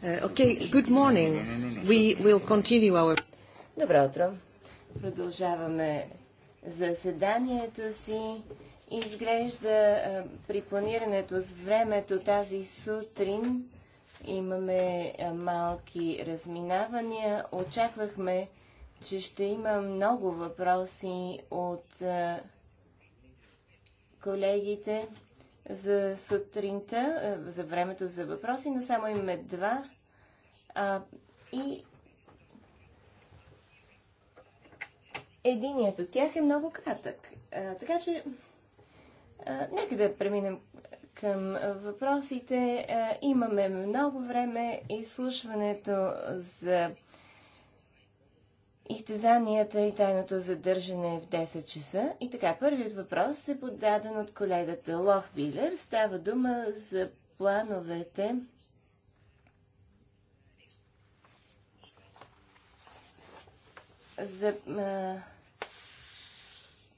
Uh, okay, good morning. We will continue our... Добро утро. Продължаваме заседанието си. Изглежда при планирането с времето тази сутрин имаме малки разминавания. Очаквахме, че ще има много въпроси от колегите за сутринта, е, за времето за въпроси, но само имаме два. А, и единият от тях е много кратък. А, така че, а, нека да преминем към въпросите. А, имаме много време. Изслушването за изтезанията и тайното задържане в 10 часа. И така, първият въпрос е подаден от колегата Лохбилер. Става дума за плановете за а,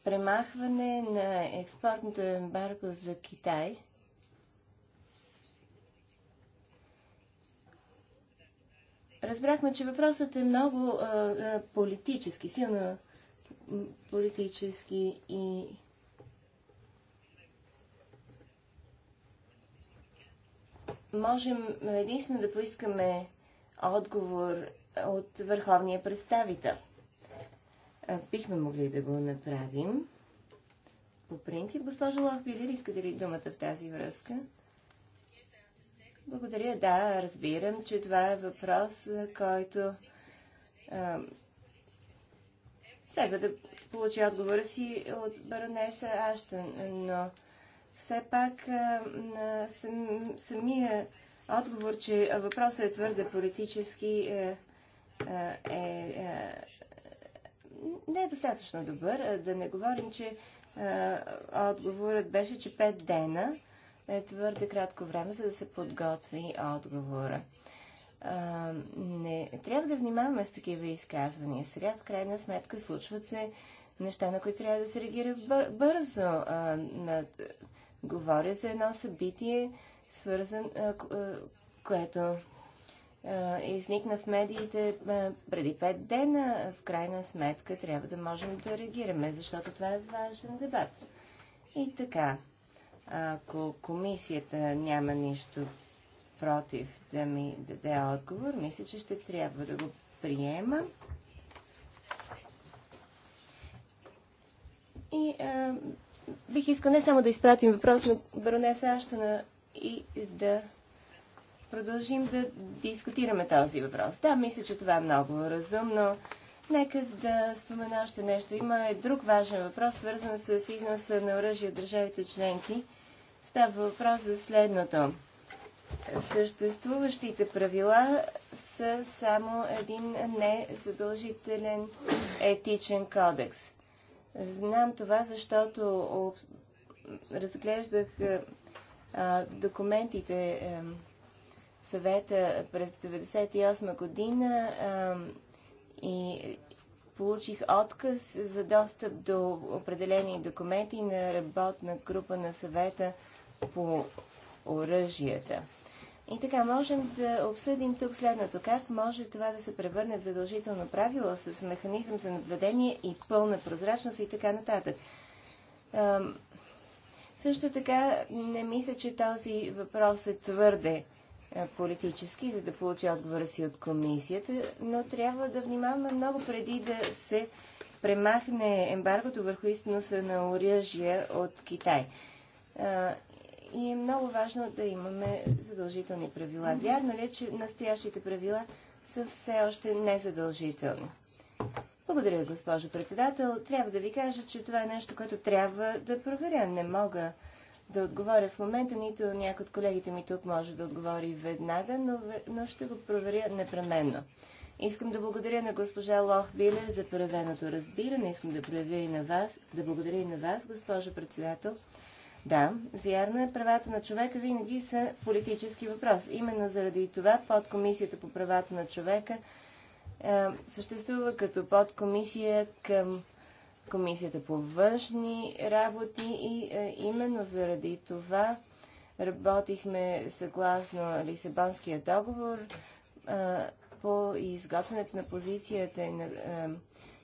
премахване на експортното ембарго за Китай – разбрахме, че въпросът е много а, а, политически, силно политически и можем единствено да поискаме отговор от върховния представител. Бихме могли да го направим. По принцип, госпожо Лохбилер, искате ли думата в тази връзка? Благодаря. Да, разбирам, че това е въпрос, който а, следва да получи отговора си от баронеса Аштън, но все пак а, на сам, самия отговор, че въпросът е твърде политически, е, е, е, не е достатъчно добър. Да не говорим, че а, отговорът беше, че пет дена е твърде кратко време, за да се подготви отговора. А, не, трябва да внимаваме с такива изказвания. Сега, в крайна сметка, случват се неща, на които трябва да се реагира бър бързо. А, на, говоря за едно събитие, свързан, а, което изникна в медиите преди пет дена. В крайна сметка трябва да можем да реагираме, защото това е важен дебат. И така, ако комисията няма нищо против да ми даде отговор, мисля, че ще трябва да го приема. И а, бих искал не само да изпратим въпрос на баронеса Аштана и да продължим да дискутираме този въпрос. Да, мисля, че това е много разумно. Нека да спомена още нещо. Има е друг важен въпрос, свързан с износа на оръжие от държавите членки – Става въпрос за следното. Съществуващите правила са само един незадължителен етичен кодекс. Знам това, защото разглеждах документите в съвета през 1998 година и получих отказ за достъп до определени документи на работна група на съвета по оръжията. И така, можем да обсъдим тук следното. Как може това да се превърне в задължително правило с механизъм за наблюдение и пълна прозрачност и така нататък. Ам, също така, не мисля, че този въпрос е твърде политически, за да получи отговора си от комисията, но трябва да внимаваме много преди да се премахне ембаргото върху износа на оръжия от Китай и е много важно да имаме задължителни правила. Вярно ли е, че настоящите правила са все още незадължителни? Благодаря, госпожо председател. Трябва да ви кажа, че това е нещо, което трябва да проверя. Не мога да отговоря в момента, нито някой от колегите ми тук може да отговори веднага, но, но ще го проверя непременно. Искам да благодаря на госпожа Лох Билер за проявеното разбиране. Искам да проявя и на вас, да благодаря и на вас, госпожо председател, да, вярно е, правата на човека винаги са политически въпрос. Именно заради това подкомисията по правата на човека е, съществува като подкомисия към комисията по външни работи и е, именно заради това работихме съгласно Лисабонския договор е, по изготвянето на позицията на е,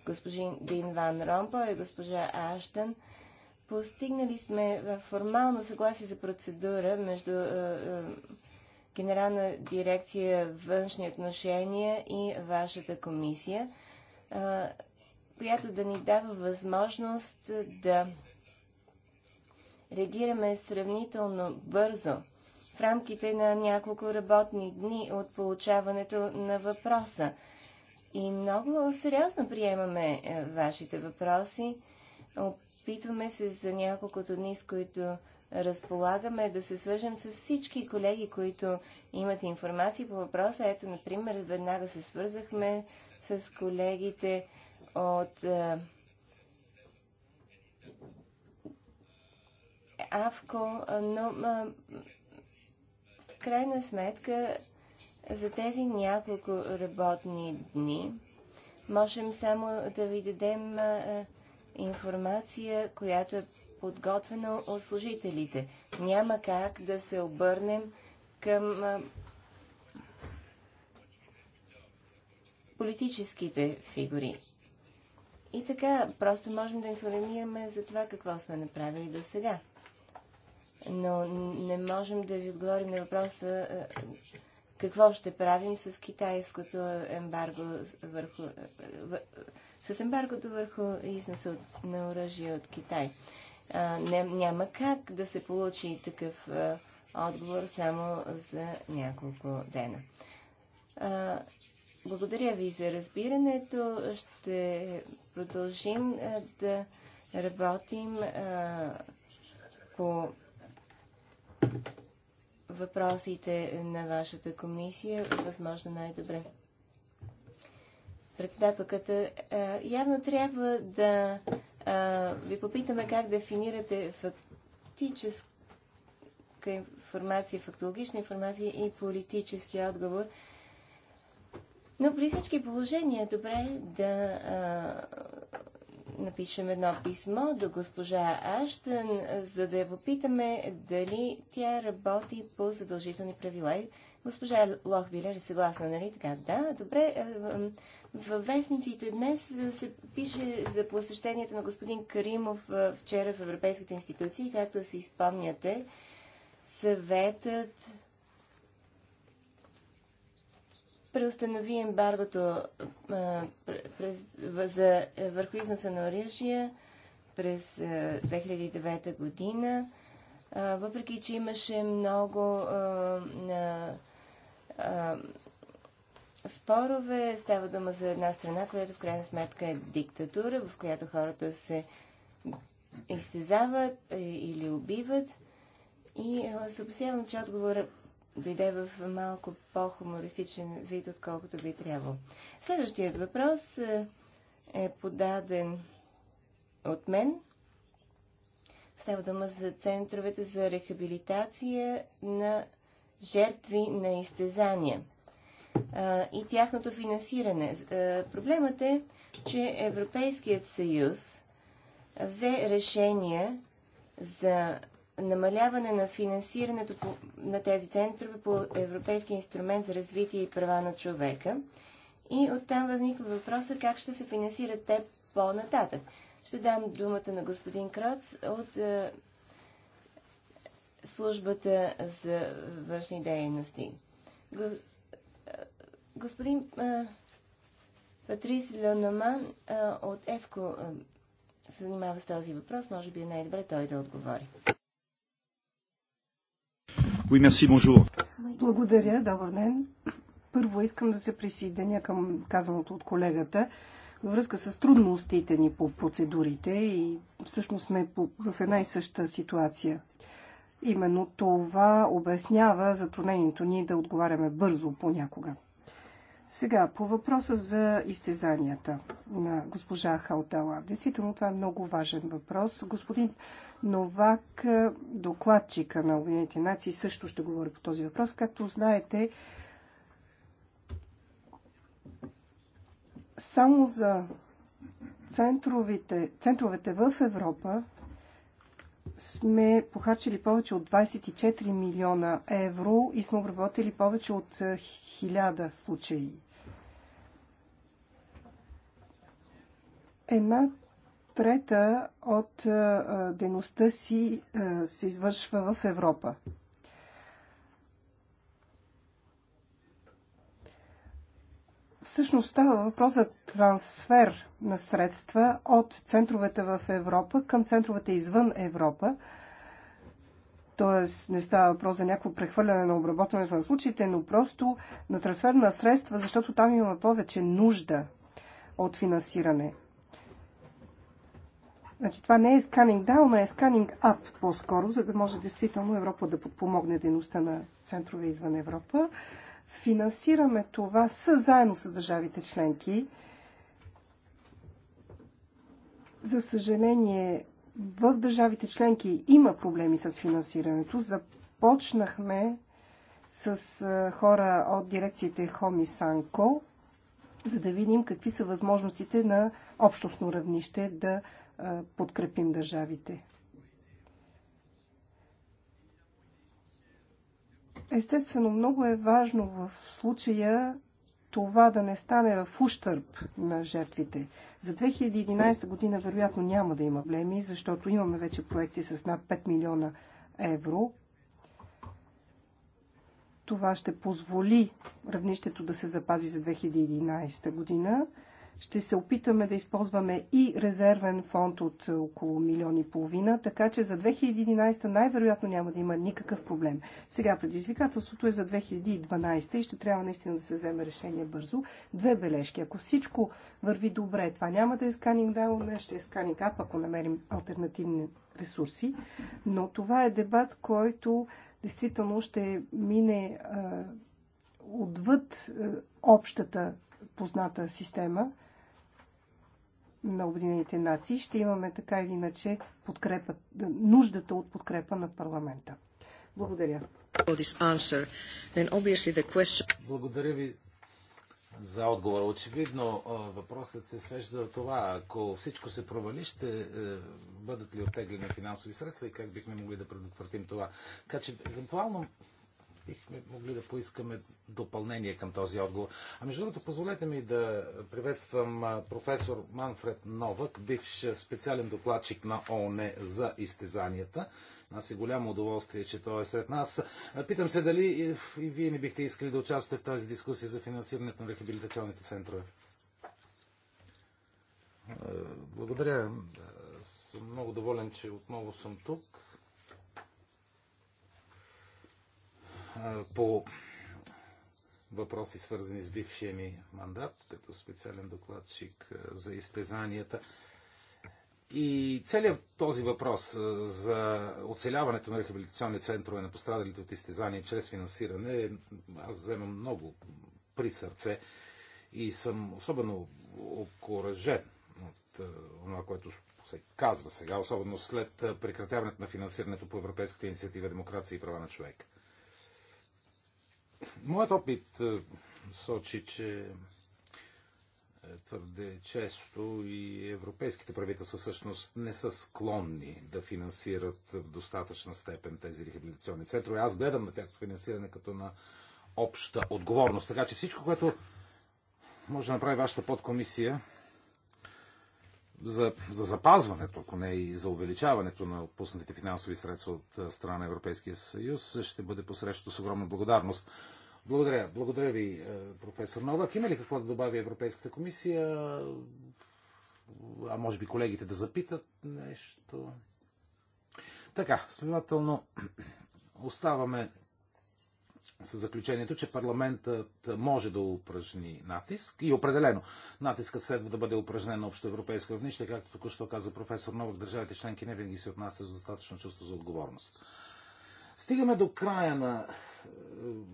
господин Дин Ван Ромпо и госпожа Аштън – Постигнали сме формално съгласие за процедура между Генерална дирекция външни отношения и вашата комисия, която да ни дава възможност да реагираме сравнително бързо в рамките на няколко работни дни от получаването на въпроса. И много сериозно приемаме вашите въпроси. Опитваме се за няколкото дни, с които разполагаме, да се свържем с всички колеги, които имат информация по въпроса. Ето, например, веднага се свързахме с колегите от е, Авко, но е, в крайна сметка за тези няколко работни дни можем само да ви дадем а, е, информация, която е подготвена от служителите. Няма как да се обърнем към политическите фигури. И така, просто можем да информираме за това какво сме направили до сега. Но не можем да ви отговорим на въпроса какво ще правим с китайското ембарго върху, с ембаргото върху износа на оръжие от Китай. А, не, няма как да се получи такъв а, отговор само за няколко дена. А, благодаря ви за разбирането. Ще продължим а, да работим а, по въпросите на вашата комисия, възможно най-добре председателката. Е, явно трябва да е, ви попитаме как дефинирате фактическа информация, фактологична информация и политически отговор. Но при всички положения е добре да а, е, напишем едно писмо до госпожа Аштън, за да я попитаме дали тя работи по задължителни правила и Госпожа Лохбилер е съгласна, нали така? Да, добре. Във е, е, вестниците днес е, се пише за посещението на господин Каримов вчера в Европейските институции. Както си изпомняте, съветът преустанови ембаргото за върху износа на оръжия през 2009 година въпреки че имаше много на спорове. Става дума за една страна, която в крайна сметка е диктатура, в която хората се изтезават е, или убиват. И се опасявам, че отговора дойде в малко по-хумористичен вид, отколкото би трябвало. Следващият въпрос е подаден от мен. Става дума за центровете за рехабилитация на жертви на изтезания и тяхното финансиране. Проблемът е, че Европейският съюз взе решение за намаляване на финансирането по, на тези центрове по Европейски инструмент за развитие и права на човека. И оттам възниква въпроса как ще се финансират те по-нататък. Ще дам думата на господин Кроц от службата за външни дейности. господин Патрис Леономан от ЕФКО се занимава с този въпрос. Може би е най-добре той да отговори. Благодаря, добър ден. Първо искам да се присъединя към казаното от колегата във връзка с трудностите ни по процедурите и всъщност сме в една и съща ситуация. Именно това обяснява затруднението ни да отговаряме бързо понякога. Сега, по въпроса за изтезанията на госпожа Халтала. Действително, това е много важен въпрос. Господин Новак, е, докладчика на Обединените нации, също ще говори по този въпрос. Както знаете, само за центровите, центровете в Европа сме похарчили повече от 24 милиона евро и сме обработили повече от 1000 е, случаи. Една трета от е, е, дейността си се извършва в Европа. Всъщност става въпрос за трансфер на средства от центровете в Европа към центровете извън Европа. Тоест не става въпрос за някакво прехвърляне на обработването на случаите, но просто на трансфер на средства, защото там има повече нужда от финансиране. Значи това не е сканинг даун, а е сканинг ап по-скоро, за да може действително Европа да подпомогне дейността на центрове извън Европа финансираме това със заедно с държавите членки. За съжаление, в държавите членки има проблеми с финансирането. Започнахме с хора от дирекциите Хоми Санко, за да видим какви са възможностите на общностно равнище да подкрепим държавите. Естествено, много е важно в случая това да не стане в ущърп на жертвите. За 2011 година вероятно няма да има блеми, защото имаме вече проекти с над 5 милиона евро. Това ще позволи равнището да се запази за 2011 година. Ще се опитаме да използваме и резервен фонд от около милиони и половина, така че за 2011 най-вероятно няма да има никакъв проблем. Сега предизвикателството е за 2012 и ще трябва наистина да се вземе решение бързо. Две бележки. Ако всичко върви добре, това няма да е сканинг даун, не ще е сканинг ап, ако намерим альтернативни ресурси. Но това е дебат, който действително ще мине а, отвъд а, общата позната система – на Обединените нации, ще имаме така или иначе подкрепа, нуждата от подкрепа на парламента. Благодаря. Благодаря ви за отговора. Очевидно въпросът се свежда до това. Ако всичко се провали, ще е, бъдат ли оттеглени финансови средства и как бихме могли да предотвратим това. Така че, евентуално, бихме могли да поискаме допълнение към този отговор. А между другото, позволете ми да приветствам професор Манфред Новак, бивш специален докладчик на ООН за изтезанията. Нас е голямо удоволствие, че той е сред нас. Питам се дали и вие не бихте искали да участвате в тази дискусия за финансирането на рехабилитационните центрове. Благодаря. Съм много доволен, че отново съм тук. по въпроси, свързани с бившия ми мандат, като специален докладчик за изтезанията. И целият този въпрос за оцеляването на рехабилитационни центрове на пострадалите от изтезания чрез финансиране, аз вземам много при сърце и съм особено окоръжен от това, което се казва сега, особено след прекратяването на финансирането по Европейската инициатива Демокрация и права на човека. Моят опит е, сочи, че е, твърде често и европейските правителства всъщност не са склонни да финансират в достатъчна степен тези рехабилитационни центрове. Аз гледам на тяхното финансиране като на обща отговорност. Така че всичко, което може да направи вашата подкомисия, за, за запазването, ако не и за увеличаването на отпуснатите финансови средства от страна на Европейския съюз, ще бъде посрещано с огромна благодарност. Благодаря. Благодаря ви, професор Новак. Има ли какво да добави Европейската комисия? А може би колегите да запитат нещо? Така, следователно, оставаме с заключението, че парламентът може да упражни натиск и определено натискът следва да бъде упражнен на общоевропейско равнище, както току-що каза професор Новак, държавите членки не винаги се отнася с достатъчно чувство за отговорност. Стигаме до края на е,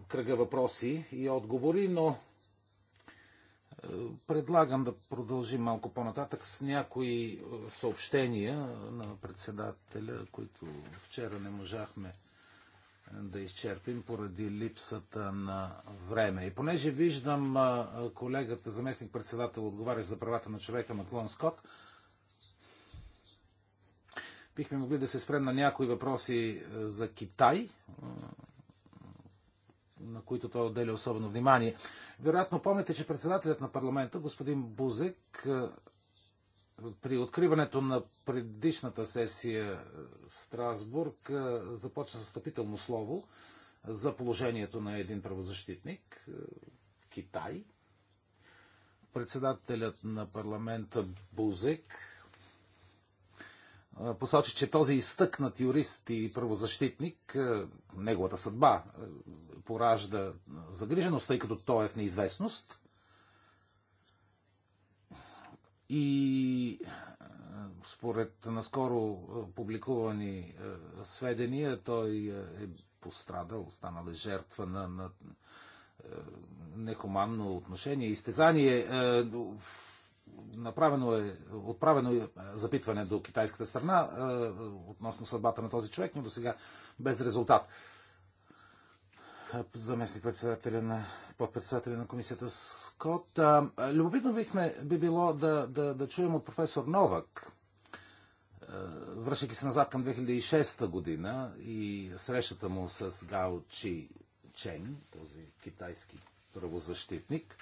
кръга въпроси и отговори, но е, предлагам да продължим малко по-нататък с някои е, съобщения на председателя, които вчера не можахме да изчерпим поради липсата на време. И понеже виждам колегата, заместник председател, отговарящ за правата на човека Маклон Скот, бихме могли да се спрем на някои въпроси за Китай, на които той отделя особено внимание. Вероятно помните, че председателят на парламента, господин Бузек, при откриването на предишната сесия в Страсбург започна състъпително слово за положението на един правозащитник Китай. Председателят на парламента Бузек посочи, че този изтъкнат юрист и правозащитник, неговата съдба поражда загриженост, тъй като той е в неизвестност – и според наскоро публикувани сведения, той е пострадал, станал е жертва на, на нехуманно отношение, изтезание. Направено е, отправено е запитване до китайската страна относно съдбата на този човек, но до сега без резултат заместник-председателя на подпредседателя на комисията Скот. Любопитно бихме, би било да, да, да чуем от професор Новак, връщайки се назад към 2006 година и срещата му с Гао Чи Чен, този китайски правозащитник.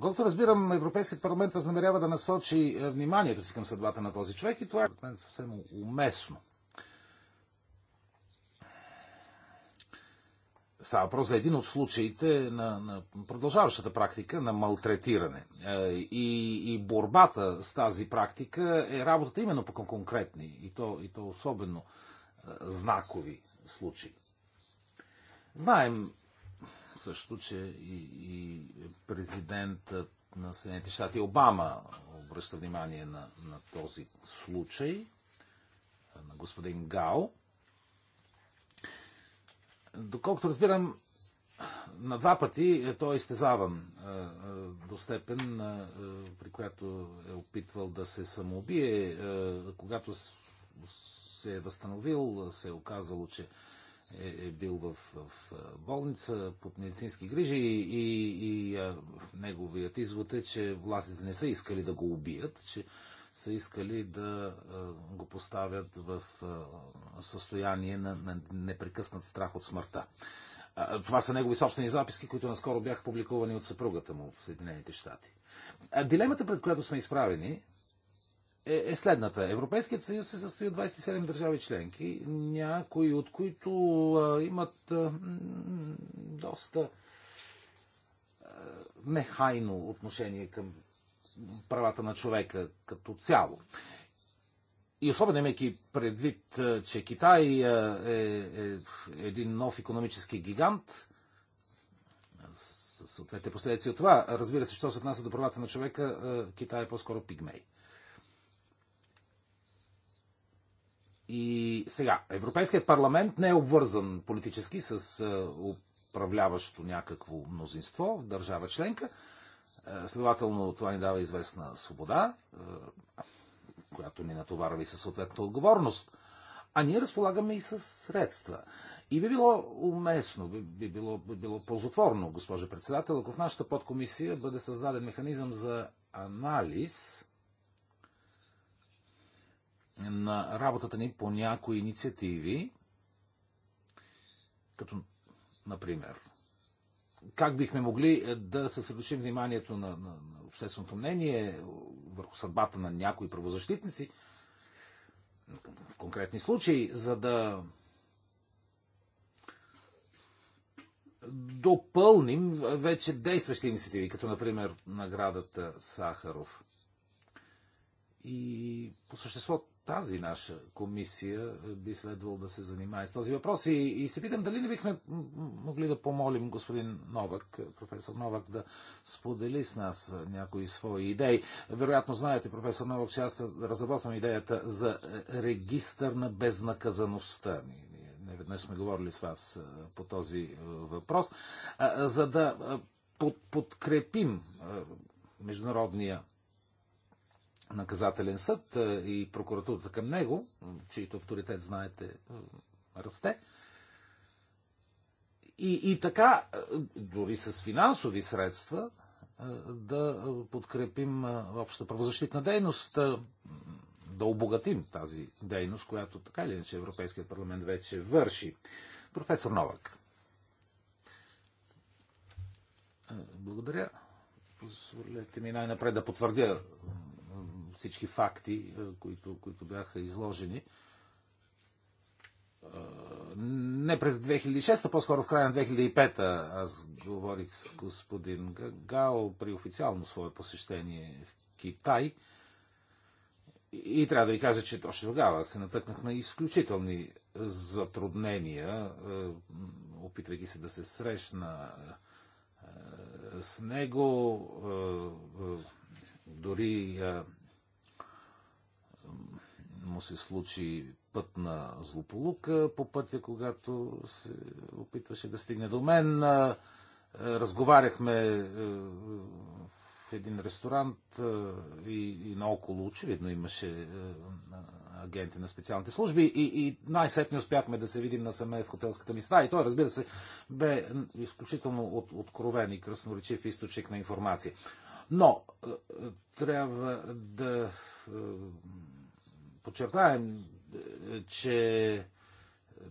Колкото разбирам, Европейският парламент възнамерява да насочи вниманието си към съдбата на този човек и това е съвсем уместно. Става въпрос за един от случаите на, на продължаващата практика на малтретиране. Е, и, и борбата с тази практика е работата именно по конкретни и то, и то особено е, знакови случаи. Знаем също, че и, и президентът на Съединените щати Обама обръща внимание на, на този случай на господин Гао. Доколкото разбирам, на два пъти е той е изтезаван до степен, е, при която е опитвал да се самоубие. Е, когато се е възстановил, се е оказало, че е, бил в, болница под медицински грижи и, и неговият извод е, че властите не са искали да го убият, че са искали да го поставят в състояние на, непрекъснат страх от смъртта. Това са негови собствени записки, които наскоро бяха публикувани от съпругата му в Съединените щати. Дилемата, пред която сме изправени, е, е, следната. Европейският съюз се състои от 27 държави членки, някои от които имат доста нехайно отношение към правата на човека като цяло. И особено имайки предвид, е, че Китай е, е, е един нов економически гигант, с съответните последици от това, разбира се, що се отнася до правата на човека, Китай е по-скоро пигмей. И сега, Европейският парламент не е обвързан политически с управляващо някакво мнозинство в държава членка, е, следователно, това ни дава известна свобода, е, която ни натоварва и със съответната отговорност. А ние разполагаме и със средства. И би било уместно, би било, би било ползотворно, госпожа председател, ако в нашата подкомисия бъде създаден механизъм за анализ на работата ни по някои инициативи, като, например, как бихме могли е, да съсредоточим вниманието на, на, на общественото мнение е, върху съдбата на някои правозащитници в конкретни случаи, за да допълним вече действащи инициативи, като например наградата Сахаров. И по същество тази наша комисия е, би следвало да се занимае с този въпрос. И, и се питам дали не бихме могли да помолим господин Новак, е, професор Новак, да сподели с нас е, някои свои идеи. Вероятно знаете, професор Новак, че аз разработвам идеята за регистър на безнаказаността. Ние веднъж сме говорили с вас по този въпрос, за да подкрепим международния наказателен съд е, и прокуратурата към него, чието авторитет, знаете, е, расте. И, и така, е, дори с финансови средства, да подкрепим общата правозащитна дейност, да обогатим тази дейност, която така или иначе Европейският парламент вече върши. Професор Новак. Благодаря. Позволете ми най-напред да потвърдя всички факти, които, които бяха изложени. Не през 2006, а по-скоро в края на 2005 аз говорих с господин Гао при официално свое посещение в Китай. И трябва да ви кажа, че точно тогава се натъкнах на изключителни затруднения, опитвайки се да се срещна с него, дори му се случи път на злополука по пътя, когато се опитваше да стигне до мен. Разговаряхме в един ресторант и, и наоколо очевидно имаше агенти на специалните служби и, и най-сетне успяхме да се видим насаме в хотелската ми стая. И той, разбира се, бе изключително от, откровен и красноречив източник на информация. Но трябва да подчертаем, че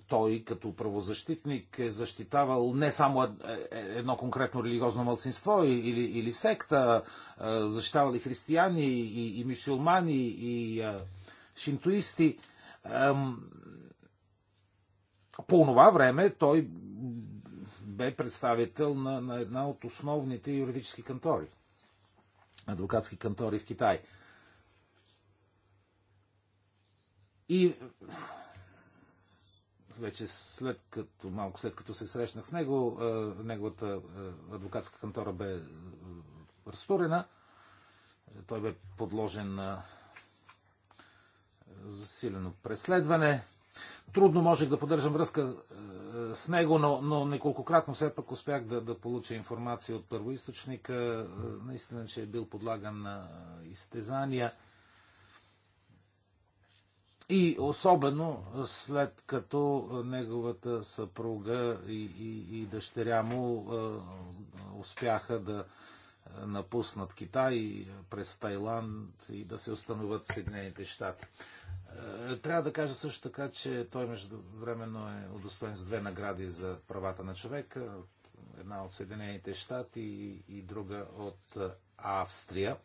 той като правозащитник е защитавал не само е, е, едно конкретно религиозно мълцинство или, или секта, защитавал и християни, и, и мусулмани, и шинтуисти. По това време той бе представител на, на една от основните юридически кантори, адвокатски кантори в Китай – И вече след като, малко след като се срещнах с него, неговата адвокатска кантора бе разтурена. Той бе подложен на засилено преследване. Трудно можех да поддържам връзка с него, но, но неколкократно все пак успях да, да получа информация от първоисточника. Наистина, че е бил подлаган на изтезания. И особено след като неговата съпруга и, и, и дъщеря му успяха да напуснат Китай през Тайланд и да се установят в Съединените щати. трябва да кажа също така, че той междувременно е удостоен с две награди за правата на човека. Една от Съединените щати и, и друга от Австрия.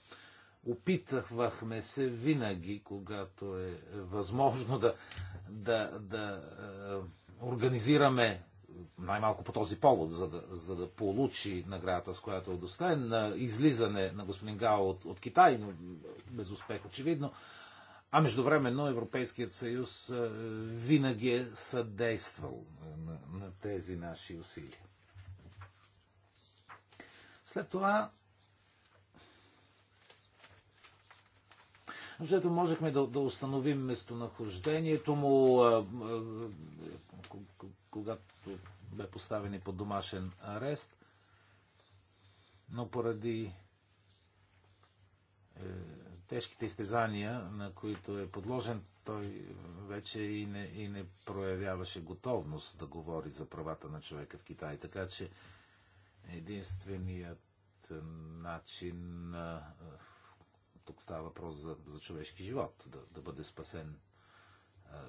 Опитвахме се винаги, когато е възможно да, да, да е, организираме най-малко по този повод, за да, за да получи наградата, с която е удостоен, на излизане на господин Гао от, от Китай, но без успех очевидно. А междувременно Европейският съюз е, винаги е съдействал на, на тези наши усилия. След това защото можехме да, да установим местонахождението му, когато бе поставен и под домашен арест, но поради е, тежките изтезания, на които е подложен, той вече и не, и не проявяваше готовност да говори за правата на човека в Китай. Така че единственият е, начин тук става въпрос за, за човешки живот, да, да бъде спасен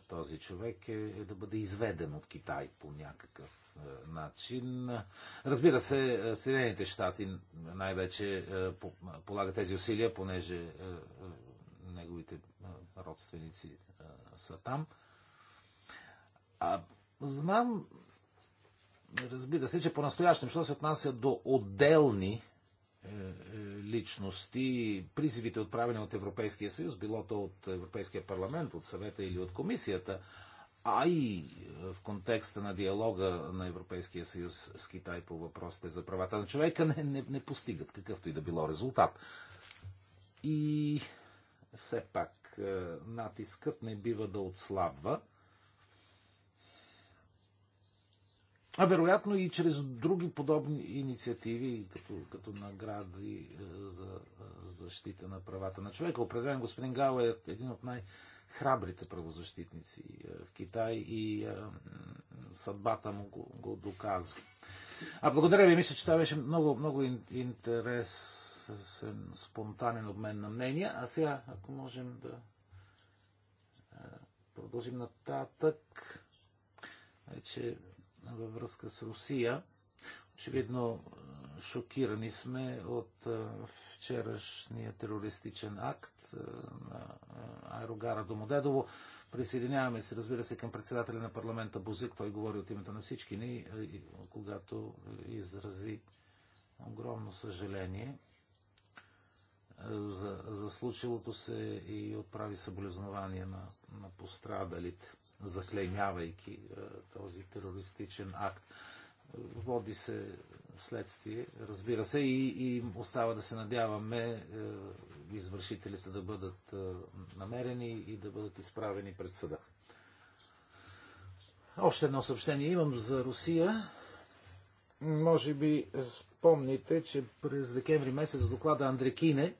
този човек е, е да бъде изведен от Китай по някакъв е, начин. Разбира се, Съединените щати най-вече е, по, полага тези усилия, понеже е, е, неговите е, родственици е, са там. А, знам, разбира се, че по-настоящем, що се отнася до отделни е, е, личности, призивите отправени от Европейския съюз, било то от Европейския парламент, от съвета или от комисията, а и е, в контекста на диалога на Европейския съюз с Китай по въпросите за правата на човека не, не, не постигат какъвто и да било резултат. И все пак натискът не бива да отслабва а вероятно и чрез други подобни инициативи, като, като награди е, за е, защита на правата на човека. Определен господин Гао е един от най-храбрите правозащитници е, в Китай и съдбата му го, го доказва. А благодаря ви, мисля, че това беше много, много интересен, спонтанен обмен на мнения. А сега, ако можем да продължим нататък, вече във връзка с Русия. Очевидно шокирани сме от вчерашния терористичен акт на аерогара Домодедово. Присъединяваме се, разбира се, към председателя на парламента Бузик. Той говори от името на всички ни, когато изрази огромно съжаление за, за случилото се и отправи съболезнования на, на пострадалите, заклеймявайки е, този терористичен акт. Води се следствие, разбира се, и, и остава да се надяваме е, извършителите да бъдат е, намерени и да бъдат изправени пред съда. Още едно съобщение имам за Русия. Може би спомните, че през декември месец доклада Андрекине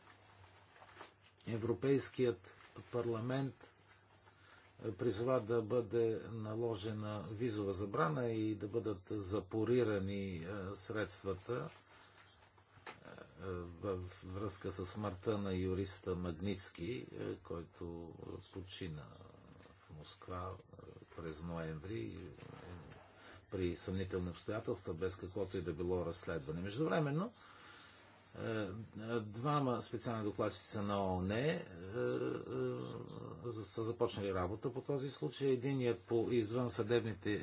Европейският парламент е, призва да бъде наложена визова забрана и да бъдат запорирани е, средствата във е, връзка с смъртта на юриста Магницки, който почина в Москва през ноември при съмнителни обстоятелства, без каквото и да било разследване. Междувременно, е, двама специални докладчици на ООН е, е, са започнали работа по този случай. Единият по извън съдебните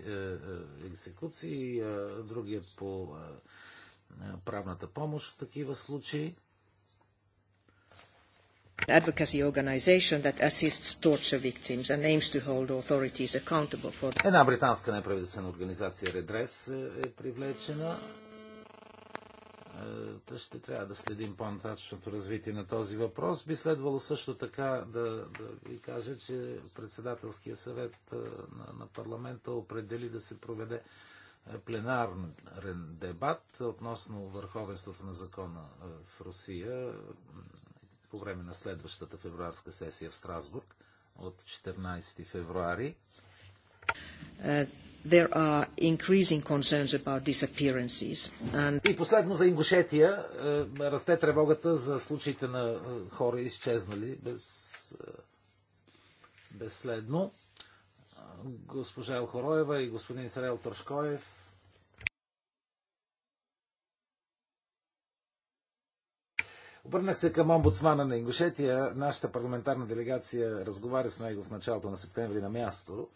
екзекуции, другият по правната помощ в такива случаи. Advocacy organization that assists torture victims and aims to hold authorities accountable for... Една британска неправителствена организация Редрес е привлечена Та ще трябва да следим по-нататъчното развитие на този въпрос. Би следвало също така да, да ви кажа, че Председателския съвет на, на парламента определи да се проведе пленарен дебат относно върховенството на закона в Русия по време на следващата февруарска сесия в Страсбург от 14 февруари. Е, there are increasing concerns about disappearances. And... И последно за Ингушетия е, расте тревогата за случаите на е, хора изчезнали без, е, безследно. Госпожа Елхороева и господин Сарел Торшкоев Обърнах се към омбудсмана на Ингушетия. Нашата парламентарна делегация разговаря с него в началото на септември на място.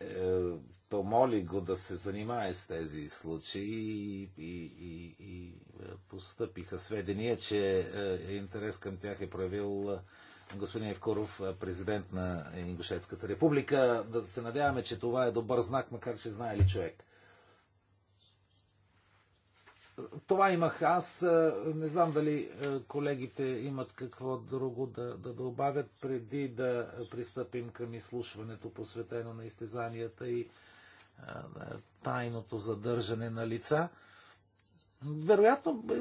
Е, помоли го да се занимае с тези случаи и, и, и, и е, постъпиха сведения, че е, интерес към тях е проявил господин Евкоров, президент на Ингушетската република. Да се надяваме, че това е добър знак, макар че знае ли човек. Това имах аз. Е, не знам дали е, колегите имат какво друго да, да добавят преди да пристъпим към изслушването, посветено на изтезанията и а, е, тайното задържане на лица. Вероятно е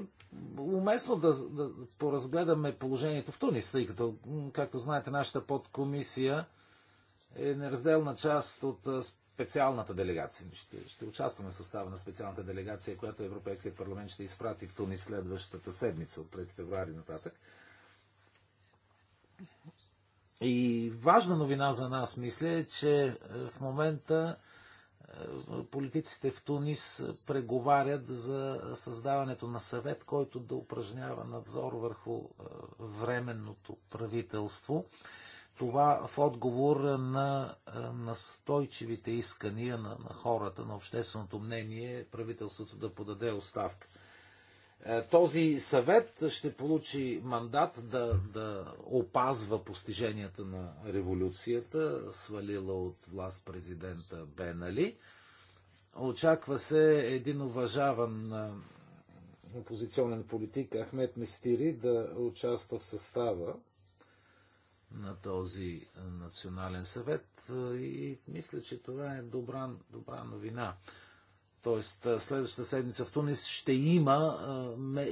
уместно да, да поразгледаме положението в Тунис, тъй като, както знаете, нашата подкомисия е неразделна част от специалната делегация. Ще, ще участваме в състава на специалната делегация, която Европейският парламент ще изпрати в Тунис следващата седмица, от 3 февруари нататък. И важна новина за нас, мисля, е, че е, в момента е, политиците в Тунис преговарят за създаването на съвет, който да упражнява надзор върху е, временното правителство. Това в отговор на е, настойчивите искания на, на хората, на общественото мнение, правителството да подаде оставка. Е, този съвет ще получи мандат да, да опазва постиженията на революцията, свалила от власт президента Бенали. Очаква се един уважаван е, опозиционен политик Ахмет Местири да участва в състава на този национален съвет и мисля, че това е добра, добра новина. Тоест, следващата седмица в Тунис ще, има,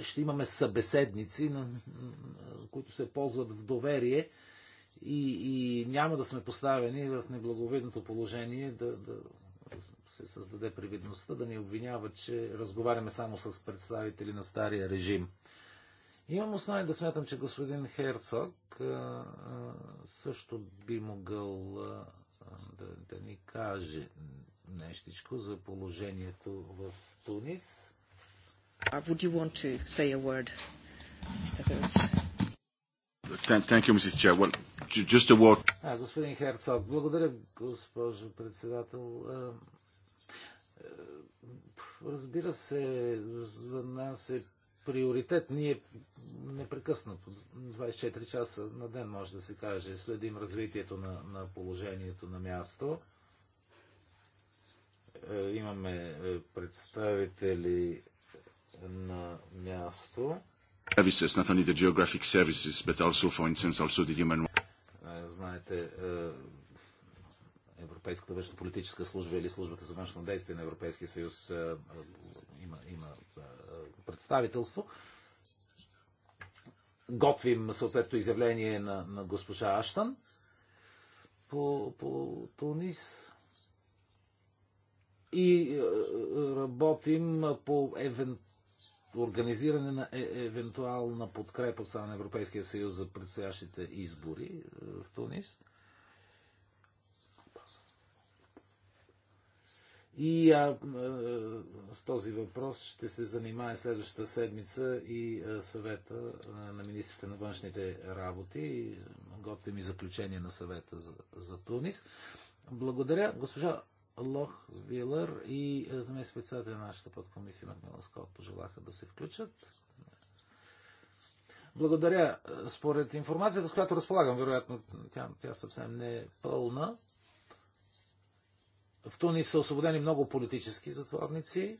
ще имаме събеседници, които се ползват в доверие и, и няма да сме поставени в неблаговидното положение да, да се създаде привидността да ни обвинява, че разговаряме само с представители на стария режим. Имам основание да смятам, че господин Херцог също би могъл да, да ни каже нещичко за положението в Тунис. Uh, would you want to say a word, Mr. Hertz? Thank you, Mrs. Chair. Well, just a word. А, господин Херцог, благодаря, госпожо председател. Разбира се, за нас е приоритет. Ние непрекъснато, 24 часа на ден, може да се каже, следим развитието на, на положението на място. Е, имаме е, представители на място. Services, not only the geographic services, but also, for instance, also the human... Е, знаете, Европейската външна политическа служба или службата за външно действие на Европейския съюз е, е, има, има е, представителство. Готвим съответно изявление на, на госпожа Аштан по, по Тунис и работим по евентуално организиране на е- евентуална подкрепа от страна на Европейския съюз за предстоящите избори в Тунис. И а, а, с този въпрос ще се занимае следващата седмица и а, съвета на министрите на външните работи. Готвим и заключение на съвета за, за Тунис. Благодаря. Госпожа Лох Вилър и заместник председател на нашата подкомисия Макмила Скот пожелаха да се включат. Благодаря. Според информацията, с която разполагам, вероятно тя, тя съвсем не е пълна, в Тунис са освободени много политически затворници,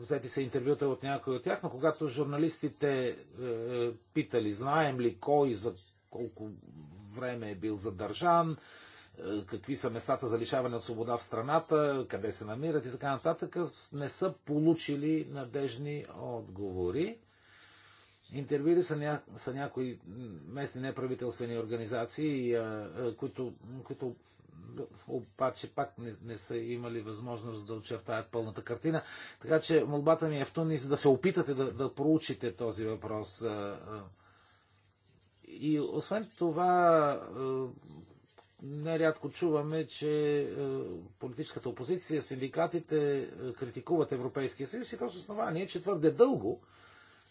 взети са интервюта от някои от тях, но когато журналистите е, питали, знаем ли кой за колко време е бил задържан, е, какви са местата за лишаване от свобода в страната, къде се намират и така нататък, не са получили надежни отговори. Интервюри са, ня... са някои местни неправителствени организации, е, е които, които обаче пак не, не са имали възможност да очертаят пълната картина. Така че молбата ми е в Тунис да се опитате да, да проучите този въпрос. И освен това, нерядко чуваме, че политическата опозиция, синдикатите критикуват Европейския съюз и то с основание, че твърде дълго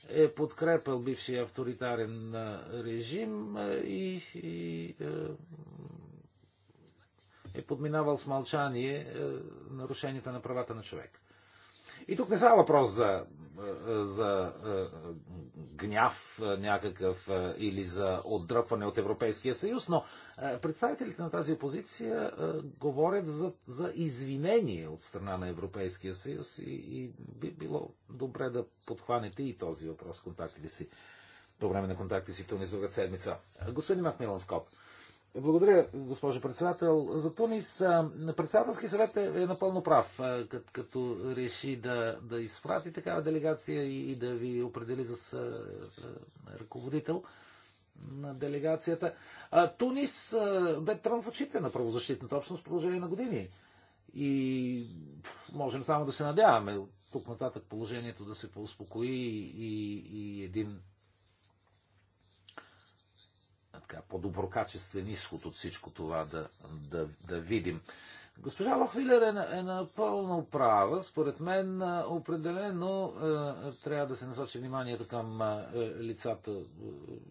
е подкрепил бившия авторитарен режим и, и е подминавал с мълчание е, нарушенията на правата на човек. И тук не става въпрос за, е, за е, гняв е, някакъв или за отдръпване от Европейския съюз, но представителите на тази опозиция говорят за, за извинение от страна на Европейския съюз и, и би било добре да подхванете и този въпрос контактите си по време на контакти си в Тунис друга седмица. Господин Макмилан Скоп, благодаря, госпожо председател. За Тунис председателски съвет е, е напълно прав, като, реши да, да изпрати такава делегация и, да ви определи за ръководител на делегацията. А, Тунис бе трън в очите на правозащитната общност в продължение на години. И можем само да се надяваме тук нататък положението да се поуспокои и, и един така по-доброкачествен изход от всичко това да, да, да видим. Госпожа Лохвилер е, е напълно права. Според мен определено е, трябва да се насочи вниманието към е, лицата е,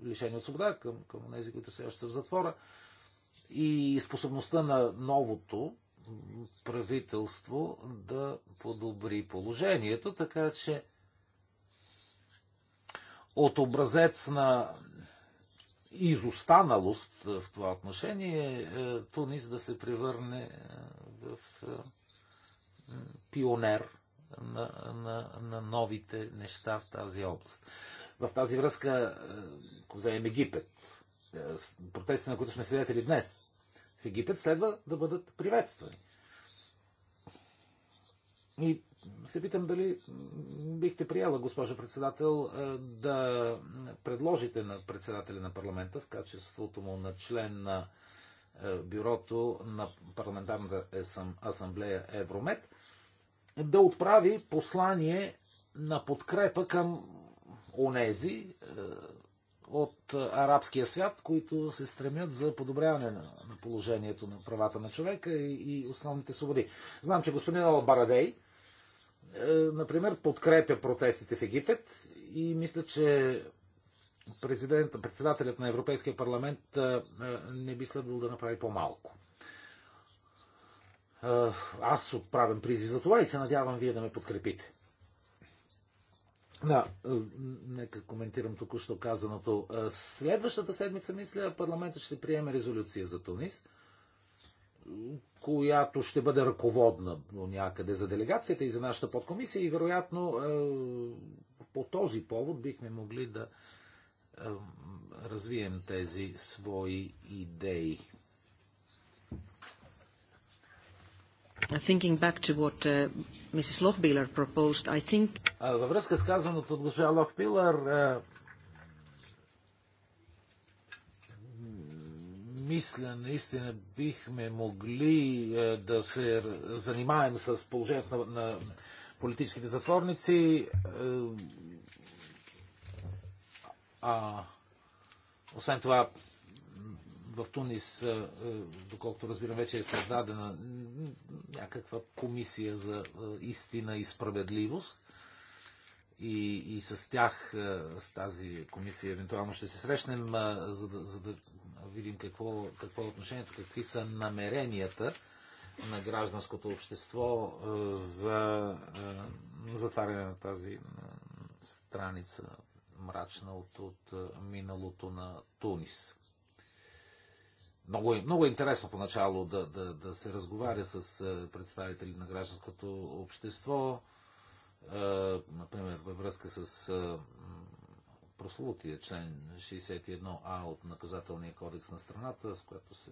лишени от свобода, към, към тези, които все още са в затвора. И способността на новото правителство да подобри положението, така че от образец на изостаналост е, в това отношение е, Тунис да се превърне е, в пионер на, на, на новите неща в тази област. В тази връзка, ако вземем Египет, протестите, на които сме свидетели днес в Египет, следва да бъдат приветствани. И се питам дали бихте прияла, госпожо председател, е, да предложите на председателя на парламента в качеството му на член на е, бюрото на парламентарната асамблея Евромед да отправи послание на подкрепа към онези е, от арабския свят, които се стремят за подобряване на, положението на правата на човека и, основните свободи. Знам, че господин Албарадей, е, например, подкрепя протестите в Египет и мисля, че президент, председателят на Европейския парламент е, е, не би следвал да направи по-малко. Аз отправям призив за това и се надявам вие да ме подкрепите. Да, е, нека коментирам току-що казаното. Е, следващата седмица, мисля, парламентът ще приеме резолюция за Тунис, която ще бъде ръководна до някъде за делегацията и за нашата подкомисия и вероятно е, по този повод бихме могли да развием тези свои идеи. Thinking back to what uh, Mrs. Lochbiller proposed, I think... Във връзка с казаното от госпожа Лохбилър, е, мисля, наистина бихме могли е, да се занимаем с положението на, на политическите затворници. Е, а, освен това, в Тунис, доколкото разбирам, вече е създадена някаква комисия за истина и справедливост. И, и с тях, с тази комисия, евентуално ще се срещнем, за да, за да видим какво, какво е отношението, какви са намеренията на гражданското общество за затваряне на тази страница мрачна от, от миналото на Тунис. Много, е, много е интересно поначало да, да, да се разговаря с е, представители на гражданското общество, е, например, във връзка с е, прословутия член 61А от наказателния кодекс на страната, с която се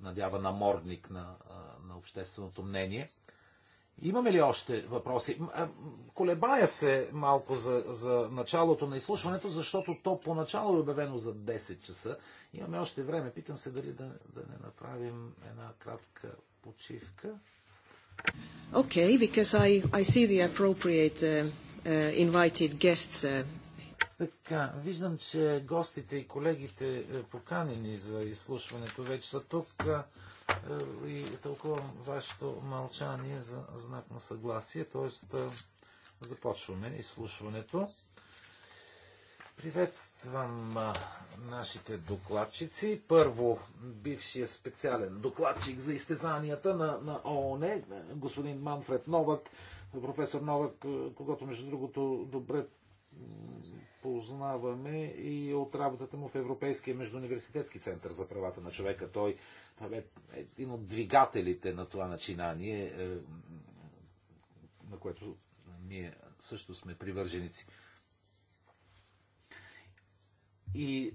надява намордник на, на общественото мнение. Имаме ли още въпроси? Колебая се малко за, за началото на изслушването, защото то поначало е обявено за 10 часа. Имаме още време. Питам се дали да, да не направим една кратка почивка. Okay, I, I see the appropriate uh, uh, invited guests. Uh... Така, виждам, че гостите и колегите е, поканени за изслушването вече са тук. Uh, е, и тълкувам вашето мълчание за знак на съгласие, т.е. Е, започваме изслушването. Приветствам нашите докладчици. Първо, бившия специален докладчик за изтезанията на, на ООН, е, господин Манфред Новак, професор Новак, когато между другото добре познаваме и от работата му в Европейския междуниверситетски център за правата на човека. Той е един от двигателите на това начинание, е, на което ние също сме привърженици. И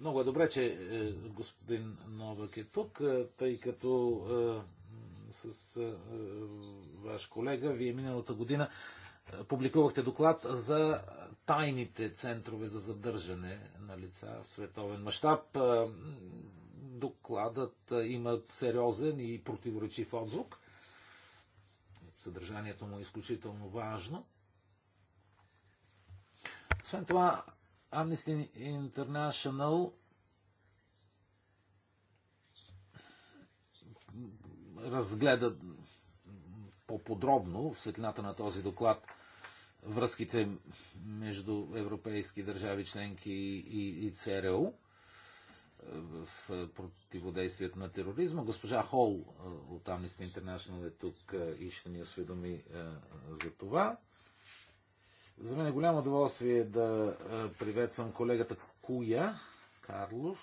много е добре, че е, господин Новак е тук, е, тъй като с ваш колега вие миналата година публикувахте доклад за тайните центрове за задържане на лица в световен мащаб. Е, докладът е, има сериозен и противоречив отзвук. Съдържанието му е изключително важно. Освен това, Amnesty International разгледа по-подробно в светлината на този доклад връзките между европейски държави членки и, и ЦРУ е, в противодействието на тероризма. Госпожа Хол е, от Amnesty International е тук е, и ще ни осведоми за това. За мен е голямо удоволствие да приветствам колегата Куя Карлос,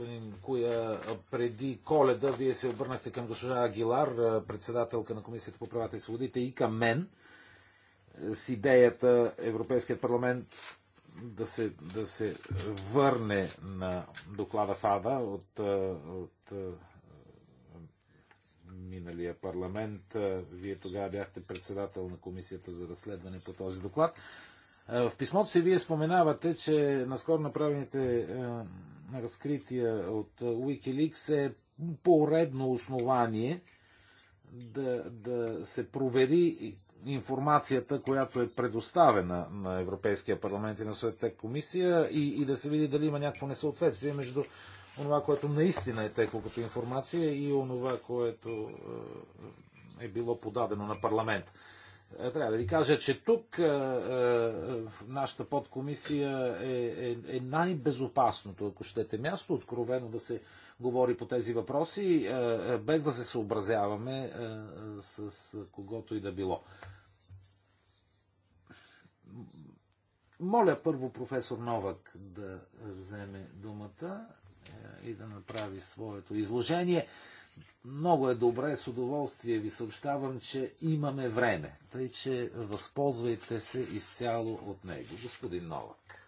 господин Куя, преди коледа вие се обърнахте към госпожа Агилар, председателка на Комисията по правата и свободите, и към мен с идеята Европейският парламент да се, да се върне на доклада ФАДА от, от миналия парламент. Вие тогава бяхте председател на комисията за разследване по този доклад. В писмото си вие споменавате, че наскоро направените разкрития от Wikileaks е поредно основание да, да се провери информацията, която е предоставена на Европейския парламент и на Съветната комисия и, и да се види дали има някакво несъответствие между онова, което наистина е текло като информация и онова, което е, е било подадено на парламент. Е, трябва да ви кажа, че тук е, е нашата подкомисия е, е, е най-безопасното, ако щете място, откровено да се говори по тези въпроси, е, е, без да се съобразяваме е, е, с, когото и да било. Моля първо професор Новак да вземе думата е, и да направи своето изложение. Много е добре, с удоволствие ви съобщавам, че имаме време, тъй че възползвайте се изцяло от него. Господин Новак.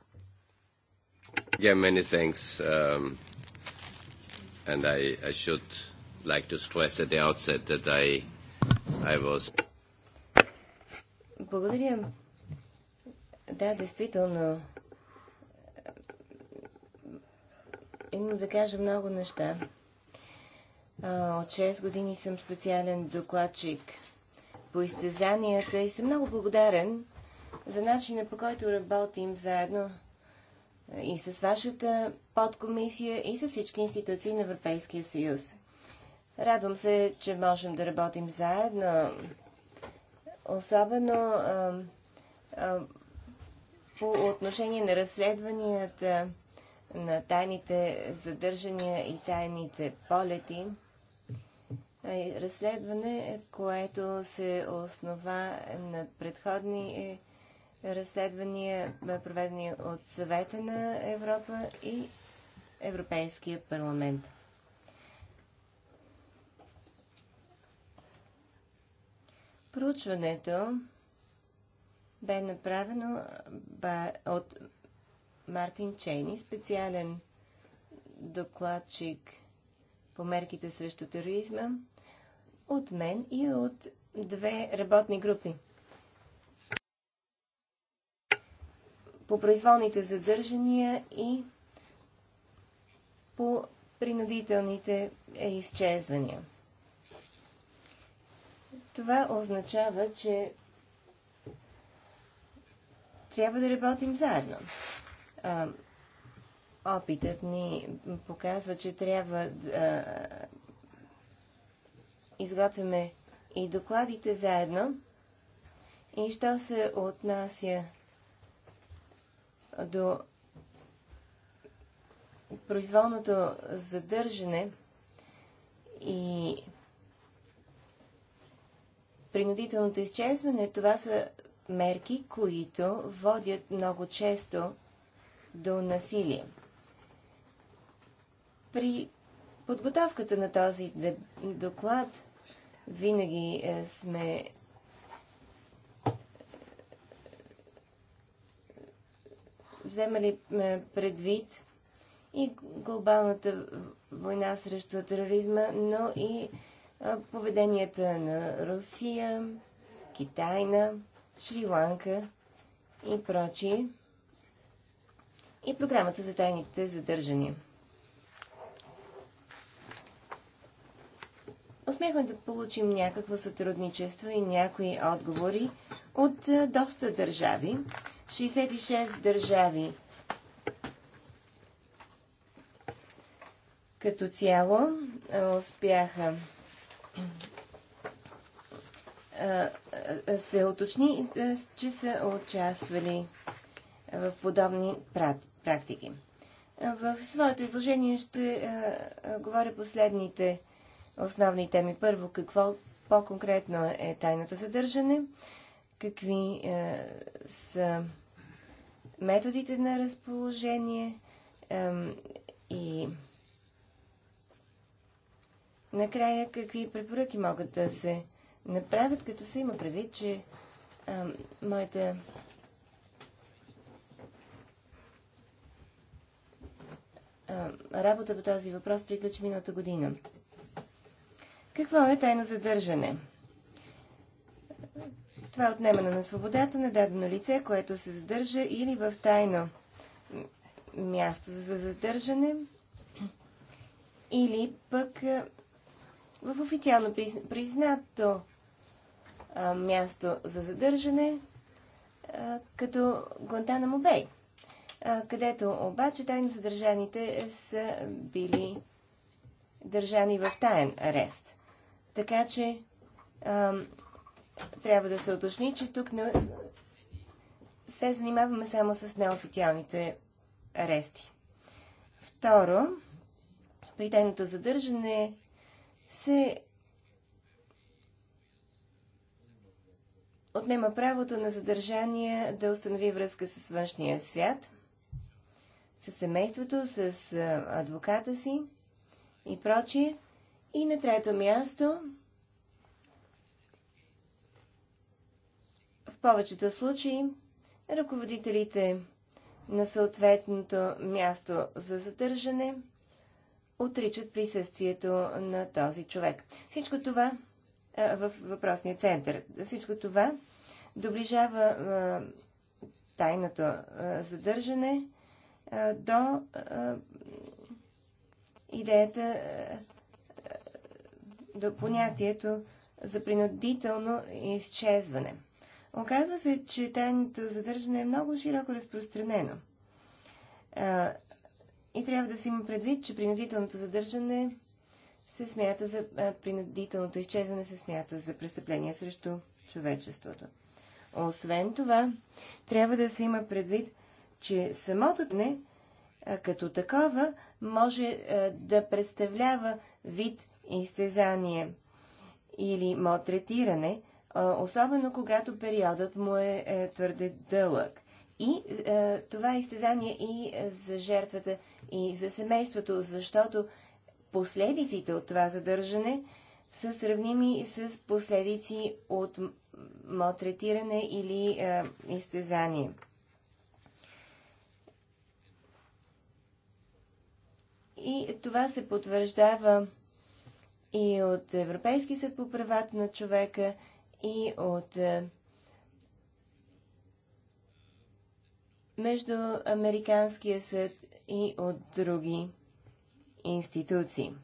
Yeah, many thanks. Um, and I, I should like to stress at the outset that I, I was... Благодаря. Да, действително. Имам да кажа много неща. От 6 години съм специален докладчик по изтезанията и съм много благодарен за начина по който работим заедно и с вашата подкомисия и с всички институции на Европейския съюз. Радвам се, че можем да работим заедно, особено а, а, по отношение на разследванията на тайните задържания и тайните полети. Е разследване, което се основа на предходни е, разследвания, е, проведени от Съвета на Европа и Европейския парламент. Проучването бе направено от Мартин Чейни, специален докладчик по мерките срещу тероризма от мен и от две работни групи. По произволните задържания и по принудителните е, изчезвания. Това означава, че трябва да работим заедно. опитът ни показва, че трябва да изготвяме и докладите заедно. И що се отнася до произволното задържане и принудителното изчезване, това са мерки, които водят много често до насилие. При подготовката на този доклад винаги е, сме е, вземали е, предвид и глобалната война срещу тероризма, но и поведенията на Русия, Китайна, Шри-Ланка и прочие и програмата за тайните задържания. успяхме да получим някакво сътрудничество и някои отговори от е, доста държави. 66 държави като цяло е, успяха е, се уточни, че са участвали в подобни практики. В своето изложение ще говоря последните основни теми. Първо, какво по-конкретно е тайното съдържане, какви е, са методите на разположение е, и накрая какви препоръки могат да се направят, като се има предвид, че е, моята работа по този въпрос приключи миналата година. Какво е тайно задържане? Това е отнемане на свободата на дадено лице, което се задържа или в тайно място за задържане, или пък е, в официално признато място за задържане, като Гонтана Мобей, където обаче тайно задържаните са били държани в таен арест. Така че ам, трябва да се уточни, че тук не се занимаваме само с неофициалните арести. Второ, при тайното задържане се отнема правото на задържания да установи връзка с външния свят, с семейството, с адвоката си и прочие. И на трето място, в повечето случаи, ръководителите на съответното място за задържане отричат присъствието на този човек. Всичко това в въпросния център. Всичко това доближава а, тайното а, задържане до идеята до понятието за принудително изчезване. Оказва се, че тайното задържане е много широко разпространено. и трябва да се има предвид, че принудителното задържане се смята за принудителното изчезване се смята за престъпление срещу човечеството. Освен това, трябва да се има предвид, че самото не като такова може да представлява вид изтезание или малтретиране, особено когато периодът му е, е твърде дълъг. И е, това е изтезание и за жертвата, и за семейството, защото последиците от това задържане са сравними с последици от малтретиране или е, изтезание. И това се потвърждава и от Европейски съд по правата на човека, и от е, между Американския съд и от други институции.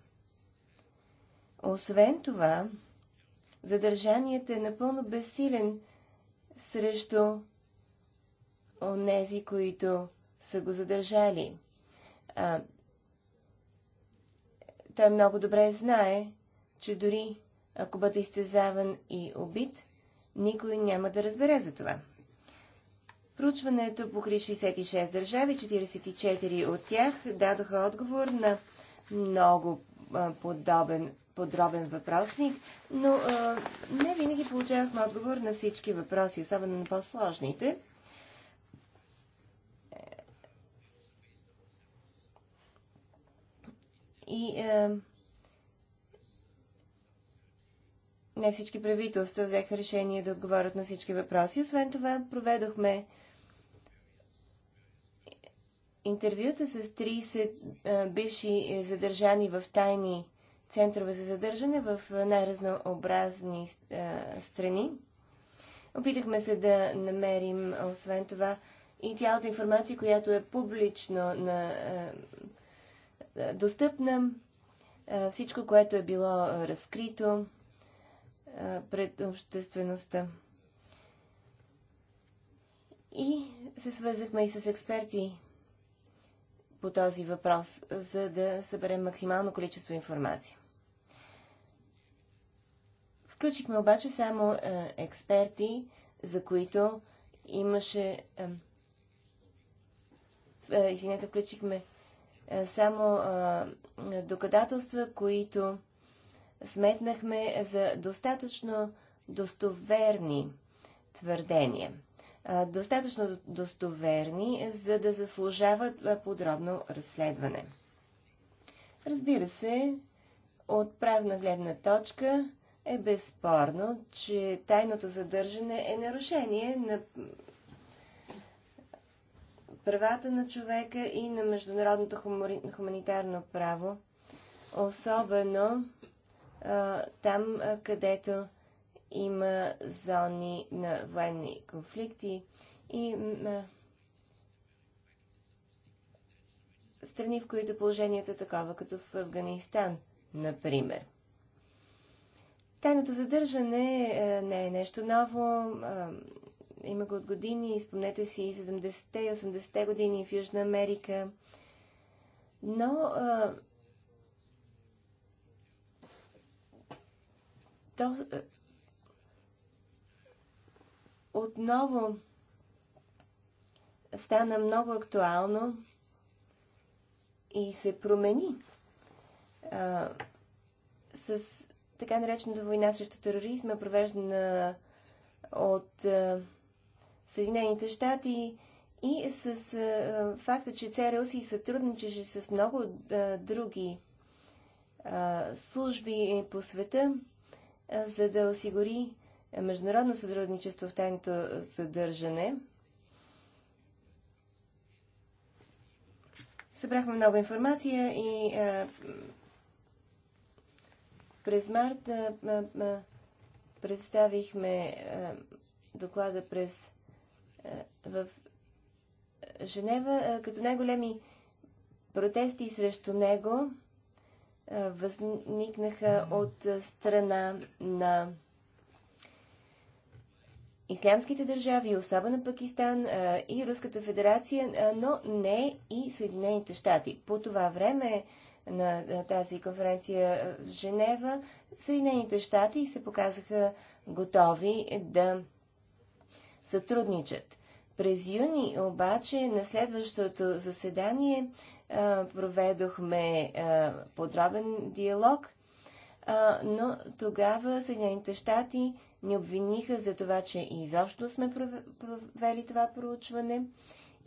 Освен това, задържаният е напълно безсилен срещу онези, които са го задържали. А, той много добре знае, че дори ако бъде изтезаван и убит, никой няма да разбере за това. Проучването покри 66 държави, 44 от тях дадоха отговор на много подобен, подробен въпросник, но а, не винаги получавахме отговор на всички въпроси, особено на по-сложните. И а, не всички правителства взеха решение да отговорят на всички въпроси. Освен това, проведохме интервюта с 30 бивши е, задържани в тайни центрове за задържане в най-разнообразни страни. Опитахме се да намерим, освен това, и цялата информация, която е публично на, достъпна, всичко, което е било разкрито пред обществеността. И се свързахме и с експерти по този въпрос, за да съберем максимално количество информация. Включихме обаче само експерти, за които имаше. извинете, включихме само доказателства, които сметнахме за достатъчно достоверни твърдения. Достатъчно достоверни, за да заслужават подробно разследване. Разбира се, от правна гледна точка е безспорно, че тайното задържане е нарушение на правата на човека и на международното хуманитарно право, особено там, където има зони на военни конфликти и страни, в които положението е такова, като в Афганистан, например. Тайното задържане не е нещо ново. има го от години. Спомнете си 70-те и 80-те години в Южна Америка. Но то е, отново стана много актуално и се промени а, с така наречената война срещу тероризма, провеждана от а, е, Съединените щати и с а, е, факта, че ЦРУ си сътрудничеше с много а, други а, служби по света за да осигури международно сътрудничество в тайното съдържане. Събрахме много информация и а, през март а, а, представихме а, доклада през а, в Женева а, като най-големи протести срещу него възникнаха от страна на ислямските държави, особено Пакистан и Руската федерация, но не и Съединените щати. По това време на тази конференция в Женева, Съединените щати се показаха готови да сътрудничат. През юни обаче на следващото заседание е, проведохме е, подробен диалог, е, но тогава Съединените щати ни обвиниха за това, че изобщо сме провели това проучване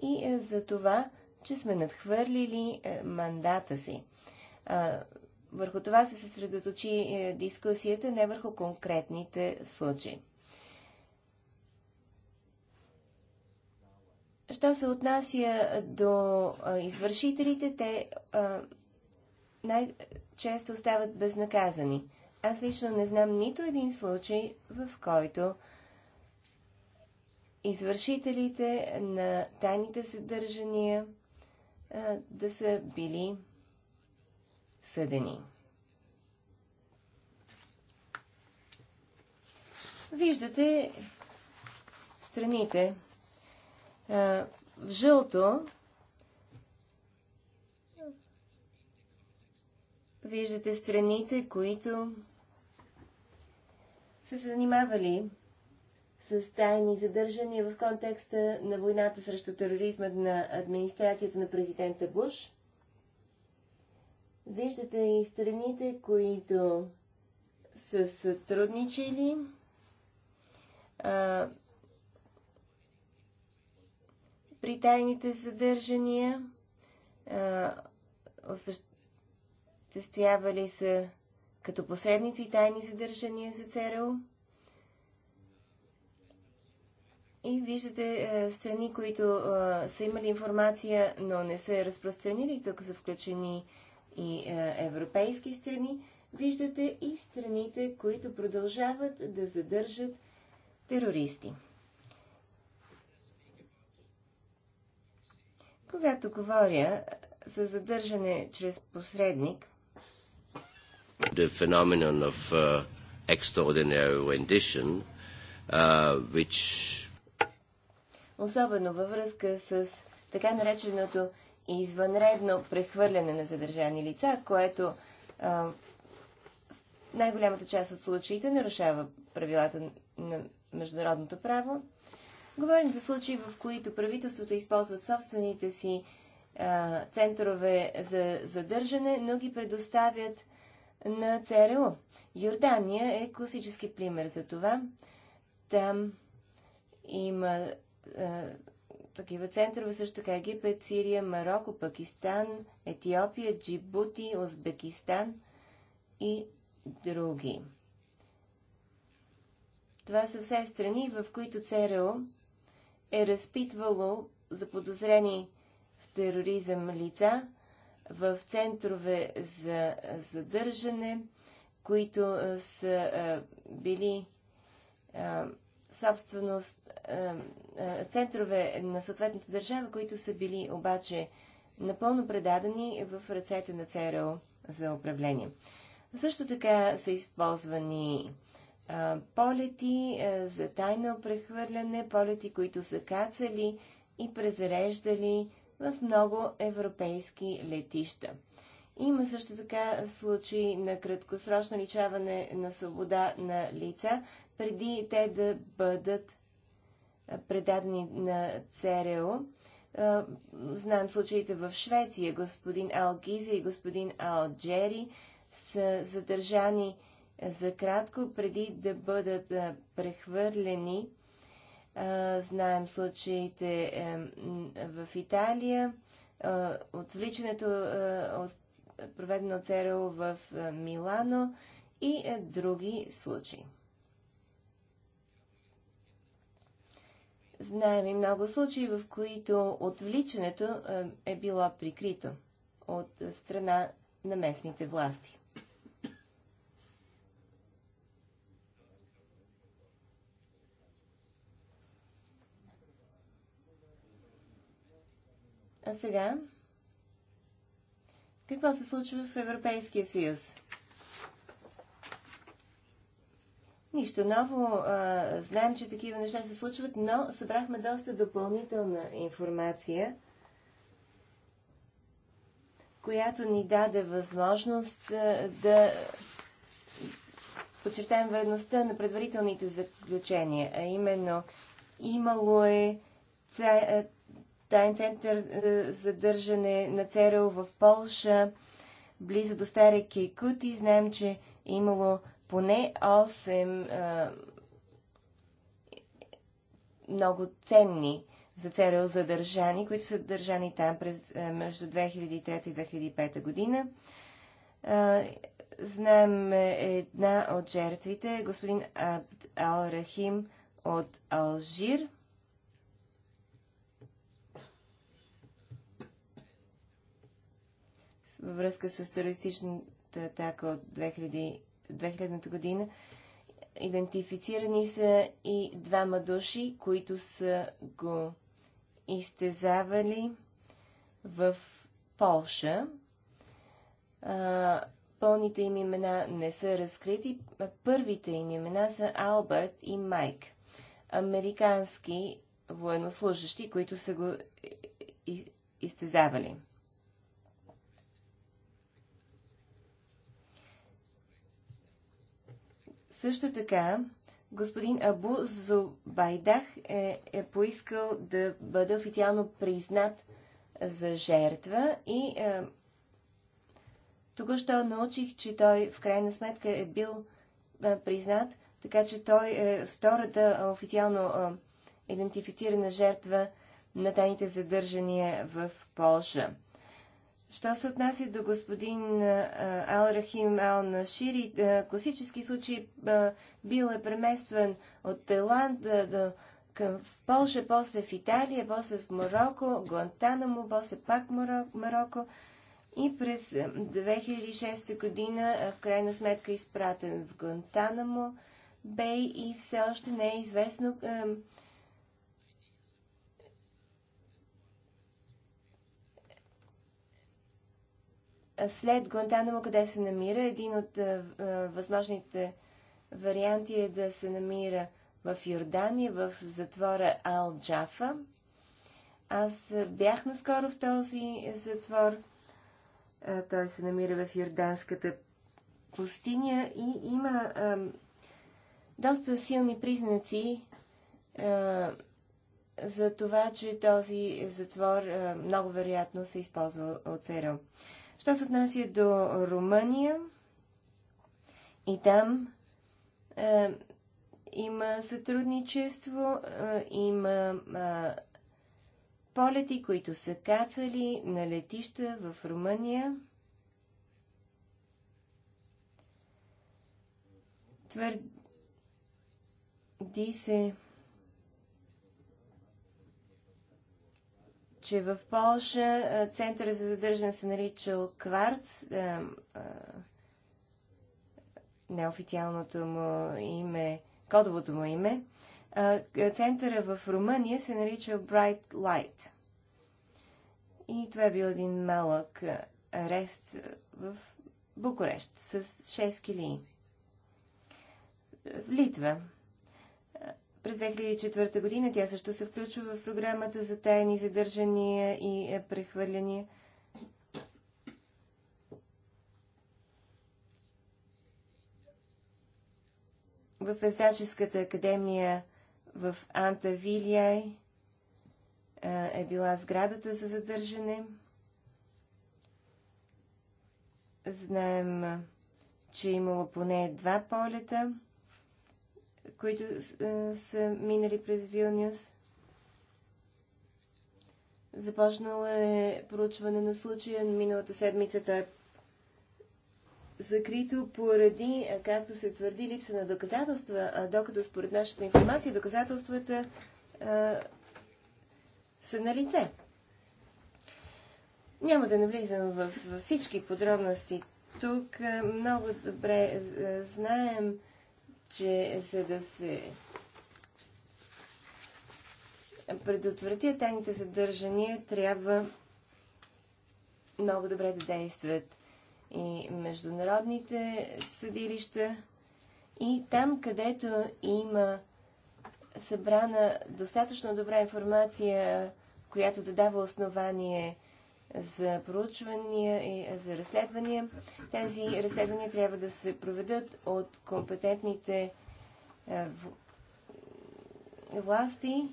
и за това, че сме надхвърлили мандата си. Върху това се съсредоточи дискусията, не върху конкретните случаи. Що се отнася до извършителите, те най-често остават безнаказани. Аз лично не знам нито един случай, в който извършителите на тайните съдържания да са били съдени. Виждате страните, в е, жълто виждате страните, които са се занимавали с тайни задържания в контекста на войната срещу тероризма на администрацията на президента Буш. Виждате и страните, които са сътрудничили при тайните задържания, осъществявали са като посредници тайни задържания за ЦРУ. И виждате страни, които са имали информация, но не са я разпространили. Тук са включени и европейски страни. Виждате и страните, които продължават да задържат терористи. Когато говоря за задържане чрез посредник, the phenomenon of uh, extraordinary rendition, uh, which... Особено във връзка с така нареченото извънредно прехвърляне на задържани лица, което в най-голямата част от случаите нарушава правилата на международното право Говорим за случаи, в които правителството използват собствените си а, центрове за задържане, но ги предоставят на ЦРУ. Йордания е класически пример за това. Там има а, такива центрове, също така Египет, Сирия, Марокко, Пакистан, Етиопия, Джибути, Узбекистан и други. Това са все страни, в които ЦРУ е разпитвало за подозрени в тероризъм лица в центрове за задържане, които са били собственост, центрове на съответната държава, които са били обаче напълно предадени в ръцете на ЦРО за управление. Също така са използвани полети за тайно прехвърляне, полети, които са кацали и презреждали в много европейски летища. Има също така случаи на краткосрочно личаване на свобода на лица, преди те да бъдат предадени на ЦРУ. Знаем случаите в Швеция. Господин Ал Гиза и господин Ал Джери са задържани за кратко преди да бъдат прехвърлени. Знаем случаите е, в Италия, отвличането от проведено от ЦРУ в Милано и други случаи. Знаем и много случаи, в които отвличането е било прикрито от страна на местните власти. А сега, какво се случва в Европейския съюз? Нищо ново. А, знаем, че такива неща се случват, но събрахме доста допълнителна информация, която ни даде възможност а, да подчертаем вредността на предварителните заключения, а именно имало е тайн център за е, задържане на ЦРУ в Полша, близо до Стария Кейкути. Знаем, че е имало поне 8 а, е, много ценни за ЦРУ задържани, които са държани там през, а, е, между 2003 и 2005 година. А, знаем една от жертвите, господин Абд Ал-Рахим от Алжир – във връзка с терористичната атака от 2000, 2000 година. Идентифицирани са и двама души, които са го изтезавали в Полша. А, пълните им имена не са разкрити. Първите им имена са Алберт и Майк. Американски военнослужащи, които са го изтезавали. Също така, господин Абу Зубайдах е, е поискал да бъде официално признат за жертва и е, току-що научих, че той в крайна сметка е бил е, признат, така че той е втората официално е, идентифицирана жертва на тайните задържания в Польша. Що се отнася до господин Алрахим Ална Ал-Нашири, класически случай бил е преместван от Тайланд до, към, в Польша, после в Италия, после в Марокко, Гуантанамо, после пак Марокко и през 2006 година в крайна сметка изпратен в Гуантанамо, Бей и все още не е известно след Гуантанамо къде се намира? Един от а, възможните варианти е да се намира в Йордания, в затвора Ал Джафа. Аз бях наскоро в този затвор. А, той се намира в Йорданската пустиня и има а, доста силни признаци за това, че този затвор много вероятно се използва от ЦРУ. Що се отнася до Румъния, и там е, има сътрудничество, е, има е, полети, които са кацали на летища в Румъния. Твърди се, че в Полша е, центъра за задържане се наричал Кварц. Е, е, неофициалното му име, кодовото му име. Центъра в Румъния се наричал Bright Light. И това е бил един малък арест в Букурещ с 6 килии. В Литва през 2004 година тя също се включва в програмата за тайни задържания и е, прехвърляния. В Ездаческата академия в Антавилияй е, е била сградата за задържане. Знаем, че е имало поне два полета които е, са минали през Вилнюс. Започнало е проучване на случая. Миналата седмица той е закрито поради, е, както се твърди, липса на доказателства, а докато според нашата информация доказателствата е, са на лице. Няма да навлизам в, в всички подробности. Тук е, много добре е, знаем, че за да се предотвратят тайните съдържания, трябва много добре да действат и международните съдилища, и там, където има събрана достатъчно добра информация, която да дава основание за проучвания и за разследвания. Тези разследвания трябва да се проведат от компетентните е, власти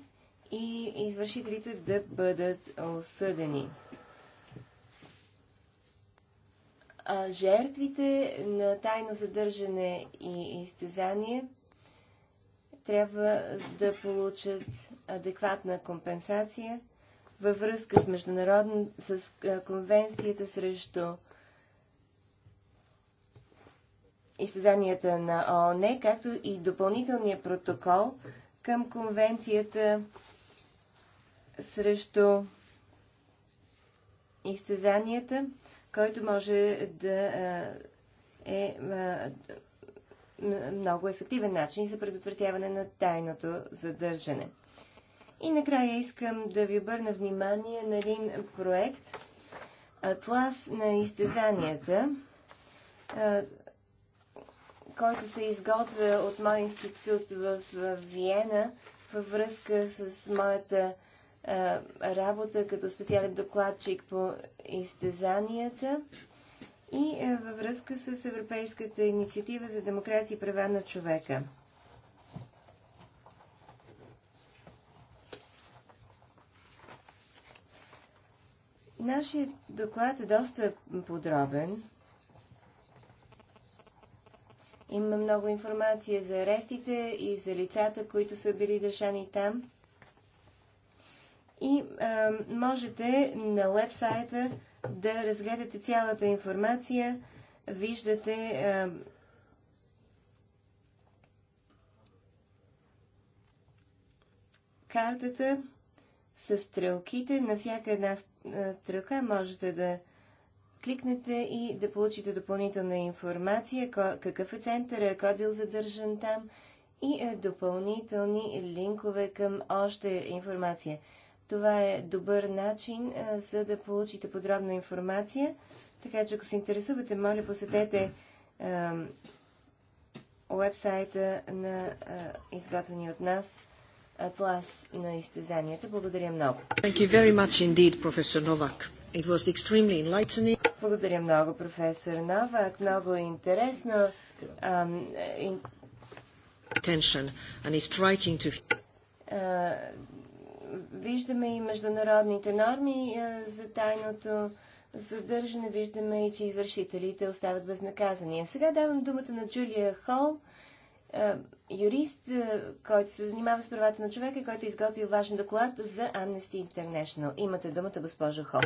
и извършителите да бъдат осъдени. А жертвите на тайно задържане и изтезание трябва да получат адекватна компенсация във връзка с международно с конвенцията срещу изтезанията на ООН, както и допълнителния протокол към конвенцията срещу изтезанията, който може да е много ефективен начин за предотвратяване на тайното задържане. И накрая искам да ви обърна внимание на един проект Атлас на изтезанията, който се изготвя от моя институт в Виена във връзка с моята работа като специален докладчик по изтезанията и във връзка с Европейската инициатива за демокрация и права на човека. Нашият доклад е доста подробен. Има много информация за арестите и за лицата, които са били държани там. И а, можете на вебсайта да разгледате цялата информация. Виждате а, картата с стрелките на всяка една е, тръка можете да кликнете и да получите допълнителна информация, какъв е центъра, кой е бил задържан там и е, допълнителни линкове към още информация. Това е добър начин, е, за да получите подробна информация. Така че, ако се интересувате, моля, посетете уебсайта на изготвени от нас пласт на изтезанията. Благодаря много. Indeed, Благодаря много, професор Новак. Много е интересно. Ам, е, ин... to... виждаме и международните норми за тайното задържане. Виждаме и, че извършителите остават безнаказани. А сега давам думата на Джулия Хол юрист, който се занимава с правата на човека и който е изготвил важен доклад за Amnesty International. Имате думата, госпожо Хо.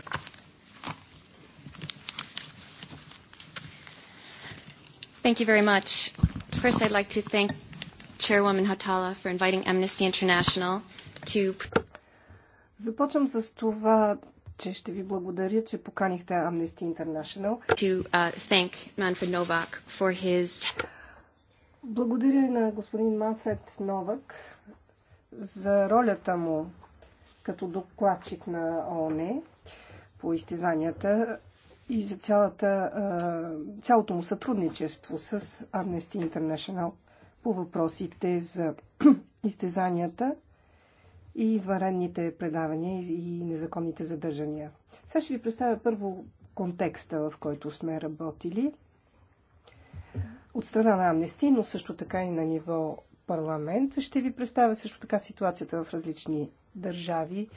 Thank you very much. First, I'd like to thank Chairwoman Hatala for inviting Amnesty International to... Започвам с това, че ще ви благодаря, че поканихте Amnesty International. To uh, thank Manfred Novak for his благодаря на господин Манфред Новак за ролята му като докладчик на ООН по изтезанията и за цялата, цялото му сътрудничество с Amnesty International по въпросите за изтезанията и извънредните предавания и незаконните задържания. Сега ще ви представя първо контекста, в който сме работили от страна на Амнести, но също така и на ниво парламент. Ще ви представя също така ситуацията в различни държави.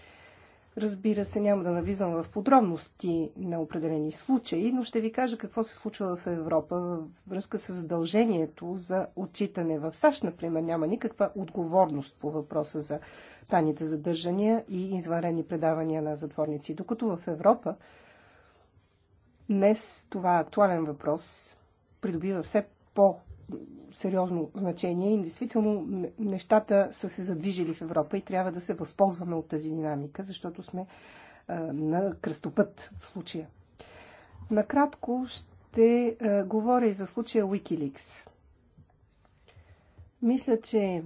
Разбира се, няма да навлизам в подробности на определени случаи, но ще ви кажа какво се случва в Европа във връзка с задължението за отчитане. В САЩ, например, няма никаква отговорност по въпроса за тайните задържания и изварени предавания на затворници. Докато в Европа днес това е актуален въпрос, придобива все по-сериозно значение и действително нещата са се задвижили в Европа и трябва да се възползваме от тази динамика, защото сме е, на кръстопът в случая. Накратко ще е, говоря и за случая Wikileaks. Мисля, че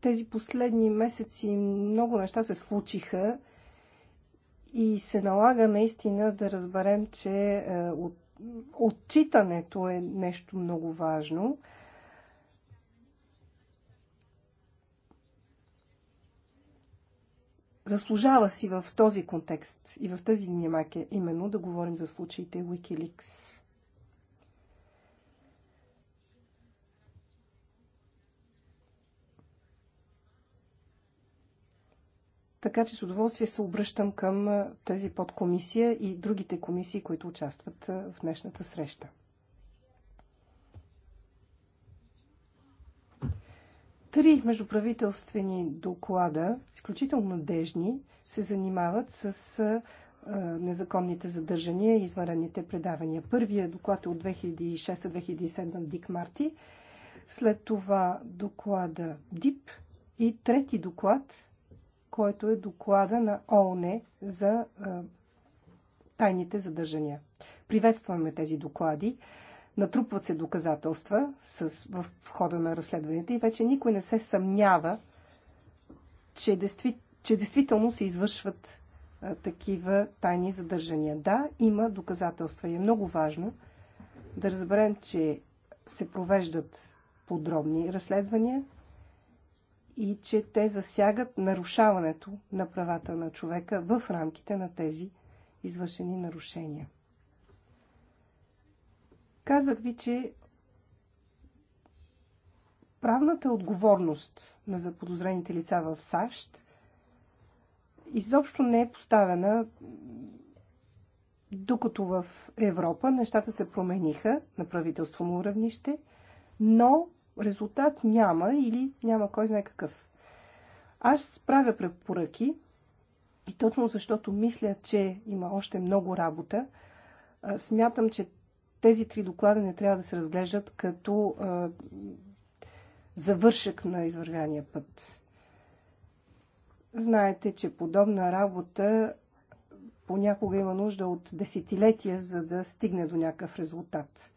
тези последни месеци много неща се случиха и се налага наистина да разберем, че е, от отчитането е нещо много важно. Заслужава си в този контекст и в тази гнимаке именно да говорим за случаите Wikileaks. Така че с удоволствие се обръщам към тази подкомисия и другите комисии, които участват в днешната среща. Три междуправителствени доклада, изключително надежни, се занимават с незаконните задържания и извънредните предавания. Първият доклад е от 2006-2007 Дик Марти, след това доклада ДИП и трети доклад – който е доклада на ООН за а, тайните задържания. Приветстваме тези доклади. Натрупват се доказателства с, в хода на разследванията и вече никой не се съмнява, че, действи, че действително се извършват а, такива тайни задържания. Да, има доказателства и е много важно да разберем, че се провеждат подробни разследвания, и че те засягат нарушаването на правата на човека в рамките на тези извършени нарушения. Казах ви, че правната отговорност на заподозрените лица в САЩ изобщо не е поставена, докато в Европа нещата се промениха на правителствено равнище, но резултат няма или няма кой знае какъв. Аз правя препоръки и точно защото мисля, че има още много работа, смятам, че тези три доклада не трябва да се разглеждат като а, завършък на извървяния път. Знаете, че подобна работа понякога има нужда от десетилетия, за да стигне до някакъв резултат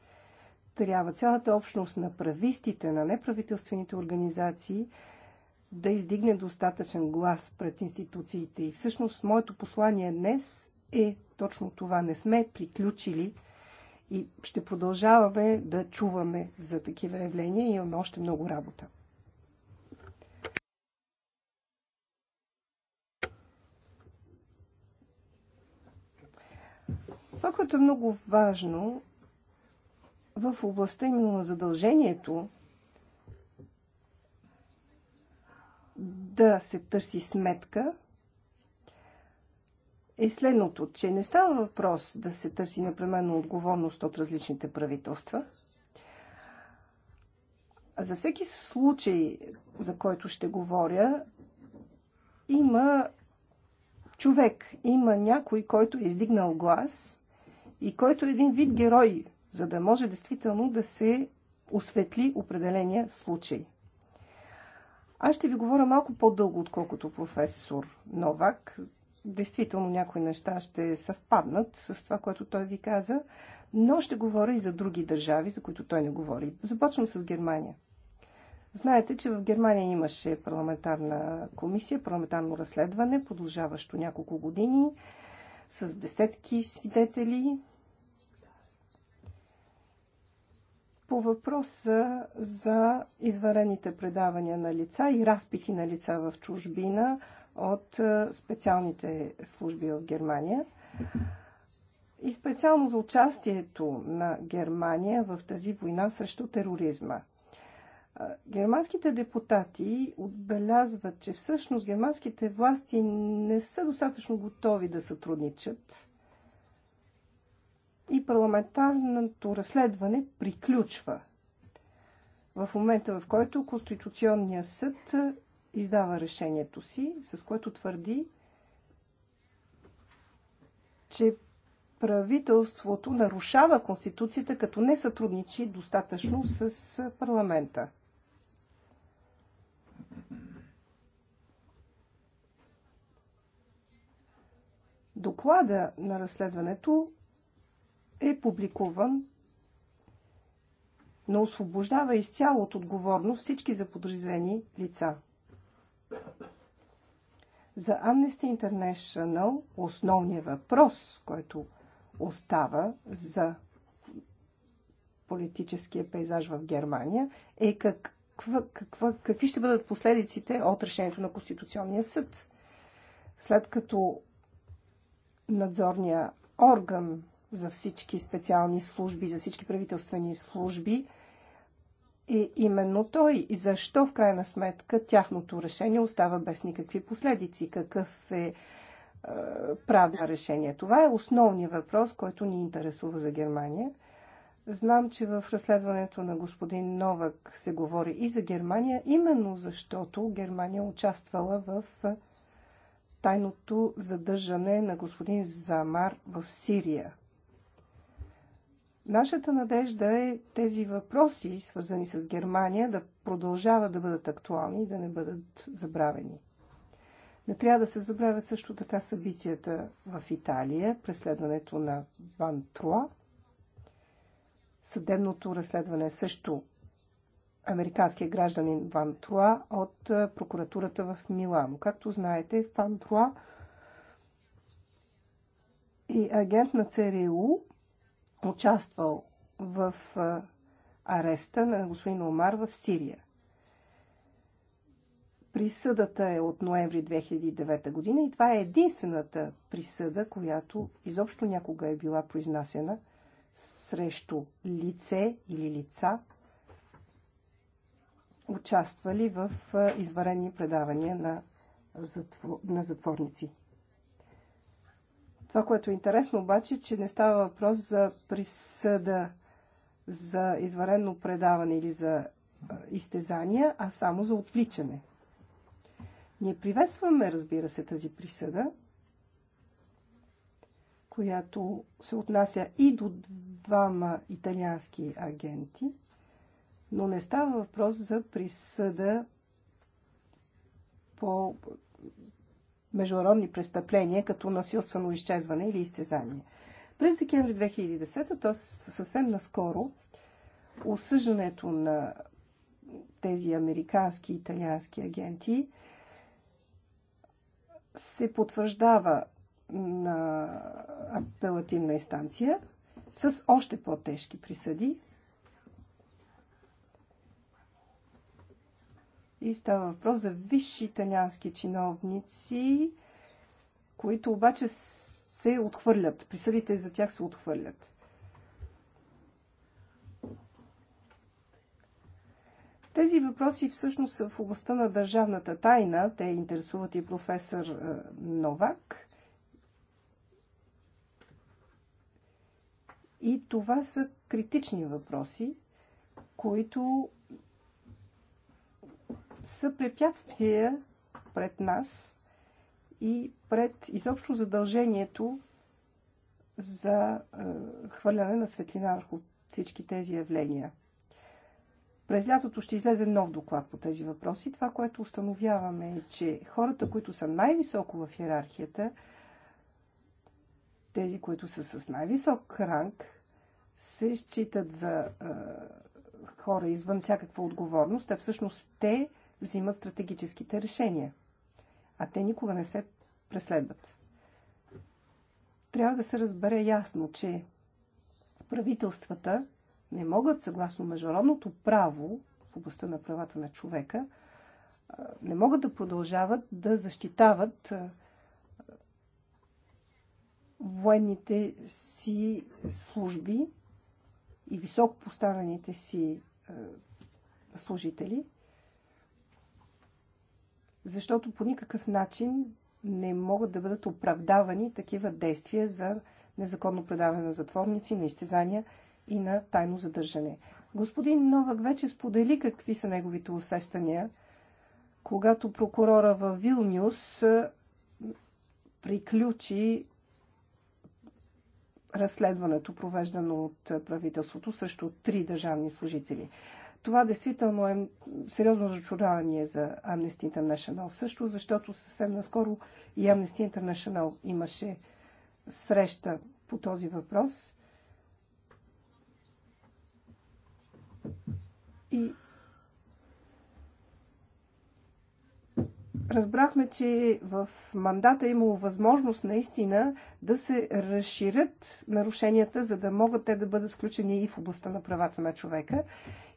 трябва цялата общност на правистите, на неправителствените организации да издигне достатъчен глас пред институциите. И всъщност моето послание днес е точно това. Не сме приключили и ще продължаваме да чуваме за такива явления и имаме още много работа. Това, което е много важно, в областта именно на задължението да се търси сметка е следното, че не става въпрос да се търси непременно отговорност от различните правителства. За всеки случай, за който ще говоря, има човек, има някой, който е издигнал глас и който е един вид герой за да може действително да се осветли определения случай. Аз ще ви говоря малко по-дълго, отколкото професор Новак. Действително някои неща ще съвпаднат с това, което той ви каза, но ще говоря и за други държави, за които той не говори. Започвам с Германия. Знаете, че в Германия имаше парламентарна комисия, парламентарно разследване, продължаващо няколко години, с десетки свидетели, по въпроса за изварените предавания на лица и разпити на лица в чужбина от е, специалните служби в Германия и специално за участието на Германия в тази война срещу тероризма. Е, германските депутати отбелязват, че всъщност германските власти не са достатъчно готови да сътрудничат и парламентарното разследване приключва в момента, в който Конституционният съд издава решението си, с което твърди, че правителството нарушава Конституцията, като не сътрудничи достатъчно с парламента. Доклада на разследването е публикуван, но освобождава изцяло от отговорност всички заподозрени лица. За Amnesty International основният въпрос, който остава за политическия пейзаж в Германия е каква, каква, какви ще бъдат последиците от решението на Конституционния съд. След като надзорния орган за всички специални служби, за всички правителствени служби И именно той и защо в крайна сметка тяхното решение остава без никакви последици. Какъв е, е правда решение? Това е основният въпрос, който ни интересува за Германия. Знам, че в разследването на господин Новак се говори и за Германия, именно защото Германия участвала в е, тайното задържане на господин Замар в Сирия. Нашата надежда е тези въпроси, свързани с Германия, да продължават да бъдат актуални и да не бъдат забравени. Не трябва да се забравят също така събитията в Италия, преследването на Ван Труа. Съдебното разследване е също американския гражданин Ван Труа от прокуратурата в Милано. Както знаете, Ван Труа и агент на ЦРУ участвал в ареста на господин Омар в Сирия. Присъдата е от ноември 2009 година и това е единствената присъда, която изобщо някога е била произнасена срещу лице или лица, участвали в изварени предавания на, затвор... на затворници. Това, което е интересно обаче, че не става въпрос за присъда за изварено предаване или за изтезания, а само за отвличане. Ние приветстваме, разбира се, тази присъда, която се отнася и до двама италиански агенти, но не става въпрос за присъда по международни престъпления, като насилствено изчезване или изтезание. През декември 2010, т.е. съвсем наскоро, осъждането на тези американски и италиански агенти се потвърждава на апелативна инстанция с още по-тежки присъди, И става въпрос за висши италиански чиновници, които обаче се отхвърлят. Присъдите за тях се отхвърлят. Тези въпроси всъщност са в областта на държавната тайна. Те интересуват и професор е, Новак. И това са критични въпроси, които са препятствия пред нас и пред изобщо задължението за е, хвърляне на светлина върху всички тези явления. През лятото ще излезе нов доклад по тези въпроси. Това, което установяваме е, че хората, които са най-високо в иерархията, тези, които са с най-висок ранг, се считат за е, хора извън всякаква отговорност, а всъщност те взимат стратегическите решения. А те никога не се преследват. Трябва да се разбере ясно, че правителствата не могат, съгласно международното право в областта на правата на човека, не могат да продължават да защитават военните си служби и високо поставените си служители – защото по никакъв начин не могат да бъдат оправдавани такива действия за незаконно предаване на затворници, на изтезания и на тайно задържане. Господин Новак вече сподели какви са неговите усещания, когато прокурора в Вилнюс приключи разследването, провеждано от правителството срещу три държавни служители. Това действително е сериозно разочарование за Amnesty International също, защото съвсем наскоро и Amnesty International имаше среща по този въпрос. И разбрахме, че в мандата е имало възможност наистина да се разширят нарушенията, за да могат те да бъдат включени и в областта на правата на човека.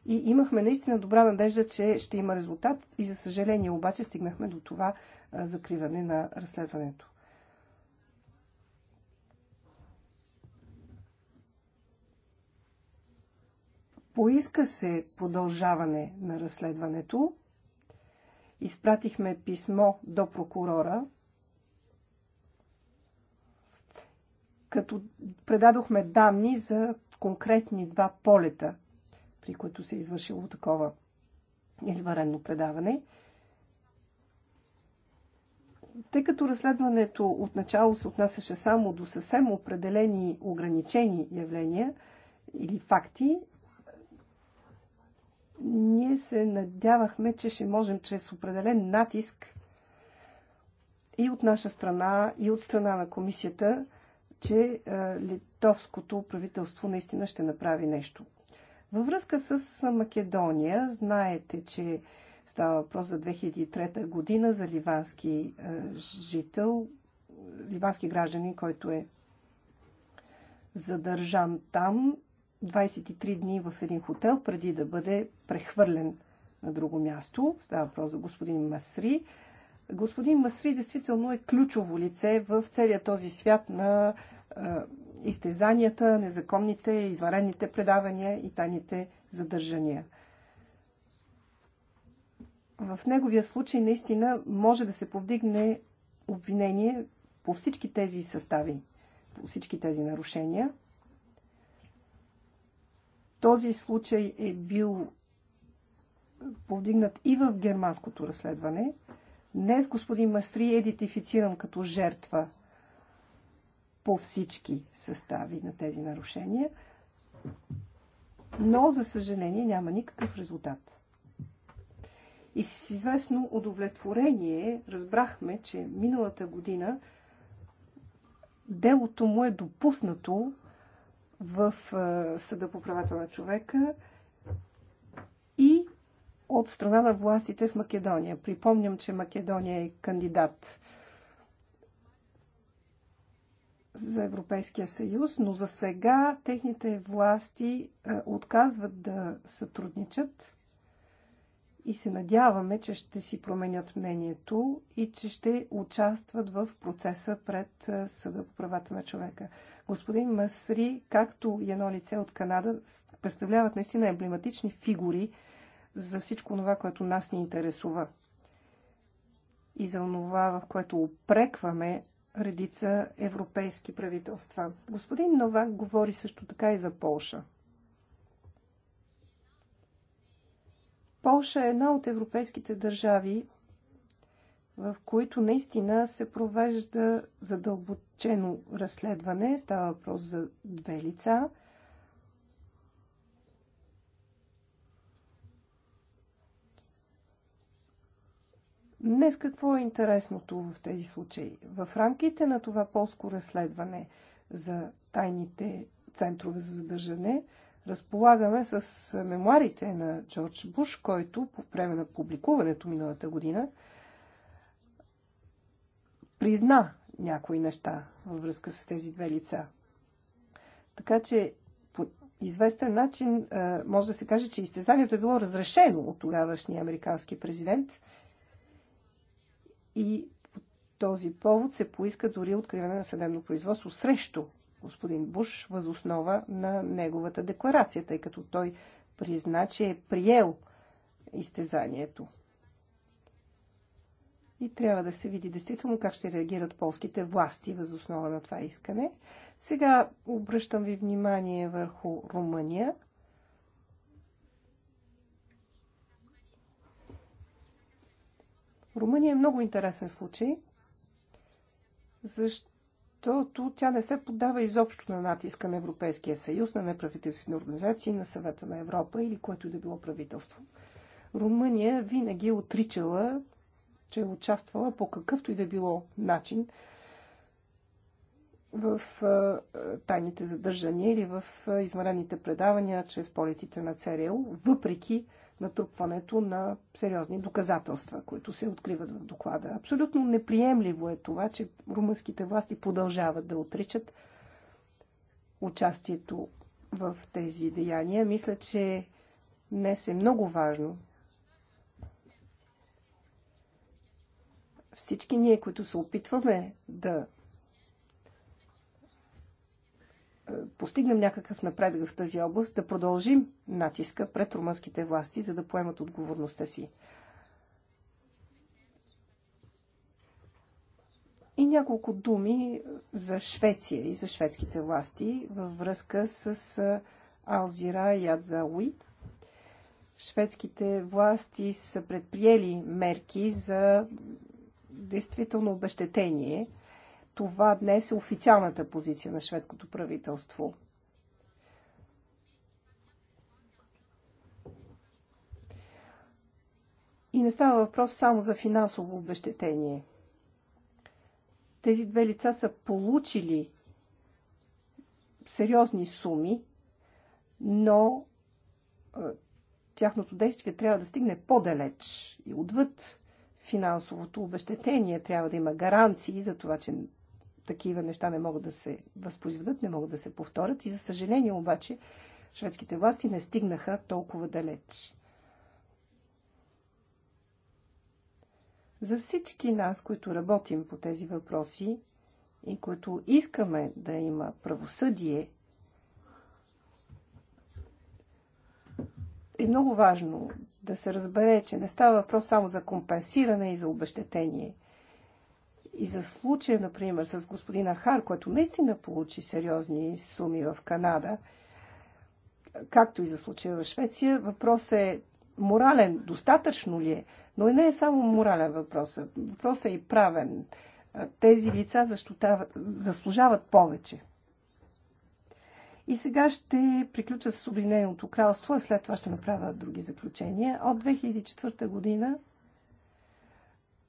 И имахме наистина добра надежда, че ще има резултат и за съжаление обаче стигнахме до това закриване на разследването. Поиска се продължаване на разследването. Изпратихме писмо до прокурора, като предадохме данни за конкретни два полета – при които се е извършило такова изварено предаване. Тъй като разследването отначало се отнасяше само до съвсем определени ограничени явления или факти, ние се надявахме, че ще можем чрез определен натиск и от наша страна, и от страна на комисията, че е, литовското правителство наистина ще направи нещо във връзка с Македония, знаете, че става въпрос за 2003 година за ливански е, жител, ливански гражданин, който е задържан там 23 дни в един хотел, преди да бъде прехвърлен на друго място. Става въпрос за господин Масри. Господин Масри действително е ключово лице в целия този свят на е, изтезанията, незаконните, извънредните предавания и тайните задържания. В неговия случай наистина може да се повдигне обвинение по всички тези състави, по всички тези нарушения. Този случай е бил повдигнат и в германското разследване. Днес господин Мастри е идентифициран като жертва – по всички състави на тези нарушения, но за съжаление няма никакъв резултат. И с известно удовлетворение разбрахме, че миналата година делото му е допуснато в е, Съда по правата на човека и от страна на властите в Македония. Припомням, че Македония е кандидат за Европейския съюз, но за сега техните власти е, отказват да сътрудничат и се надяваме, че ще си променят мнението и че ще участват в процеса пред е, Съда по правата на човека. Господин Масри, както и едно лице от Канада, представляват наистина емблематични фигури за всичко това, което нас ни интересува и за това, в което опрекваме редица европейски правителства. Господин Новак говори също така и за Полша. Полша е една от европейските държави, в които наистина се провежда задълбочено разследване. Става въпрос за две лица – Днес какво е интересното в тези случаи? В рамките на това полско разследване за тайните центрове за задържане, разполагаме с мемуарите на Джордж Буш, който по време на публикуването миналата година призна някои неща във връзка с тези две лица. Така че по известен начин може да се каже, че изтезанието е било разрешено от тогавашния американски президент и по този повод се поиска дори откриване на съдебно производство срещу господин Буш възоснова на неговата декларация, тъй като той призна, че е приел изтезанието. И трябва да се види действително как ще реагират полските власти възоснова на това искане. Сега обръщам ви внимание върху Румъния. Румъния е много интересен случай, защото тя не се поддава изобщо на натиска на Европейския съюз, на неправителствени организации, на съвета на Европа или което и да било правителство. Румъния винаги е отричала, че е участвала по какъвто и да било начин в тайните задържания или в измерените предавания чрез полетите на ЦРУ, въпреки натрупването на сериозни доказателства, които се откриват в доклада. Абсолютно неприемливо е това, че румънските власти продължават да отричат участието в тези деяния. Мисля, че днес е много важно всички ние, които се опитваме да постигнем някакъв напредък в тази област, да продължим натиска пред румънските власти, за да поемат отговорността си. И няколко думи за Швеция и за шведските власти във връзка с Алзира и Адзауи. Шведските власти са предприели мерки за действително обещетение – това днес е официалната позиция на шведското правителство. И не става въпрос само за финансово обещетение. Тези две лица са получили сериозни суми, но е, тяхното действие трябва да стигне по-далеч и отвъд финансовото обещетение. Трябва да има гаранции за това, че такива неща не могат да се възпроизведат, не могат да се повторят. И за съжаление обаче шведските власти не стигнаха толкова далеч. За всички нас, които работим по тези въпроси и които искаме да има правосъдие, е много важно да се разбере, че не става въпрос само за компенсиране и за обещетение – и за случая, например, с господина Хар, който наистина получи сериозни суми в Канада, както и за случая в Швеция, въпросът е морален, достатъчно ли е? Но и не е само морален въпрос. Въпросът е и правен. Тези лица заслужават повече. И сега ще приключа с Обединеното кралство, а след това ще направя други заключения. От 2004 година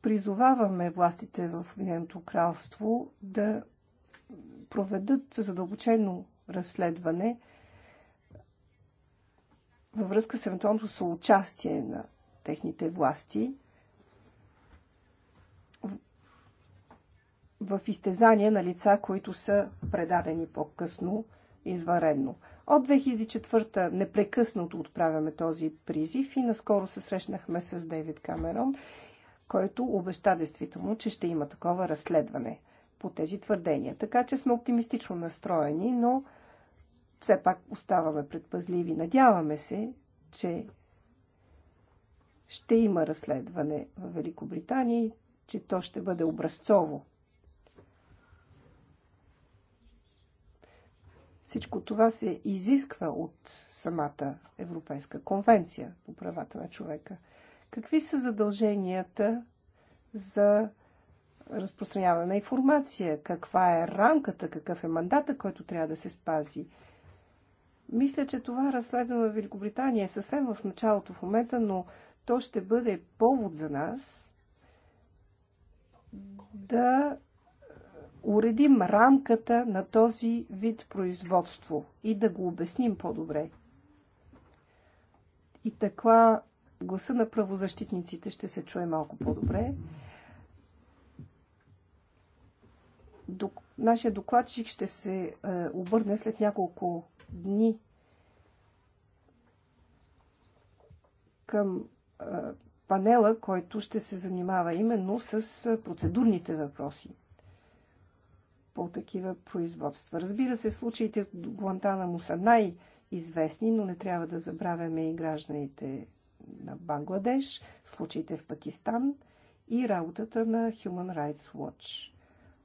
Призоваваме властите в Обединеното кралство да проведат задълбочено разследване във връзка с евентуалното съучастие на техните власти в изтезания на лица, които са предадени по-късно извънредно. От 2004 непрекъснато отправяме този призив и наскоро се срещнахме с Дейвид Камерон който обеща действително, че ще има такова разследване по тези твърдения. Така че сме оптимистично настроени, но все пак оставаме предпазливи. Надяваме се, че ще има разследване в Великобритания и че то ще бъде образцово. Всичко това се изисква от самата Европейска конвенция по правата на човека – Какви са задълженията за разпространяване на информация? Каква е рамката? Какъв е мандата, който трябва да се спази? Мисля, че това разследване в Великобритания е съвсем в началото в момента, но то ще бъде повод за нас да уредим рамката на този вид производство и да го обясним по-добре. И така гласа на правозащитниците ще се чуе малко по-добре. Док... Нашия докладчик ще се е, обърне след няколко дни към е, панела, който ще се занимава именно с е, процедурните въпроси по такива производства. Разбира се, случаите от му са най- известни, но не трябва да забравяме и гражданите на Бангладеш, случаите в Пакистан и работата на Human Rights Watch.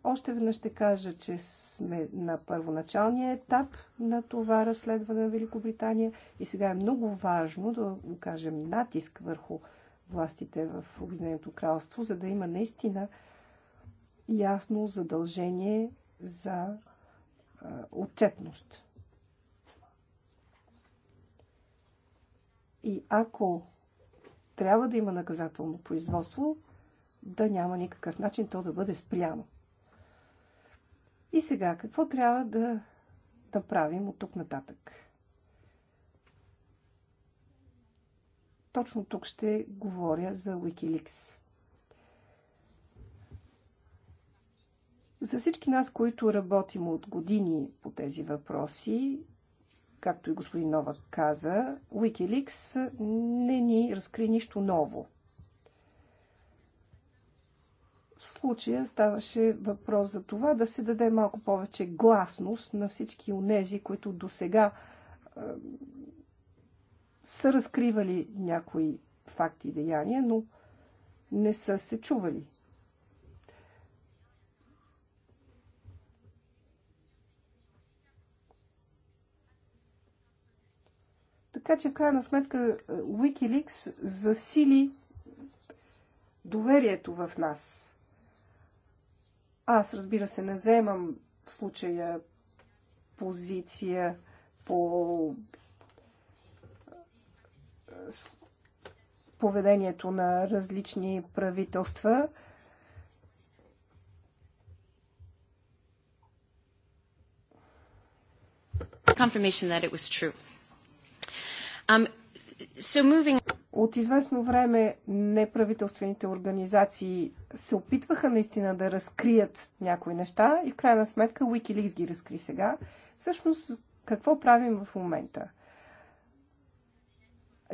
Още веднъж ще кажа, че сме на първоначалния етап на това разследване на Великобритания и сега е много важно да окажем натиск върху властите в Обединеното кралство, за да има наистина ясно задължение за отчетност. И ако трябва да има наказателно производство, да няма никакъв начин то да бъде спряно. И сега, какво трябва да направим от тук нататък? Точно тук ще говоря за Wikileaks. За всички нас, които работим от години по тези въпроси, Както и господин Нова каза, Wikileaks не ни разкри нищо ново. В случая ставаше въпрос за това да се даде малко повече гласност на всички онези, които до сега е, са разкривали някои факти и деяния, но не са се чували. Така че в крайна сметка е, Wikileaks засили доверието в нас. Аз, разбира се, не заемам в случая позиция по е, поведението на различни правителства. Confirmation that it was true. Um, От известно време неправителствените организации се опитваха наистина да разкрият някои неща и в крайна сметка Wikileaks ги разкри сега. Всъщност, какво правим в момента?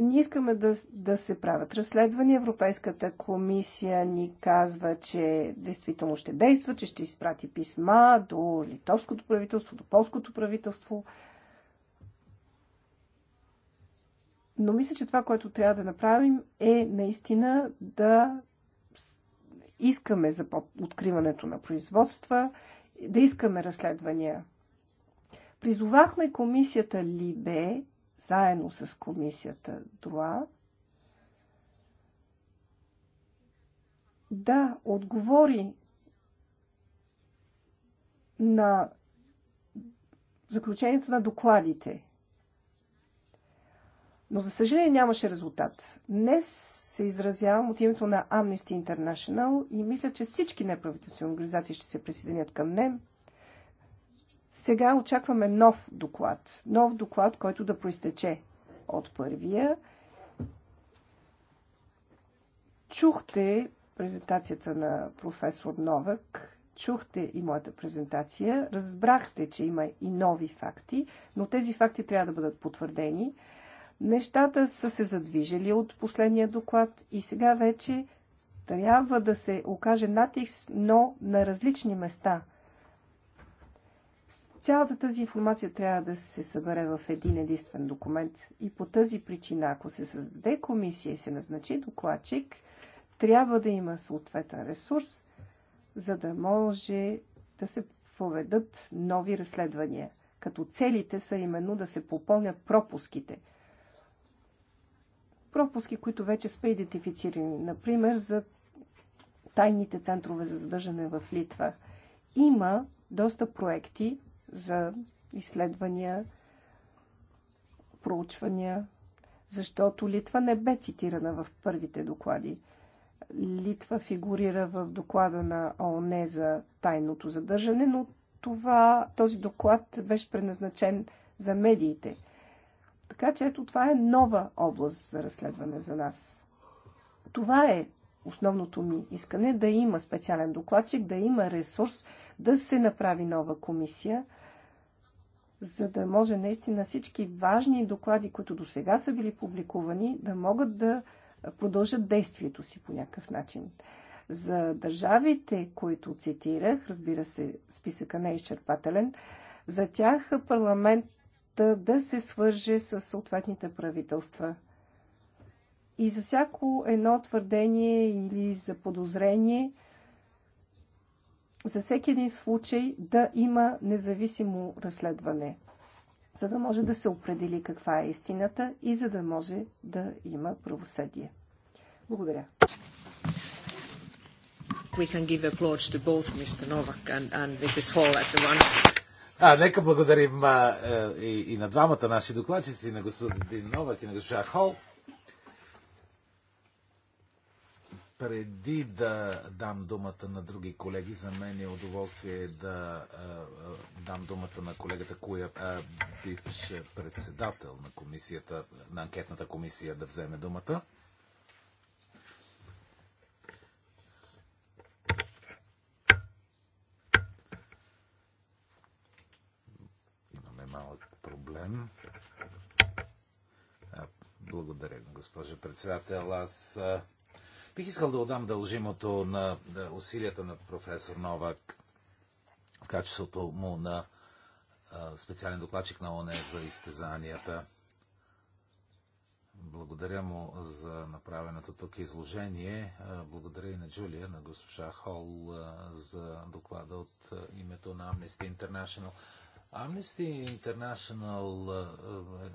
Ние искаме да, да се правят разследвания. Европейската комисия ни казва, че действително ще действа, че ще изпрати писма до литовското правителство, до полското правителство. Но мисля, че това, което трябва да направим е наистина да искаме за откриването на производства, да искаме разследвания. Призовахме комисията Либе, заедно с комисията Друа, да отговори на заключението на докладите. Но за съжаление нямаше резултат. Днес се изразявам от името на Amnesty International и мисля, че всички неправителствени организации ще се присъединят към нея. Сега очакваме нов доклад. Нов доклад, който да проистече от първия. Чухте презентацията на професор Новак, чухте и моята презентация, разбрахте, че има и нови факти, но тези факти трябва да бъдат потвърдени. Нещата са се задвижили от последния доклад и сега вече трябва да се окаже натиск, но на различни места. Цялата тази информация трябва да се събере в един единствен документ и по тази причина, ако се създаде комисия и се назначи докладчик, трябва да има съответен ресурс, за да може да се проведат нови разследвания, като целите са именно да се попълнят пропуските – пропуски, които вече сме идентифицирани. Например, за тайните центрове за задържане в Литва. Има доста проекти за изследвания, проучвания, защото Литва не бе цитирана в първите доклади. Литва фигурира в доклада на ООН за тайното задържане, но това, този доклад беше предназначен за медиите. Така че ето това е нова област за разследване за нас. Това е основното ми искане да има специален докладчик, да има ресурс, да се направи нова комисия, за да може наистина всички важни доклади, които до сега са били публикувани, да могат да продължат действието си по някакъв начин. За държавите, които цитирах, разбира се, списъка не е изчерпателен, за тях парламент да се свърже с съответните правителства. И за всяко едно твърдение или за подозрение, за всеки един случай да има независимо разследване, за да може да се определи каква е истината и за да може да има правосъдие. Благодаря. We can give applause to both Mr. Novak and, and Mrs. Hall at once. А, нека благодарим а, е, и, и на двамата наши докладчици, и на господин Новак, и на госпожа Хол. Преди да дам думата на други колеги, за мен е удоволствие да а, е, а, е, дам думата на колегата Куя, а, бивш председател на комисията, на анкетната комисия, да вземе думата. проблем. Благодаря, госпожа председател. Аз бих искал да отдам дължимото на усилията на професор Новак в качеството му на специален докладчик на ОНЕ за изтезанията. Благодаря му за направеното тук изложение. Благодаря и на Джулия, на госпожа Хол за доклада от името на Amnesty International. Amnesty International е,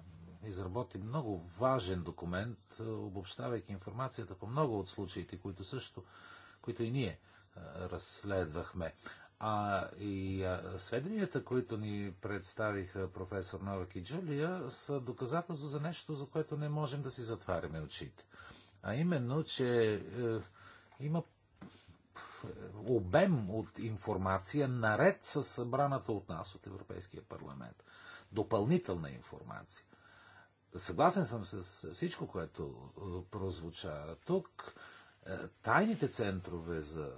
е, изработи много важен документ, е, обобщавайки информацията по много от случаите, които също, които и ние разследвахме. А и сведенията, които ни представиха професор Новак и Джулия, са доказателство за нещо, за което не можем да си затваряме очите. А именно, че е, има е, обем от информация, наред с събраната от нас, от Европейския парламент. Допълнителна информация. Съгласен съм с всичко, което е, прозвуча тук. Е, тайните центрове за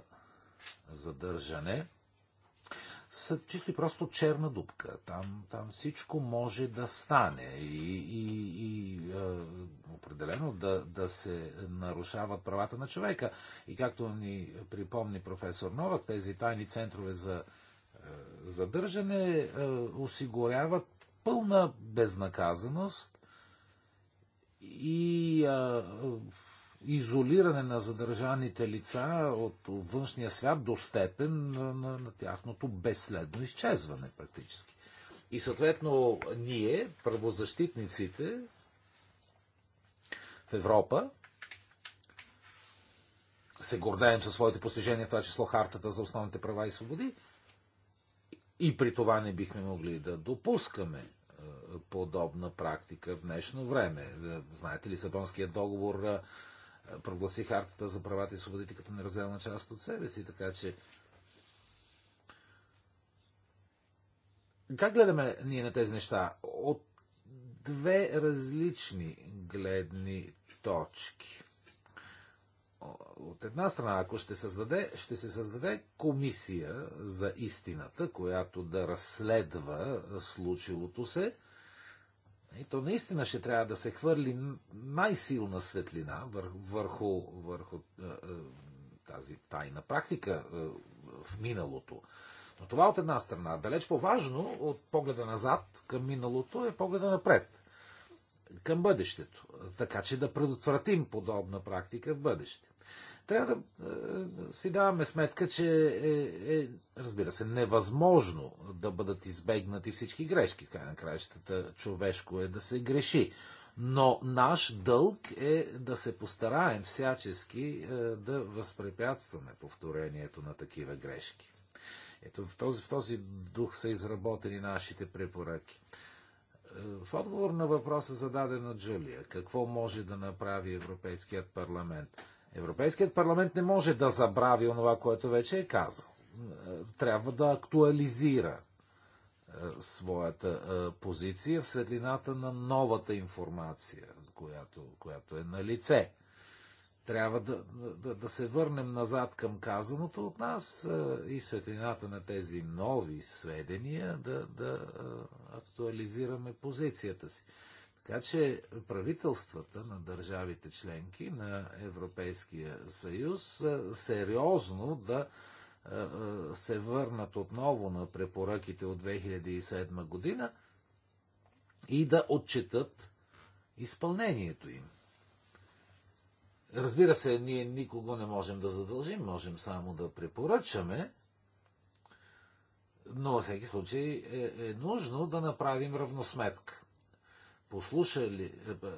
задържане – са чисто и просто черна дупка. Там, там всичко може да стане и, и, и е, определено да, да се нарушават правата на човека. И както ни припомни професор Новак, тези тайни центрове за е, задържане е, осигуряват пълна безнаказаност и е, изолиране на задържаните лица от външния свят до степен на, на, на тяхното безследно изчезване практически. И съответно ние, правозащитниците в Европа, се гордеем със своите постижения, това число Хартата за основните права и свободи, и при това не бихме могли да допускаме подобна практика в днешно време. Знаете ли, Сабонският договор прогласи хартата за правата и свободите като неразделна част от себе си, така че Как гледаме ние на тези неща? От две различни гледни точки. От една страна, ако ще, създаде, ще се създаде комисия за истината, която да разследва случилото се, и то наистина ще трябва да се хвърли най-силна светлина върху, върху, върху е, е, тази тайна практика е, в миналото. Но това от една страна. Далеч по-важно от погледа назад към миналото е погледа напред. Към бъдещето. Така че да предотвратим подобна практика в бъдеще. Трябва да е, си даваме сметка, че е, е, разбира се, невъзможно да бъдат избегнати всички грешки. Край на краищата човешко е да се греши. Но наш дълг е да се постараем всячески е, да възпрепятстваме повторението на такива грешки. Ето в този, в този дух са изработени нашите препоръки. Е, в отговор на въпроса зададен от Джулия, какво може да направи Европейският парламент? Европейският парламент не може да забрави онова, което вече е казал. Е, трябва да актуализира е, своята е, позиция в светлината на новата информация, която, която е на лице. Трябва да, да, да се върнем назад към казаното от нас и в светлината на тези нови сведения да, да актуализираме позицията си. Така че правителствата на държавите членки на Европейския съюз е, сериозно да е, е, се върнат отново на препоръките от 2007 година и да отчитат изпълнението им. Разбира се, ние никого не можем да задължим, можем само да препоръчаме, но във всеки случай е, е нужно да направим равносметка послушали, е, е, е,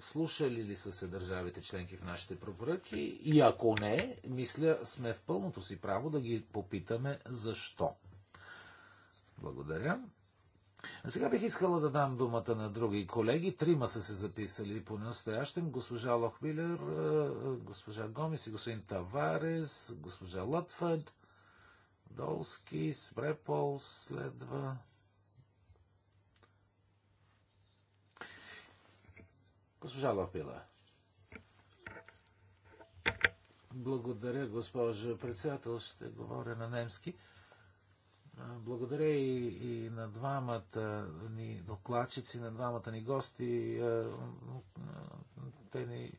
слушали ли са се държавите членки в нашите препоръки и ако не, мисля, сме в пълното си право да ги попитаме защо. Благодаря. А сега бих искала да дам думата на други колеги. Трима са се записали по настоящем. Госпожа Лохмилер, госпожа Гомис и господин Таварес, госпожа Лътфърд, Долски, Спрепол следва. Госпожа Лапила. Благодаря, госпожо председател. Ще говоря на немски. Благодаря и, и на двамата ни докладчици, на двамата ни гости. Те ни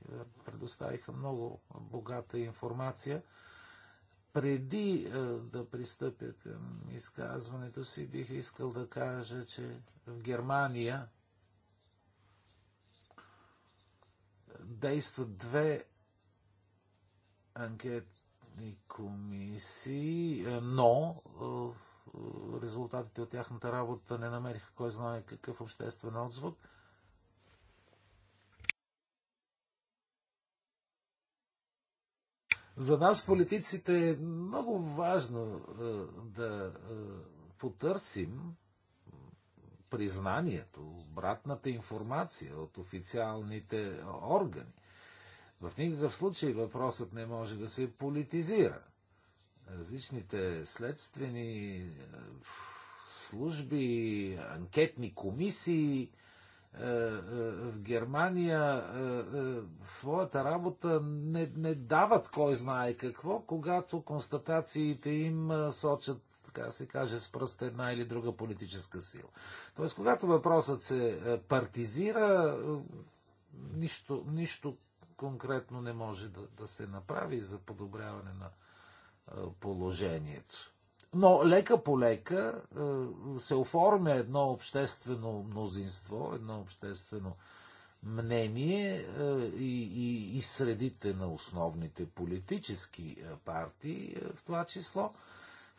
предоставиха много богата информация. Преди да пристъпя към изказването си, бих искал да кажа, че в Германия действат две анкетни комисии, е, но е, резултатите от тяхната работа не намериха кой знае какъв обществен отзвук. За нас, политиците, е много важно е, да потърсим признанието, обратната информация от официалните органи. В никакъв случай въпросът не може да се политизира. Различните следствени е, служби, анкетни комисии е, е, в Германия в своята работа не, не дават кой знае какво, когато констатациите им сочат така да се каже, с пръст една или друга политическа сила. Тоест, когато въпросът се е, партизира, е, нищо, нищо конкретно не може да, да се направи за подобряване на е, положението. Но лека по лека се оформя едно обществено мнозинство, едно обществено мнение и, и, и средите на основните политически партии в това число,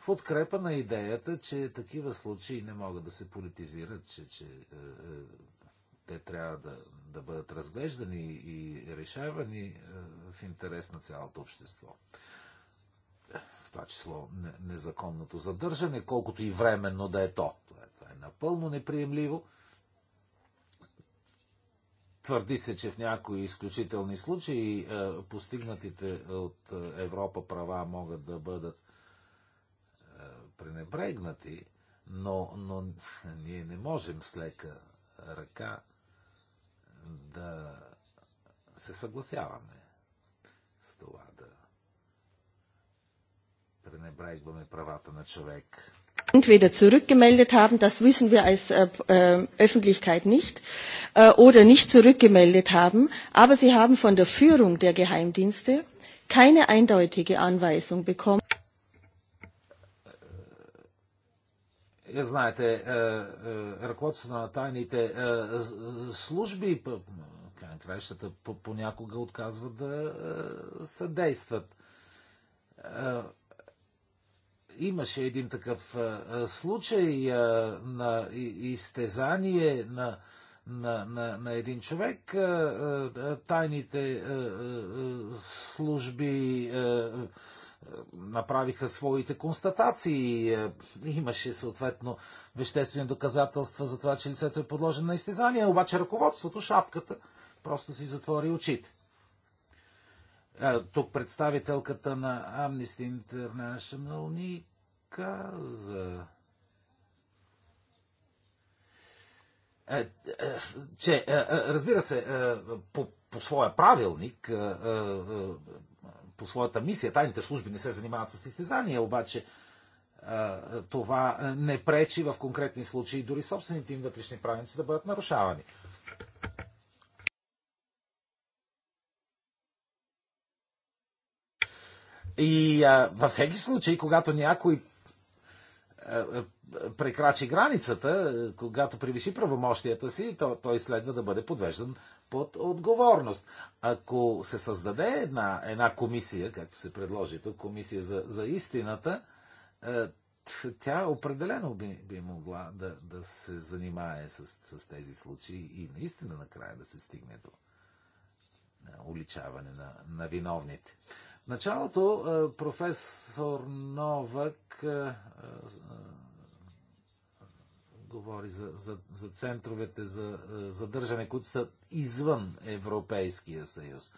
подкрепа на идеята, че такива случаи не могат да се политизират, че, че е, е, те трябва да, да бъдат разглеждани и решавани е, в интерес на цялото общество. В това число не, незаконното задържане, колкото и временно да е то. Това е, това е напълно неприемливо. Твърди се, че в някои изключителни случаи е, постигнатите от е, Европа права могат да бъдат пренебрегнати, но, но ние не можем с лека ръка да се съгласяваме с това да пренебрегваме правата на човек. Entweder zurückgemeldet haben, das wissen wir als äh, Öffentlichkeit nicht, äh, oder nicht zurückgemeldet haben, aber sie haben von der Führung der Geheimdienste keine eindeutige Anweisung bekommen. Е, знаете, е, е, ръководството на тайните служби кращата понякога отказват да съдействат. Имаше един такъв случай на изтезание на, на, на, на един човек. Тайните служби направиха своите констатации. Е, имаше съответно веществени доказателства за това, че лицето е подложено на изтезание, обаче ръководството, шапката, просто си затвори очите. Е, тук представителката на Amnesty International ни каза, е, че, разбира се, по, по своя правилник по своята мисия. Тайните служби не се занимават с изтезания, обаче това не пречи в конкретни случаи дори собствените им вътрешни правилници да бъдат нарушавани. И а, във всеки случай, когато някой а, прекрачи границата, когато превиши правомощията си, то, той следва да бъде подвеждан под отговорност. Ако се създаде една, една комисия, както се предложи тук, комисия за, за истината, е, тя определено би, би могла да, да се занимае с, с тези случаи и наистина накрая да се стигне до е, уличаване на, на виновните. В началото е, професор Новък говори за, за, за центровете за е, задържане, които са извън Европейския съюз.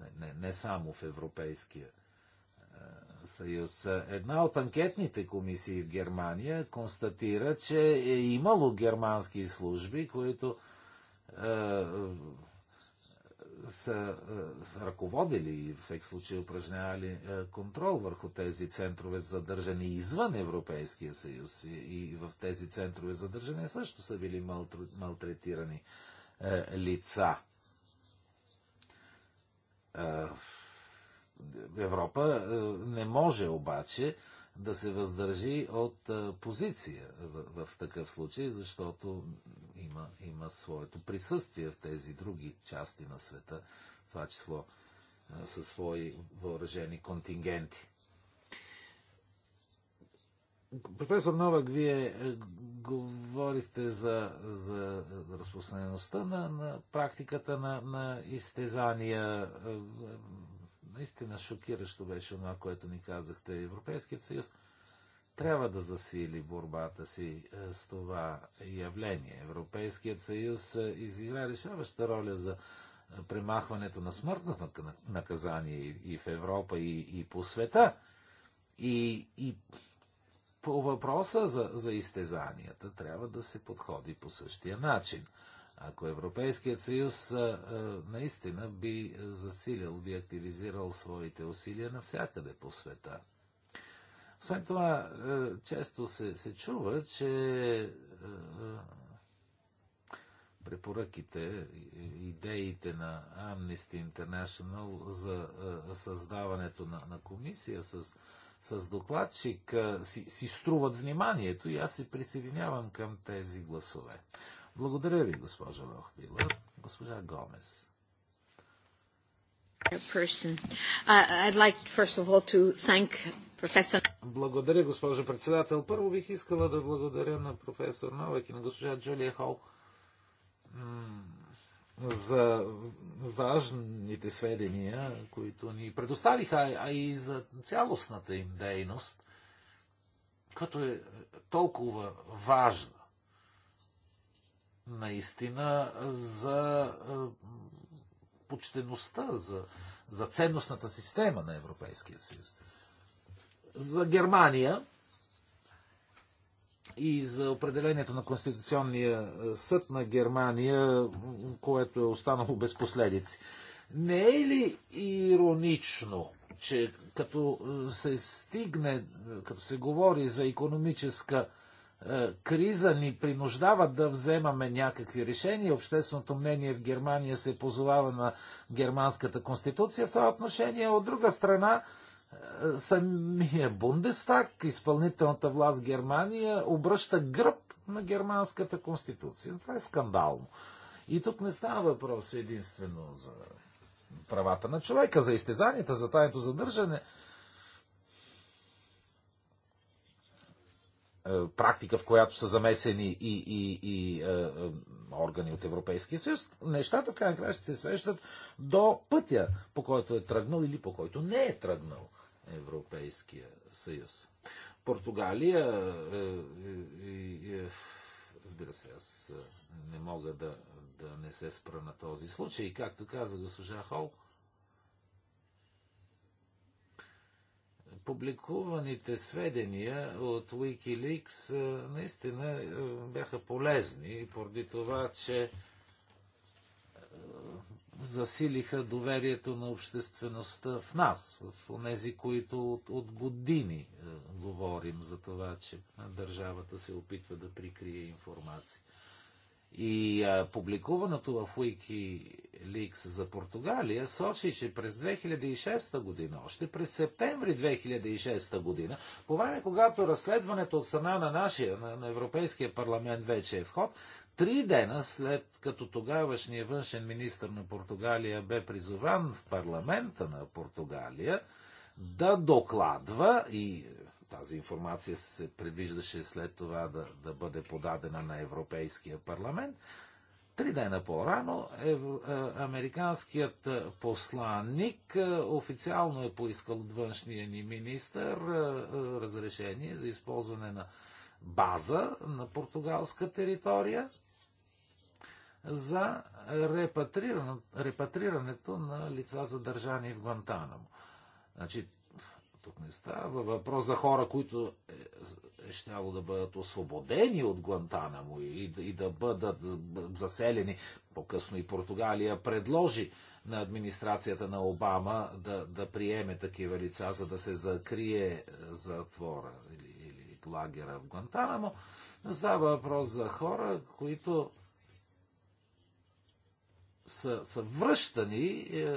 Не, не, не само в Европейския е, съюз. Една от анкетните комисии в Германия констатира, че е имало германски служби, които е, са е, ръководили и в всеки случай упражнявали е, контрол върху тези центрове за държане извън Европейския съюз и в тези центрове за държане също са били малтретирани е, лица. Европа не може обаче да се въздържи от позиция в такъв случай, защото има, има своето присъствие в тези други части на света, това число е, със свои въоръжени контингенти. Професор Новак, вие е, говорихте за, за разпространеността на, на практиката на, на изтезания. Е, наистина шокиращо беше това, което ни казахте. Европейският съюз трябва да засили борбата си е, с това явление. Европейският съюз е, изигра решаваща роля за е, премахването на смъртното наказание и в Европа, и, и по света. И, и по въпроса за, за изтезанията трябва да се подходи по същия начин. Ако Европейският съюз наистина би засилил, би активизирал своите усилия навсякъде по света – освен това, е, често се, се чува, че е, е, препоръките, идеите на Amnesty International за създаването на, на комисия с, с докладчик си, си струват вниманието и аз се присъединявам към тези гласове. Благодаря ви, госпожа Лохбила. Госпожа Гомес. Uh, благодаря, госпожо председател. Първо бих искала да благодаря на професор Новак и на госпожа Джулия Хол за важните сведения, които ни предоставиха, а и за цялостната им дейност, като е толкова важна наистина за почтеността, за, за ценностната система на Европейския съюз. За Германия и за определението на Конституционния е, съд на Германия, което е останало без последици. Не е ли иронично, че като е, се стигне, е, като се говори за економическа е, криза ни принуждава да вземаме някакви решения. Общественото мнение в Германия се позовава на германската конституция в това отношение. От друга страна, е, самия Бундестаг, изпълнителната власт Германия, обръща гръб на германската конституция. Това е скандално. И тук не става въпрос единствено за правата на човека, за изтезанията, за тайното задържане. Е, практика, в която са замесени и, и, и е, е, органи от Европейския съюз, нещата в крайна края ще се свеждат до пътя, по който е тръгнал или по който не е тръгнал Европейския съюз. Португалия, е, е, е разбира се, аз не мога да, да не се спра на този случай, както каза госпожа Хол, публикуваните сведения от Wikileaks е, наистина е, бяха полезни, поради това, че е, засилиха доверието на обществеността в нас, в тези, които от, от години говорим за това, че държавата се опитва да прикрие информация. И а, публикуваното в Wikileaks за Португалия сочи, че през 2006 година, още през септември 2006 година, по време когато разследването от страна на нашия, на, на Европейския парламент вече е в ход, три дена след като тогавашният външен министр на Португалия бе призован в парламента на Португалия да докладва и тази информация се предвиждаше след това да, да бъде подадена на Европейския парламент. Три дена по-рано евро... Е, американският е, посланник е, официално е поискал от външния ни министр разрешение за използване на база на португалска територия за репатрирането на лица задържани в Гвантанамо. Значи, тук не става въпрос за хора, които е, е, щяло да бъдат освободени от Гуантанамо и, и да бъдат заселени. По-късно и Португалия предложи на администрацията на Обама да, да приеме такива лица, за да се закрие е, затвора или, или лагера в Гуантанамо. Става въпрос за хора, които са, са връщани е, е,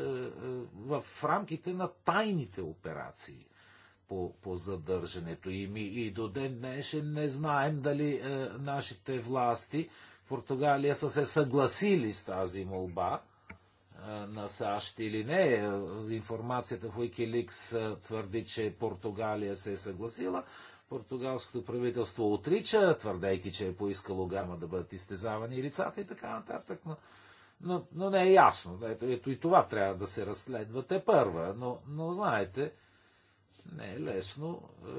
в рамките на тайните операции по, по задържането им. И, и до ден днешен не знаем дали е, нашите власти в Португалия са се съгласили с тази молба е, на САЩ или не. Е, информацията в Wikileaks е, твърди, че Португалия се е съгласила. Португалското правителство отрича, твърдейки, че е поискало гама да бъдат изтезавани лицата и така нататък. Но, но, но не е ясно. Ето, ето и това трябва да се разследва те първа. Но, но знаете, не е лесно. Е, е,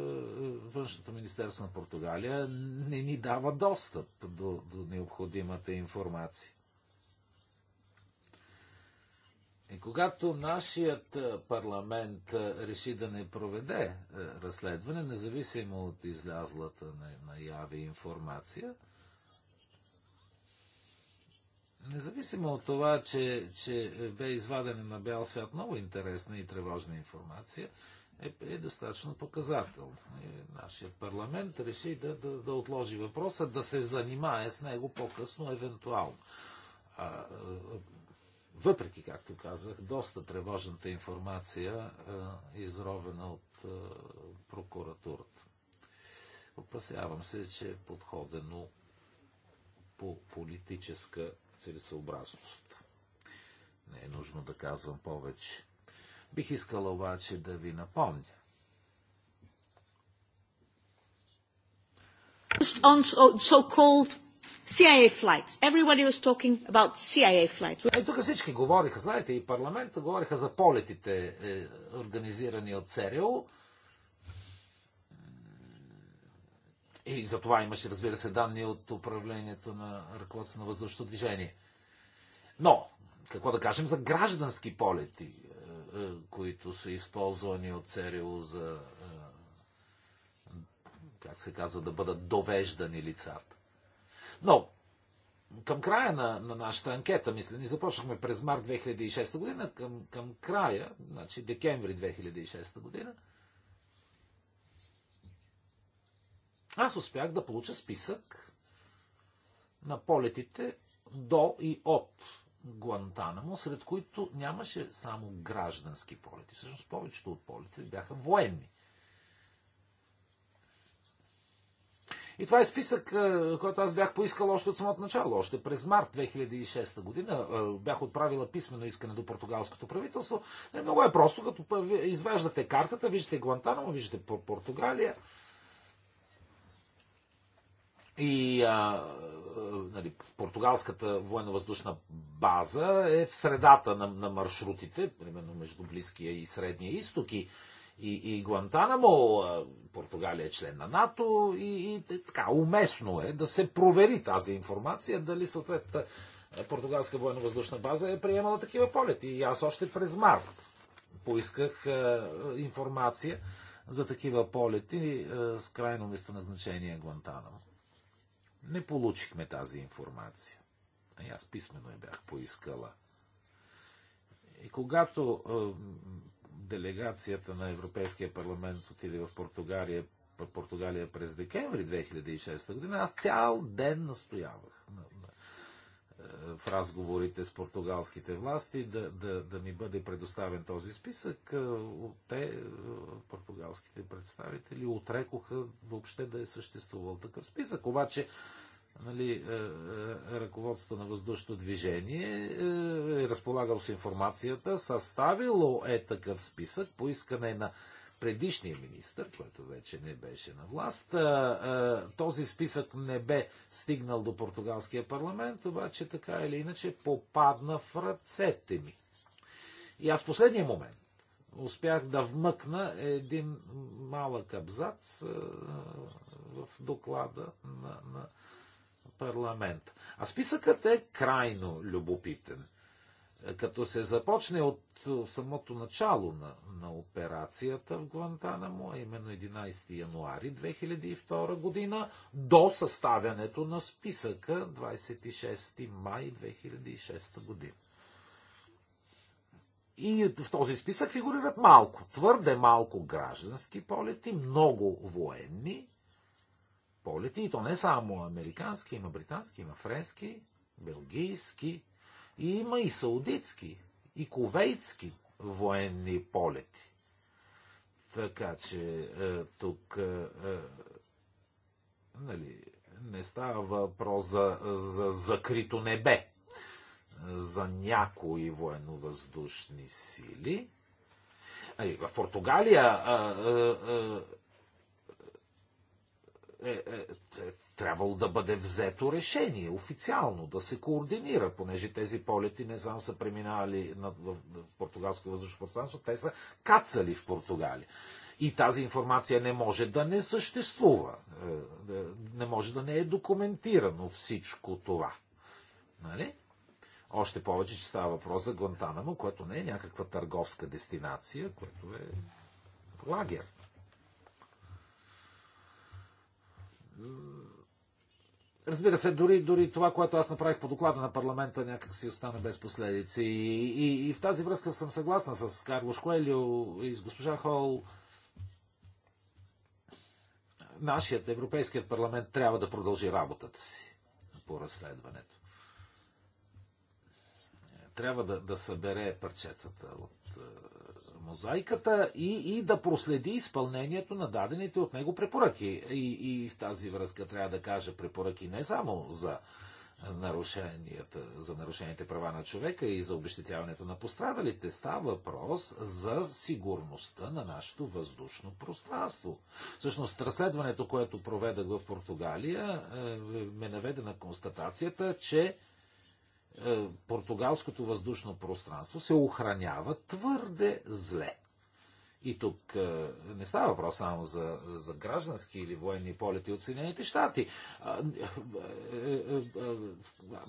Външното министерство на Португалия не ни дава достъп до, до необходимата информация. И когато нашият е, парламент реши да не проведе разследване, независимо от излязлата наяви информация, независимо от това, че, че бе извадена на бял свят много интересна и тревожна информация, е, е достатъчно показател. И нашия парламент реши да, да, да отложи въпроса, да се занимае с него по-късно, евентуално. А, е, въпреки, както казах, доста тревожната информация, а, е, изровена от а, е, прокуратурата. Опасявам се, че е подходено по политическа целесообразност. Не е нужно да казвам повече. Бих искала обаче да ви напомня. On so-called CIA flights. Everybody was talking about CIA flights. Е, тук всички говориха, знаете, и парламента говориха за полетите, е, организирани от ЦРУ. И за това имаше, разбира се, данни от управлението на ръководство на въздушното движение. Но, какво да кажем за граждански полети? Е, които са използвани от ЦРУ за, е, как се казва, да бъдат довеждани лицата. Но, към края на, на нашата анкета, мисля, ни започнахме през март 2006 година, към, към края, значи декември 2006 година, аз успях да получа списък на полетите до и от Гуантанамо, сред които нямаше само граждански полети. Всъщност повечето от полетите бяха военни. И това е списък, е, който аз бях поискал още от самото начало. Още през март 2006 година е, бях отправила писмено искане до португалското правителство. Не, много е просто, като изваждате картата, виждате Гуантанамо, виждате Португалия. И а, е, нали, португалската военно-въздушна база е в средата на, на маршрутите, примерно между Близкия и Средния изток и, и, и Гуантанамо. Е, Португалия е член на НАТО и, и е, така уместно е да се провери тази информация, дали съответната португалска военно-въздушна база е приемала такива полети. И аз още през март поисках е, информация за такива полети е, с крайно местоназначение Гуантанамо. Не получихме тази информация. А аз писменно я бях поискала. И когато делегацията на Европейския парламент отиде в Португалия, Португалия през декември 2006 година, аз цял ден настоявах на, в разговорите с португалските власти да, да, да ми бъде предоставен този списък, е, те, е, португалските представители, отрекоха въобще да е съществувал такъв списък. Обаче, нали, е, ръководството на въздушно движение е разполагал с информацията, съставило е такъв списък по искане на предишния министр, който вече не беше на власт. Този списък не бе стигнал до португалския парламент, обаче така или иначе попадна в ръцете ми. И аз последния момент успях да вмъкна един малък абзац в доклада на, на парламент. А списъкът е крайно любопитен. Като се започне от самото начало на, на операцията в Гуантанамо, именно 11 януари 2002 година, до съставянето на списъка 26 май 2006 година. И в този списък фигурират малко, твърде малко граждански полети, много военни полети, и то не само американски, има британски, има френски, белгийски, и има и саудитски, и ковейтски военни полети. Така че е, тук е, е, нали, не става въпрос за, за закрито небе, за някои военновъздушни сили. Ами, в Португалия е, е, е, трябвало да бъде взето решение официално, да се координира, понеже тези полети не само са преминавали на, в, в португалското въздушно пространство, те са кацали в Португалия. И тази информация не може да не съществува, е, е, не може да не е документирано всичко това. Нали? Още повече, че става въпрос за Гонтанамо, което не е някаква търговска дестинация, което е лагер. Разбира се, дори, дори това, което аз направих по доклада на парламента, някак си остана без последици. И, и, и в тази връзка съм съгласна с Карло Шкуелио и с госпожа Хол. Нашият Европейският парламент трябва да продължи работата си по разследването. Трябва да, да събере парчетата от мозайката и, и да проследи изпълнението на дадените от него препоръки. И, и в тази връзка трябва да кажа препоръки не само за нарушенията, за нарушените права на човека и за обещетяването на пострадалите. Става въпрос за сигурността на нашето въздушно пространство. Всъщност, разследването, което проведах в Португалия, е, ме наведе на констатацията, че е, португалското въздушно пространство се охранява твърде зле. И тук е, не става въпрос само за, за граждански или военни полети от Съединените щати. Е,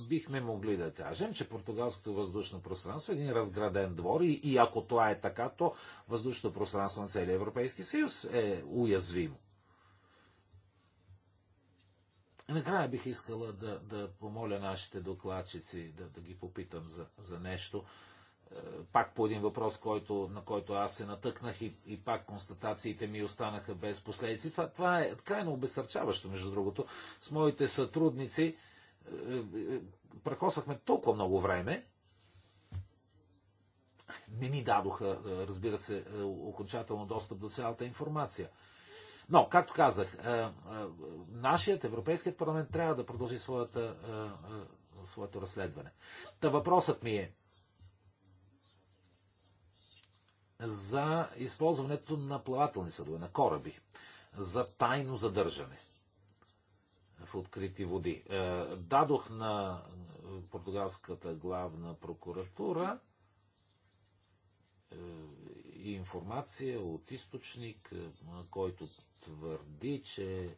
бихме могли да кажем, че португалското въздушно пространство е един разграден двор и, и ако това е така, то въздушното пространство на целия Европейски съюз е уязвимо. И накрая бих искала да, да помоля нашите докладчици да, да ги попитам за, за нещо. Е, пак по един въпрос, който, на който аз се натъкнах и, и пак констатациите ми останаха без последици. Това, това е крайно обесърчаващо, между другото. С моите сътрудници е, е, прахосахме толкова много време, не ни дадоха, разбира се, окончателно достъп до цялата информация. Но, както казах, е, е, нашият Европейският парламент трябва да продължи своята, е, своето разследване. Та въпросът ми е за използването на плавателни съдове, на кораби, за тайно задържане в открити води. Дадох на португалската главна прокуратура информация от източник, който твърди, че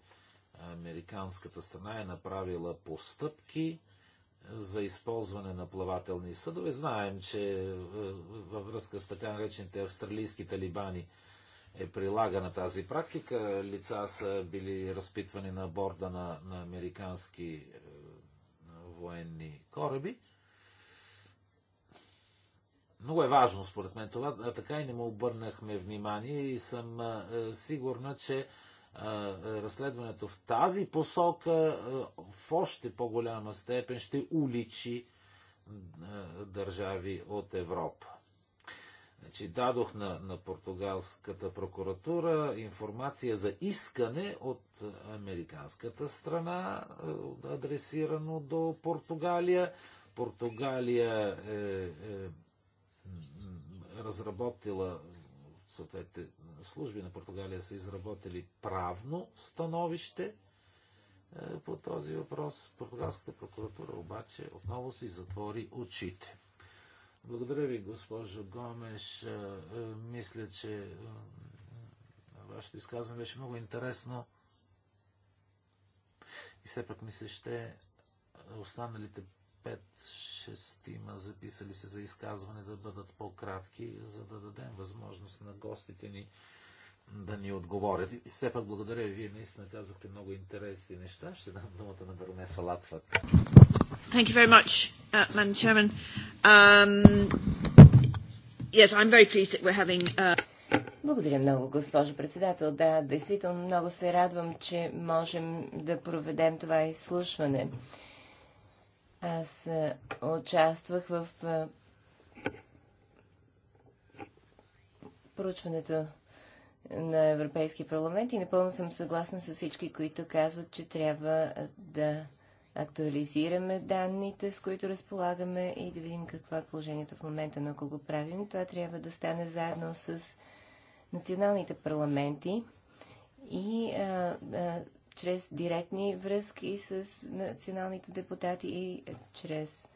американската страна е направила постъпки за използване на плавателни съдове. Знаем, че е, във връзка с така наречените австралийски талибани е прилагана тази практика. Лица са били разпитвани на борда на, на американски е, военни кораби. Много е важно, според мен, това. А така и не му обърнахме внимание и съм е, сигурна, че е, разследването в тази посока в още по-голяма степен ще уличи държави от Европа. Значи, дадох на, на португалската прокуратура информация за искане от американската страна, е, адресирано до Португалия. Португалия е, е разработила съответните служби на Португалия са изработили правно становище е, по този въпрос. Португалската прокуратура обаче отново си затвори очите. Благодаря ви, госпожо Гомеш. Е, е, мисля, че вашето изказване беше много интересно. И все пак ми се ще останалите пет-шестима записали се за изказване да бъдат по-кратки, за да дадем възможност на гостите ни да ни отговорят. И все пак благодаря ви. Вие наистина казахте много интересни неща. Ще дам думата на баронеса Латва. Thank you very much, uh, Madam Chairman. Um, yes, I'm very pleased that we're having... Uh... Благодаря много, госпожо председател. Да, действително много се радвам, че можем да проведем това изслушване. Uh, аз участвах в проучването на Европейски парламент и напълно съм съгласна с всички, които казват, че трябва да актуализираме данните, с които разполагаме и да видим какво е положението в момента. Но ако го правим, това трябва да стане заедно с националните парламенти и а, а, чрез директни връзки с националните депутати и чрез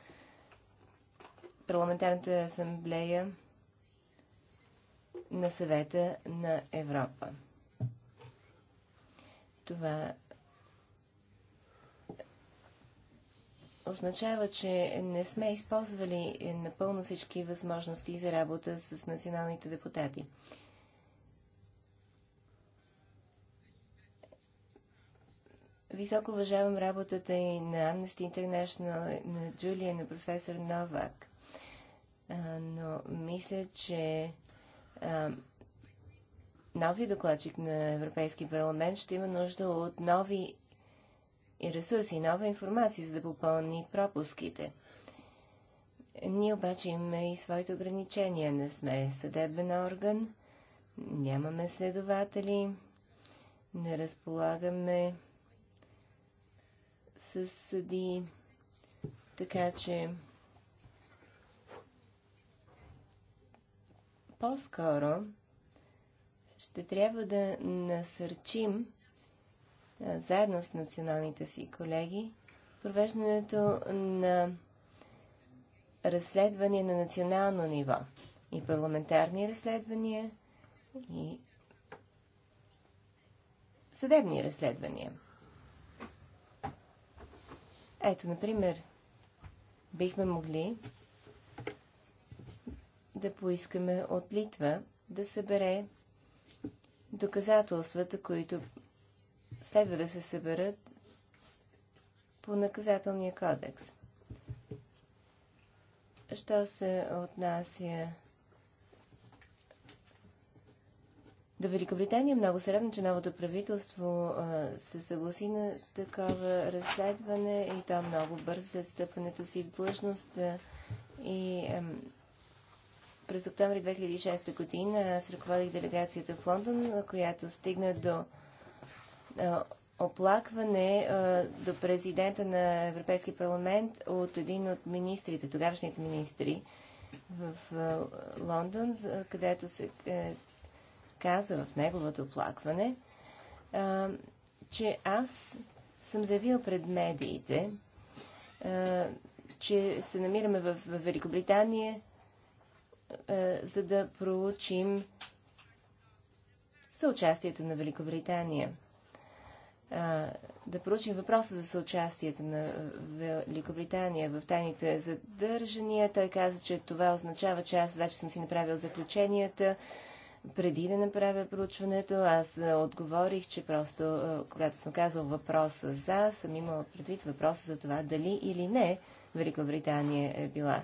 Парламентарната асамблея на съвета на Европа. Това означава, че не сме използвали напълно всички възможности за работа с националните депутати. Високо уважавам работата и на Amnesty International, на Джулия, на професор Новак. но мисля, че а, нови докладчик на Европейски парламент ще има нужда от нови ресурси, нова информация, за да попълни пропуските. Ние обаче имаме и своите ограничения. Не сме съдебен орган, нямаме следователи, не разполагаме съди. Така че по-скоро ще трябва да насърчим заедно с националните си колеги провеждането на разследвания на национално ниво. И парламентарни разследвания, и съдебни разследвания. Ето, например, бихме могли да поискаме от Литва да събере доказателствата, които следва да се съберат по наказателния кодекс. Що се отнася До Великобритания много се радвам, че новото правителство а, се съгласи на такова разследване и то много бързо след стъпването си в длъжност. А, и а, през октомври 2006 година аз ръководих делегацията в Лондон, която стигна до оплакване до президента на Европейския парламент от един от министрите, тогавашните министри в Лондон, където се е, каза в неговото оплакване, а, че аз съм заявил пред медиите, а, че се намираме в, в Великобритания, а, за да проучим съучастието на Великобритания. А, да проучим въпроса за съучастието на Великобритания в тайните задържания. Той каза, че това означава, че аз вече съм си направил заключенията, преди да направя проучването, аз отговорих, че просто, когато съм казал въпроса за, съм имала предвид въпроса за това дали или не Великобритания е била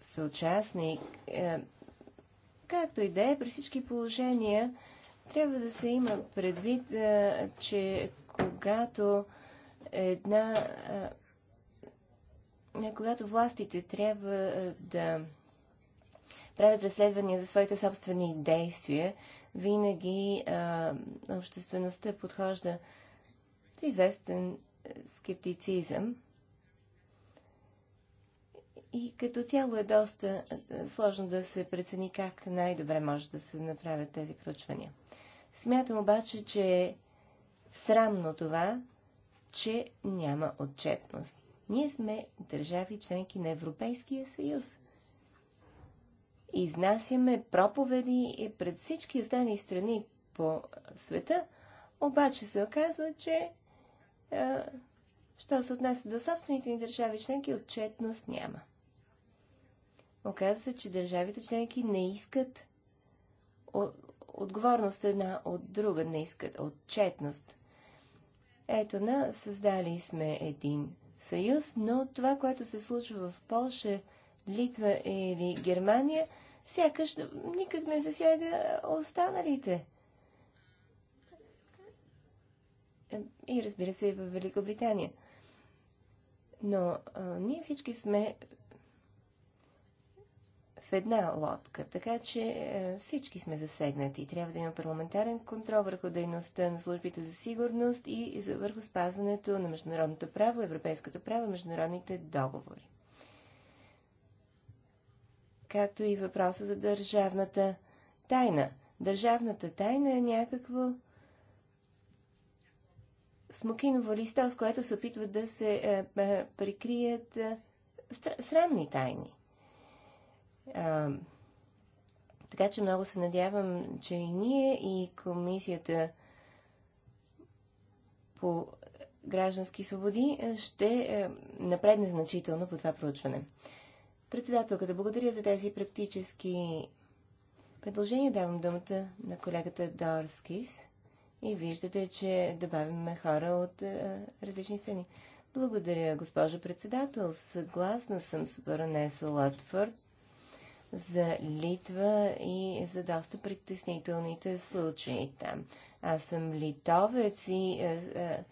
съучастник. Е, както и да е, при всички положения трябва да се има предвид, че когато една. Когато властите трябва да правят разследвания за своите собствени действия, винаги а, обществеността подхожда с известен скептицизъм. И като цяло е доста сложно да се прецени как най-добре може да се направят тези проучвания. Смятам обаче, че е срамно това, че няма отчетност. Ние сме държави членки на Европейския съюз – изнасяме проповеди пред всички останали страни по света, обаче се оказва, че що се отнася до собствените ни държави членки, отчетност няма. Оказва се, че държавите членки не искат отговорност една от друга, не искат отчетност. Ето на, създали сме един съюз, но това, което се случва в Польша, Литва или Германия, сякаш никак не засяга останалите. И разбира се, и в Великобритания. Но а, ние всички сме в една лодка, така че а, всички сме засегнати. Трябва да има парламентарен контрол върху дейността на службите за сигурност и върху спазването на международното право, европейското право, международните договори както и въпроса за държавната тайна. Държавната тайна е някакво смокиново листо, с което се опитват да се е, е, прикрият е, срамни тайни. така че много се надявам, че и ние, и комисията по граждански свободи е, ще е, напредне значително по това проучване. Председателката, благодаря за тези практически предложения. Давам думата на колегата Дорскис и виждате, че добавяме хора от а, е, различни страни. Благодаря, госпожо председател. Съгласна съм с баронеса Лотфорд за Литва и за доста притеснителните случаи там. Аз съм литовец и а, е, а,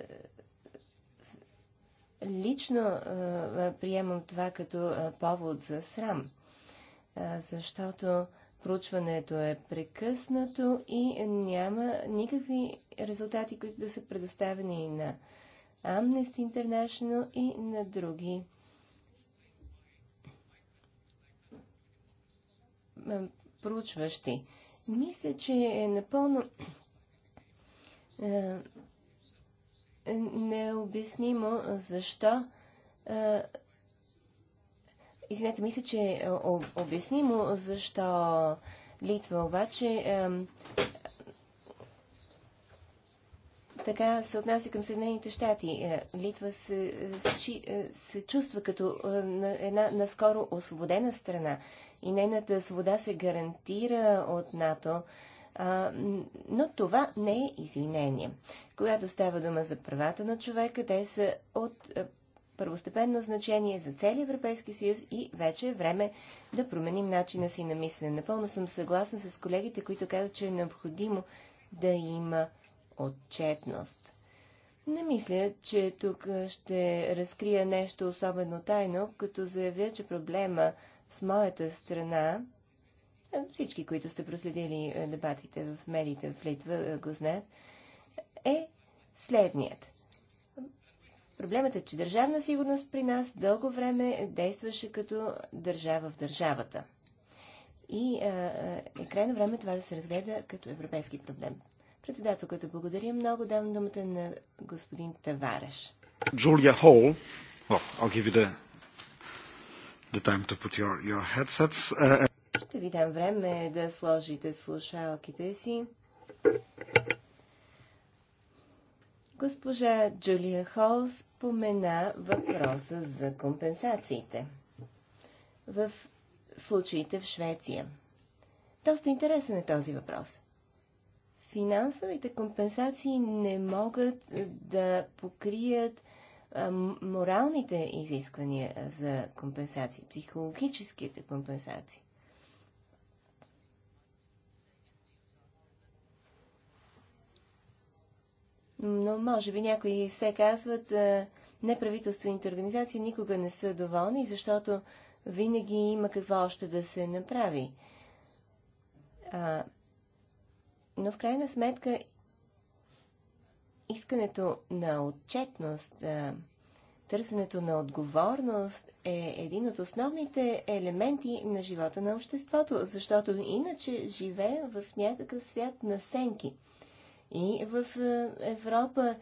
е, лично а, приемам това като а, повод за срам, а, защото проучването е прекъснато и няма никакви резултати, които да са предоставени на Amnesty International и на други проучващи. Мисля, че е напълно е необяснимо защо. Е, извинете, мисля, че е обяснимо защо Литва обаче е, така се отнася към Съединените щати. Литва се, се, се чувства като една наскоро освободена страна и нейната свобода се гарантира от НАТО но това не е извинение. Когато става дума за правата на човека, те са от първостепенно значение за целия Европейски съюз и вече е време да променим начина си на мислене. Напълно съм съгласна с колегите, които казват, че е необходимо да има отчетност. Не мисля, че тук ще разкрия нещо особено тайно, като заявя, че проблема в моята страна всички, които сте проследили е, дебатите в медиите в Литва, е, го знаят, е следният. Проблемът е, че държавна сигурност при нас дълго време действаше като държава в държавата. И а, е, е крайно време това да се разгледа като европейски проблем. Председателката благодаря много. Давам думата на господин Тавареш. Джулия Хол. I'll give you the, the time to put your, your headsets. Uh, ви дам време да сложите слушалките си. Госпожа Джулия Хол спомена въпроса за компенсациите в случаите в Швеция. Доста интересен е този въпрос. Финансовите компенсации не могат да покрият моралните изисквания за компенсации, психологическите компенсации. но може би някои все казват, неправителствените организации никога не са доволни, защото винаги има какво още да се направи. А, но в крайна сметка искането на отчетност, а, търсенето на отговорност е един от основните елементи на живота на обществото, защото иначе живеем в някакъв свят на сенки – и в е, Европа,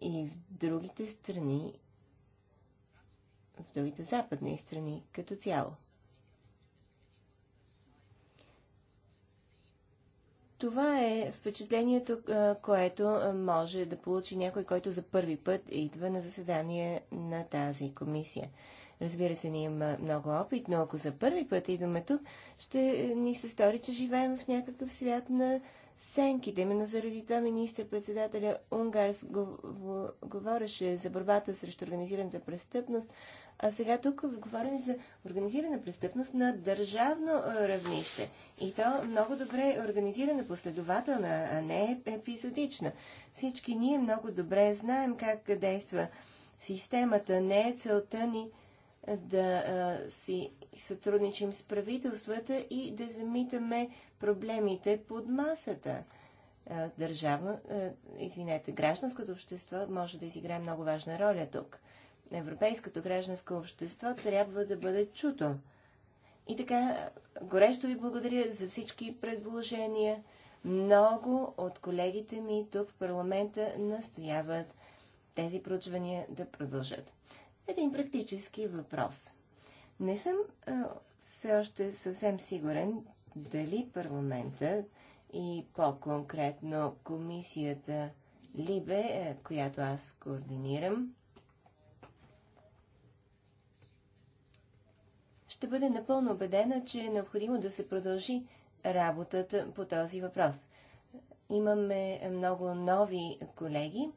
и в другите страни, в другите западни страни като цяло. Това е впечатлението, е, което е, може да получи някой, който за първи път идва на заседание на тази комисия. Разбира се, ние има много опит, но ако за първи път идваме тук, ще ни се стори, че живеем в някакъв свят на сенките. Именно заради това министър-председателя Унгарс говореше за борбата срещу организираната престъпност, а сега тук говорим за организирана престъпност на държавно равнище. И то много добре е организирана, последователна, а не епизодична. Всички ние много добре знаем как действа системата. Не е целта ни да си сътрудничим с правителствата и да замитаме проблемите под масата. Държавно, извинете, гражданското общество може да изиграе много важна роля тук. Европейското гражданско общество трябва да бъде чуто. И така, горещо ви благодаря за всички предложения. Много от колегите ми тук в парламента настояват тези проучвания да продължат един практически въпрос. Не съм а, все още съвсем сигурен дали парламента и по-конкретно комисията Либе, е, която аз координирам, ще бъде напълно убедена, че е необходимо да се продължи работата по този въпрос. Имаме много нови колеги,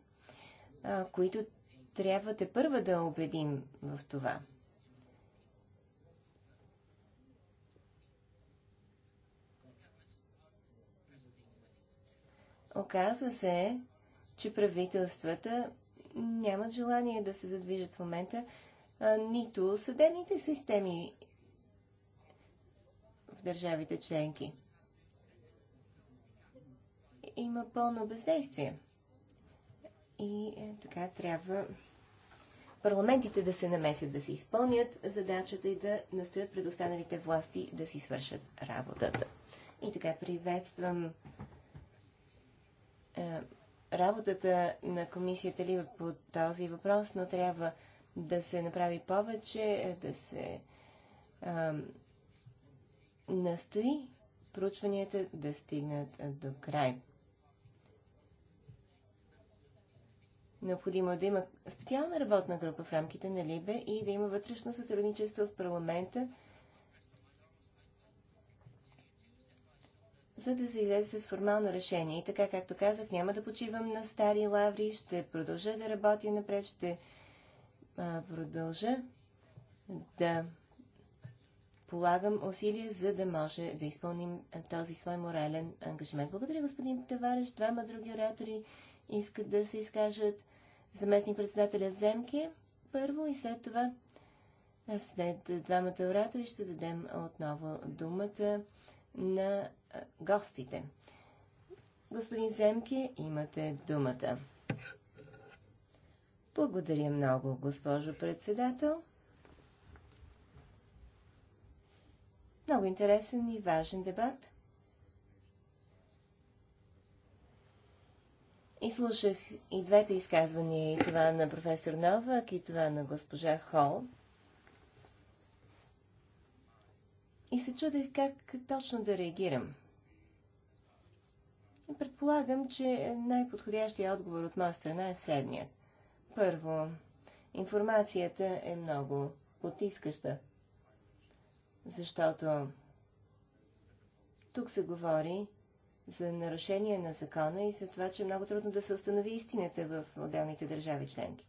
които трябва те първа да убедим в това. Оказва се, че правителствата нямат желание да се задвижат в момента, а, нито съдебните системи в държавите членки. Има пълно бездействие. И е, така трябва парламентите да се намесят, да се изпълнят задачата и да настоят пред останалите власти да си свършат работата. И така приветствам е, работата на комисията ли по този въпрос, но трябва да се направи повече, е, да се е, настои проучванията да стигнат до край. Необходимо е да има специална работна група в рамките на Либе и да има вътрешно сътрудничество в парламента, за да се излезе с формално решение. И така, както казах, няма да почивам на стари лаври, ще продължа да работя напред, ще а, продължа да полагам усилия, за да може да изпълним този свой морален ангажимент. Благодаря, господин Товариш. Двама други оратори искат да се изкажат заместник председателя Земки първо и след това след двамата оратори ще дадем отново думата на гостите. Господин Земки, имате думата. Благодаря много, госпожо председател. Много интересен и важен дебат. И слушах и двете изказвания, и това на професор Новак, и това на госпожа Хол. И се чудех как точно да реагирам. Предполагам, че най-подходящия отговор от моя страна е следният. Първо, информацията е много потискаща, защото тук се говори за нарушение на закона и за това, че е много трудно да се установи истината в отделните държави членки.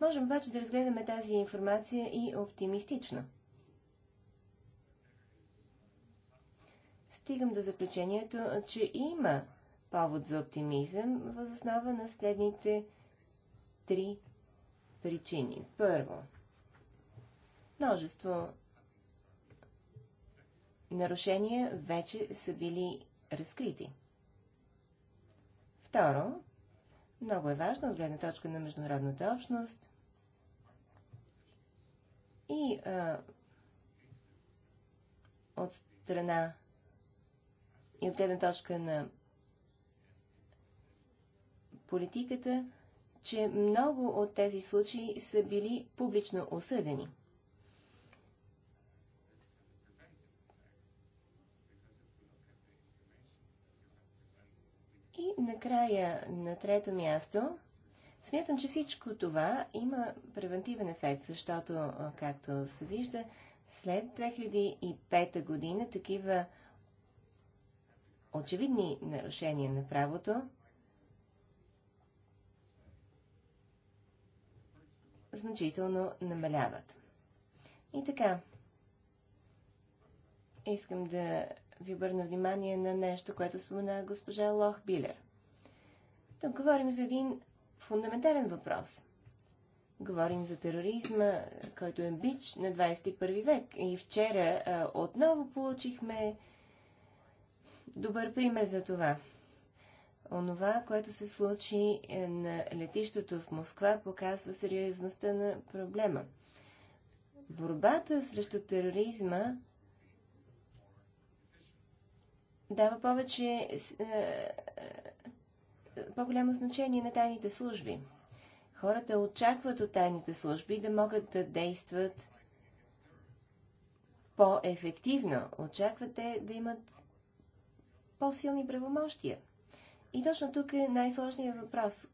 Можем обаче да разгледаме тази информация и оптимистично. Стигам до заключението, че има повод за оптимизъм въз основа на следните три причини. Първо, множество нарушения вече са били разкрити. Второ, много е важно от гледна точка на международната общност и а, от страна и от гледна точка на политиката, че много от тези случаи са били публично осъдени – накрая, на трето място, смятам, че всичко това има превентивен ефект, защото, както се вижда, след 2005 година такива очевидни нарушения на правото значително намаляват. И така, искам да ви обърна внимание на нещо, което спомена госпожа Лох Билер – тук говорим за един фундаментален въпрос. Говорим за тероризма, който е бич на 21 век. И вчера а, отново получихме добър пример за това. Онова, което се случи е, на летището в Москва, показва сериозността на проблема. Борбата срещу тероризма дава повече е, по-голямо значение на тайните служби. Хората очакват от тайните служби да могат да действат по-ефективно. Очаквате да имат по-силни правомощия. И точно тук е най-сложният въпрос.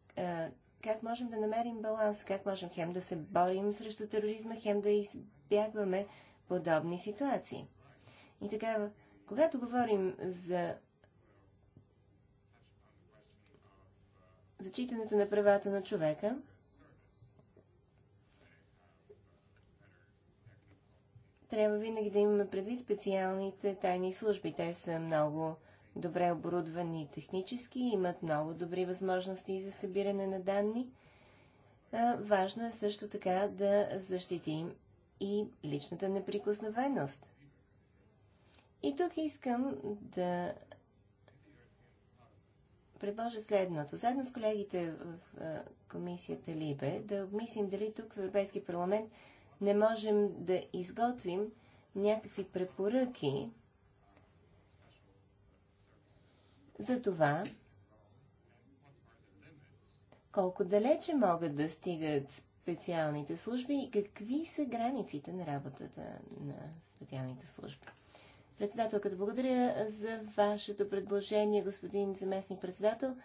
Как можем да намерим баланс? Как можем хем да се борим срещу тероризма, хем да избягваме подобни ситуации? И така, когато говорим за зачитането на правата на човека. Трябва винаги да имаме предвид специалните тайни служби. Те са много добре оборудвани технически, имат много добри възможности за събиране на данни. Важно е също така да защитим и личната неприкосновеност. И тук искам да предложа следното. Заедно с колегите в комисията Либе да обмислим дали тук в Европейски парламент не можем да изготвим някакви препоръки за това, колко далече могат да стигат специалните служби и какви са границите на работата на специалните служби. Председателката, благодаря за вашето предложение, господин заместник председател.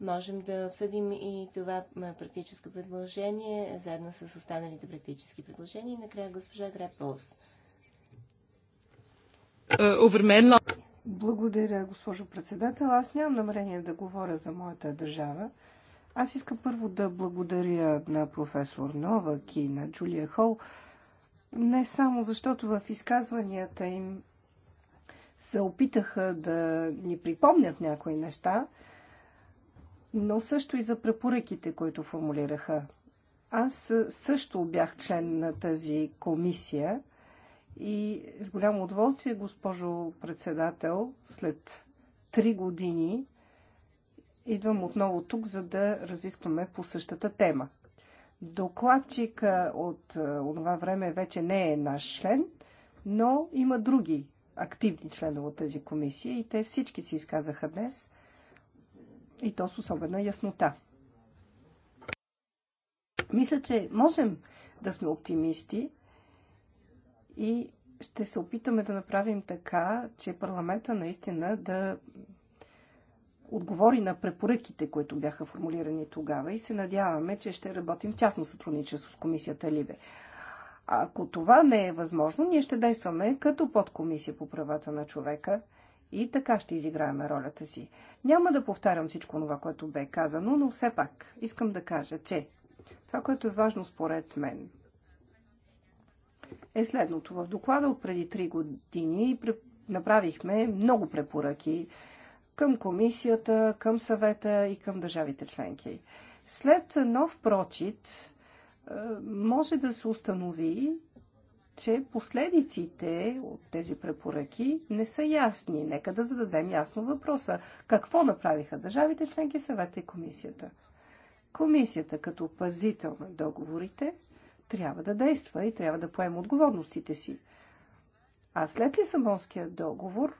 Можем да обсъдим и това практическо предложение, заедно с останалите практически предложения. И накрая госпожа Грепълс. Е, благодаря, госпожо председател. Аз нямам намерение да говоря за моята държава. Аз искам първо да благодаря на професор Новак и на Джулия Хол, не само защото в изказванията им се опитаха да ни припомнят някои неща, но също и за препоръките, които формулираха. Аз също бях член на тази комисия и с голямо удоволствие, госпожо председател, след три години идвам отново тук, за да разискваме по същата тема. Докладчика от това е, време вече не е наш член, но има други активни членове от тази комисия и те всички се изказаха днес и то с особена яснота. Мисля, че можем да сме оптимисти и ще се опитаме да направим така, че парламента наистина да отговори на препоръките, които бяха формулирани тогава и се надяваме, че ще работим тясно сътрудничество с комисията Либе. Ако това не е възможно, ние ще действаме като подкомисия по правата на човека и така ще изиграем ролята си. Няма да повтарям всичко това, което бе казано, но все пак искам да кажа, че това, което е важно според мен, е следното. В доклада от преди три години направихме много препоръки към комисията, към съвета и към държавите членки. След нов прочит може да се установи, че последиците от тези препоръки не са ясни. Нека да зададем ясно въпроса. Какво направиха държавите членки, съвета и комисията? Комисията като пазител на договорите трябва да действа и трябва да поема отговорностите си. А след Лисабонския договор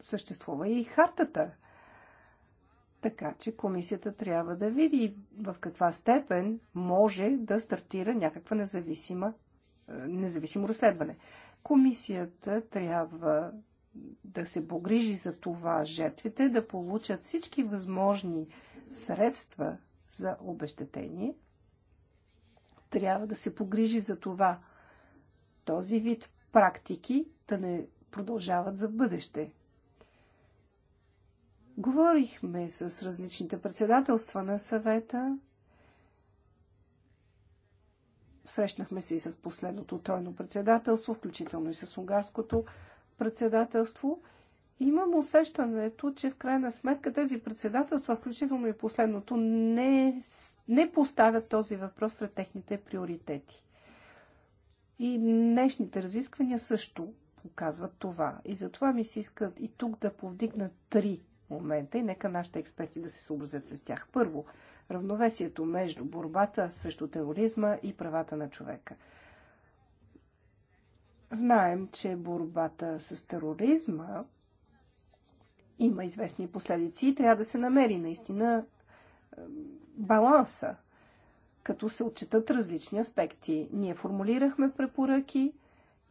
съществува и хартата – така че комисията трябва да види в каква степен може да стартира някаква независима, е, независимо разследване. Комисията трябва да се погрижи за това жертвите да получат всички възможни средства за обещетение. Трябва да се погрижи за това този вид практики да не продължават за бъдеще. Говорихме с различните председателства на съвета. Срещнахме се и с последното тройно председателство, включително и с унгарското председателство. Имам усещането, че в крайна сметка тези председателства, включително и последното, не, не поставят този въпрос сред техните приоритети. И днешните разисквания също показват това. И затова ми се иска и тук да повдигна три момента и нека нашите експерти да се съобразят с тях. Първо, равновесието между борбата срещу тероризма и правата на човека. Знаем, че борбата с тероризма има известни последици и трябва да се намери наистина е, баланса, като се отчитат различни аспекти. Ние формулирахме препоръки,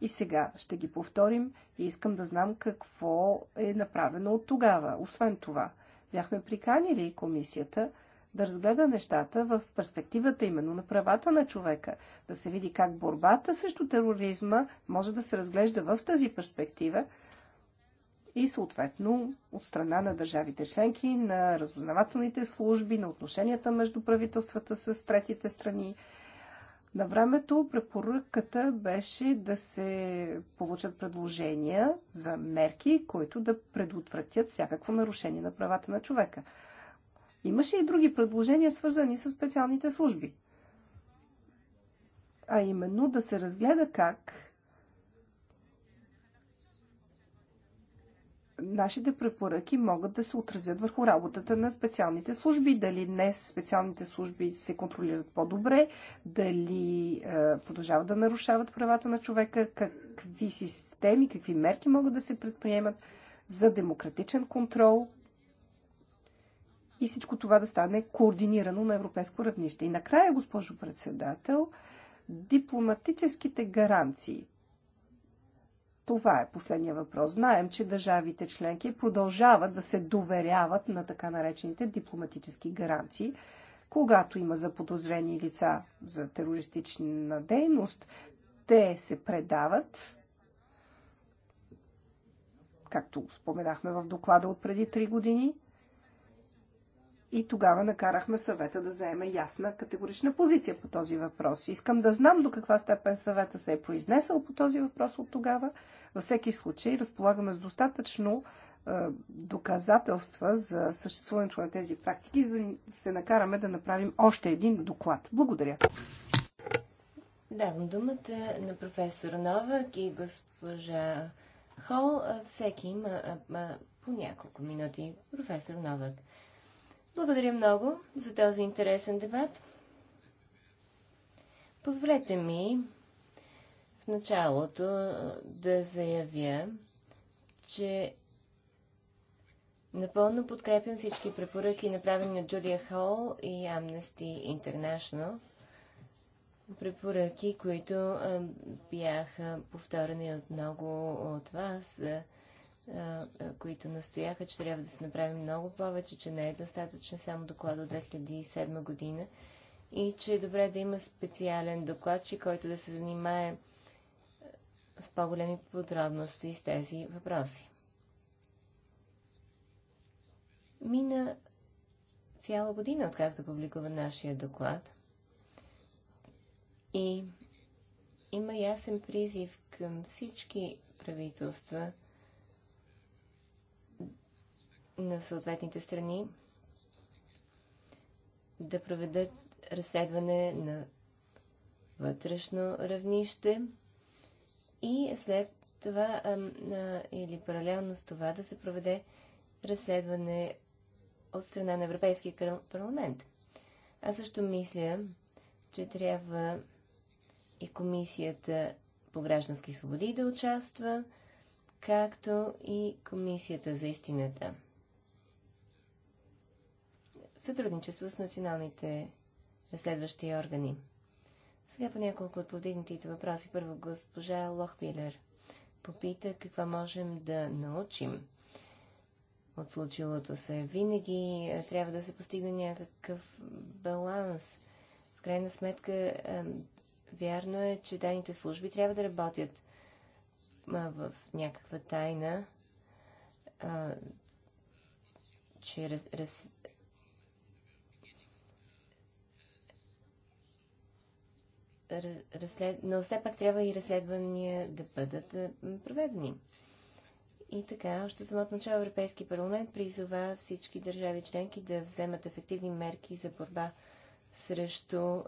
и сега ще ги повторим и искам да знам какво е направено от тогава. Освен това, бяхме приканили комисията да разгледа нещата в перспективата именно на правата на човека, да се види как борбата срещу тероризма може да се разглежда в тази перспектива и съответно от страна на държавите членки, на разузнавателните служби, на отношенията между правителствата с третите страни на времето препоръката беше да се получат предложения за мерки, които да предотвратят всякакво нарушение на правата на човека. Имаше и други предложения, свързани с специалните служби. А именно да се разгледа как нашите препоръки могат да се отразят върху работата на специалните служби. Дали днес специалните служби се контролират по-добре, дали е, продължават да нарушават правата на човека, какви системи, какви мерки могат да се предприемат за демократичен контрол и всичко това да стане координирано на европейско равнище. И накрая, госпожо председател, дипломатическите гаранции. Това е последния въпрос. Знаем, че държавите членки продължават да се доверяват на така наречените дипломатически гаранции. Когато има заподозрени лица за терористична дейност, те се предават, както споменахме в доклада от преди три години, и тогава накарахме съвета да заеме ясна категорична позиция по този въпрос. Искам да знам до каква степен съвета се е произнесъл по този въпрос от тогава. Във всеки случай разполагаме с достатъчно е, доказателства за съществуването на тези практики, за да се накараме да направим още един доклад. Благодаря. Давам думата на професор Новак и госпожа Хол. Всеки има по няколко минути. Професор Новак. Благодаря много за този интересен дебат. Позволете ми в началото да заявя, че напълно подкрепям всички препоръки, направени от Джулия Хол и Amnesty International. Препоръки, които бяха повторени от много от вас които настояха, че трябва да се направи много повече, че не е достатъчен само доклад от 2007 година и че е добре да има специален докладчик, който да се занимае в по-големи подробности с тези въпроси. Мина цяла година, откакто публикува нашия доклад. И има ясен призив към всички правителства на съответните страни да проведат разследване на вътрешно равнище и след това или паралелно с това да се проведе разследване от страна на Европейския парламент. Аз също мисля, че трябва и Комисията по граждански свободи да участва, както и Комисията за истината сътрудничество с националните разследващи органи. Сега по няколко от повдигнатите въпроси. Първо госпожа Лохмилер попита какво можем да научим от случилото се. Винаги е, трябва да се постигне някакъв баланс. В крайна сметка, е, вярно е, че тайните служби трябва да работят в някаква тайна, че раз, раз, разслед... но все пак трябва и разследвания да бъдат проведени. И така, още самото начало Европейски парламент призова всички държави членки да вземат ефективни мерки за борба срещу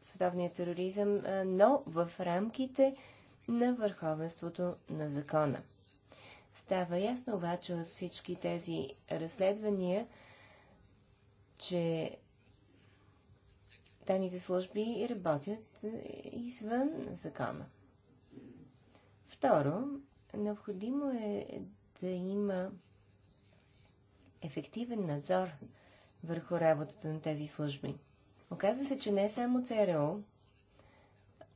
световния тероризъм, но в рамките на върховенството на закона. Става ясно обаче от всички тези разследвания, че тайните служби работят е, извън закона. Второ, необходимо е да има ефективен надзор върху работата на тези служби. Оказва се, че не само ЦРУ,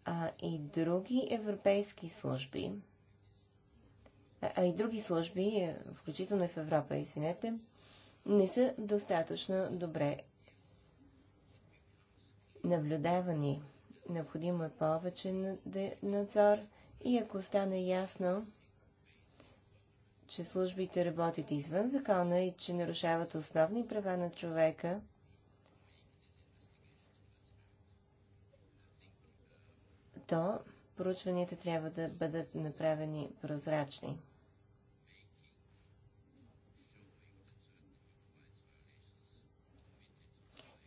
а и други европейски служби, а, и други служби, е, включително и в Европа, извинете, не са достатъчно добре наблюдавани. Необходимо е повече надзор и ако стане ясно, че службите работят извън закона и че нарушават основни права на човека, то проучванията трябва да бъдат направени прозрачни.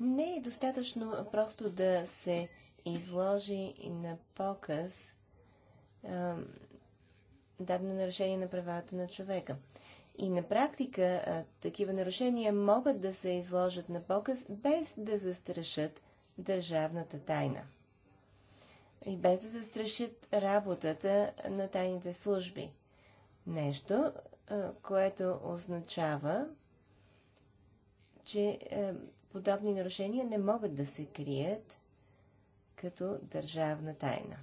Не е достатъчно просто да се изложи на показ дадено нарушение на правата на човека. И на практика а, такива нарушения могат да се изложат на показ без да застрашат държавната тайна. И без да застрашат работата на тайните служби. Нещо, а, което означава, че подобни нарушения не могат да се крият като държавна тайна.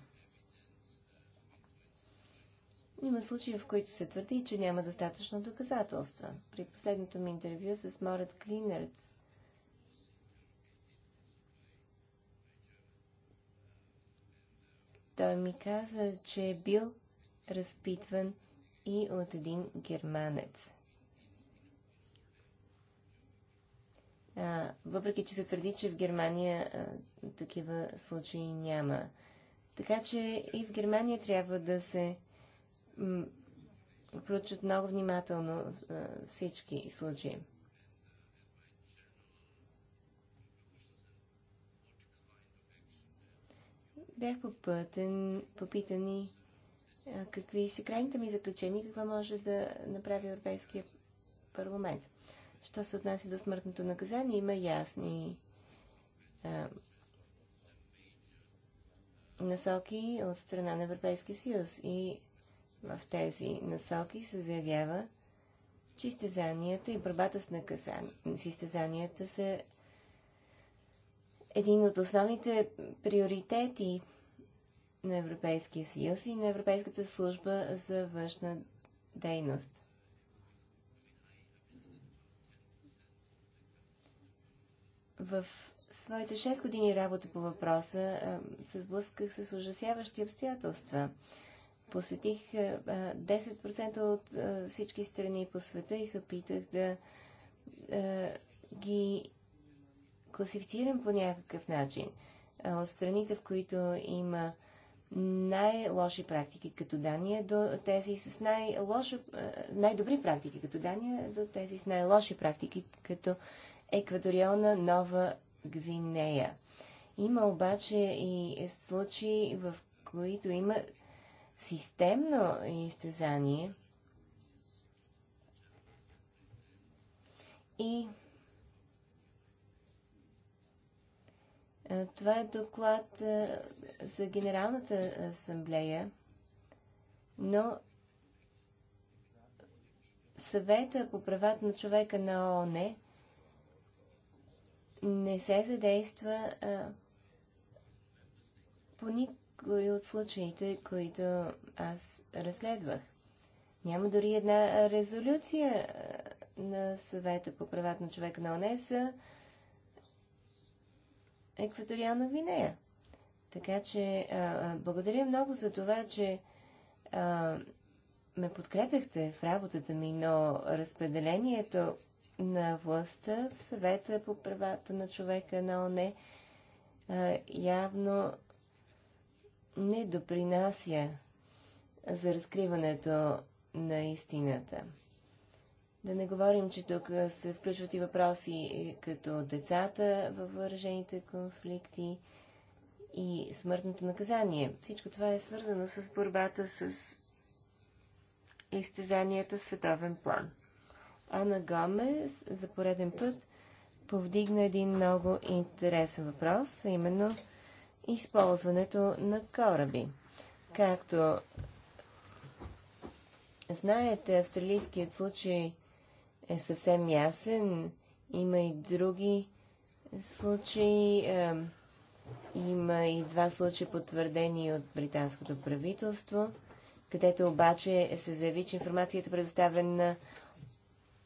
Има случаи, в които се твърди, че няма достатъчно доказателства. При последното ми интервю с Морът Клинерц, той ми каза, че е бил разпитван и от един германец. въпреки че се твърди, че в Германия такива случаи няма. Така че и в Германия трябва да се проучат много внимателно всички случаи. Бях попътен, попитани какви са крайните ми заключения, какво може да направи Европейския парламент. Що се отнася до смъртното наказание, има ясни а, насоки от страна на Европейския съюз. И в тези насоки се заявява, че изтезанията и борбата с, наказанията, с изтезанията са един от основните приоритети на Европейския съюз и на Европейската служба за външна дейност. В своите 6 години работа по въпроса се сблъсках с ужасяващи обстоятелства. Посетих 10% от всички страни по света и се опитах да ги класифицирам по някакъв начин. От страните, в които има най-лоши практики като Дания до тези с най-лоши, най-добри практики като Дания до тези с най-лоши практики като екваториална Нова Гвинея. Има обаче и случаи, в които има системно изтезание и това е доклад за Генералната асамблея, но съвета по правата на човека на ООН не се задейства а, по никой от случаите, които аз разследвах. Няма дори една резолюция на съвета по правата на човека на ОНЕСА екваториална Гвинея. Така че а, благодаря много за това, че а, ме подкрепяхте в работата ми, но разпределението на властта в съвета по правата на човека на ОНЕ явно не допринася за разкриването на истината. Да не говорим, че тук се включват и въпроси е, като децата във въоръжените конфликти и смъртното наказание. Всичко това е свързано с борбата с изтезанията в световен план. Ана Гомес за пореден път повдигна един много интересен въпрос, а именно използването на кораби. Както знаете, австралийският случай е съвсем ясен. Има и други случаи. има и два случая потвърдени от британското правителство, където обаче се заяви, че информацията предоставена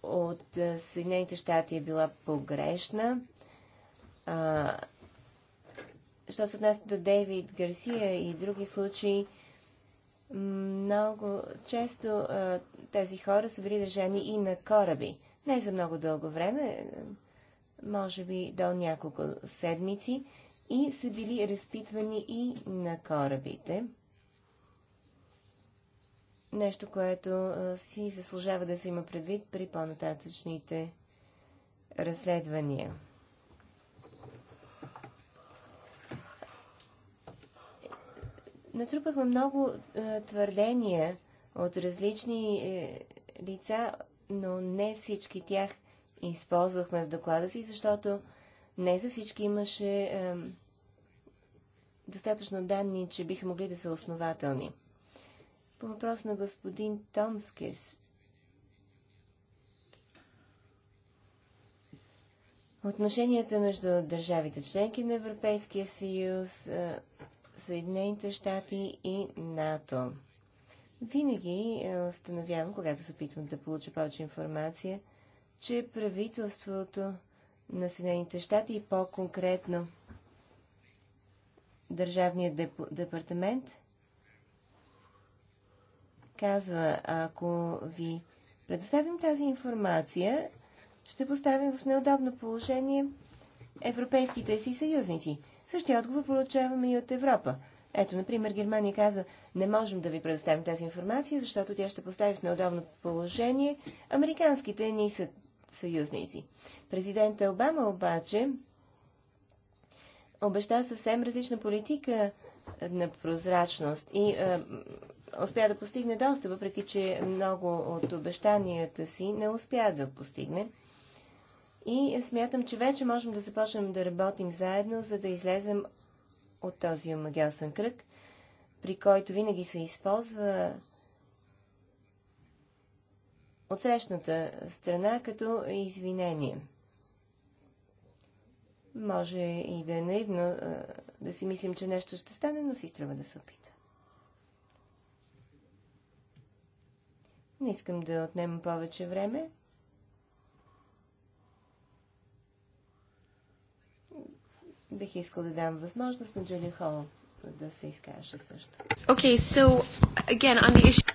от Съединените щати е била погрешна. А, що се отнася до Дейвид Гарсия и други случаи, много често а, тези хора са били държани и на кораби. Не за много дълго време, може би до няколко седмици, и са били разпитвани и на корабите нещо, което си заслужава да се има предвид при по-нататъчните разследвания. Натрупахме много твърдения от различни е, лица, но не всички тях използвахме в доклада си, защото не за всички имаше е, достатъчно данни, че биха могли да са основателни. По въпрос на господин Томскис. Отношенията между държавите членки на Европейския съюз, е, Съединените щати и НАТО. Винаги е, установявам, когато се опитвам да получа повече информация, че правителството на Съединените щати и по-конкретно Държавният деп... департамент казва, ако ви предоставим тази информация, ще поставим в неудобно положение европейските си съюзници. Същия отговор получаваме и от Европа. Ето, например, Германия каза, не можем да ви предоставим тази информация, защото тя ще постави в неудобно положение американските ни са съюзници. Президента Обама обаче обеща съвсем различна политика на прозрачност и е, успя да постигне доста, въпреки че много от обещанията си не успя да постигне. И смятам, че вече можем да започнем да работим заедно, за да излезем от този омагиосен кръг, при който винаги се използва отсрещната страна като извинение. Може и да е наивно да си мислим, че нещо ще стане, но си трябва да се опита. Не искам да отнема повече време. Бих искал да дам възможност на Джули Хол да се изкаже също. Okay, so, again, on the issue...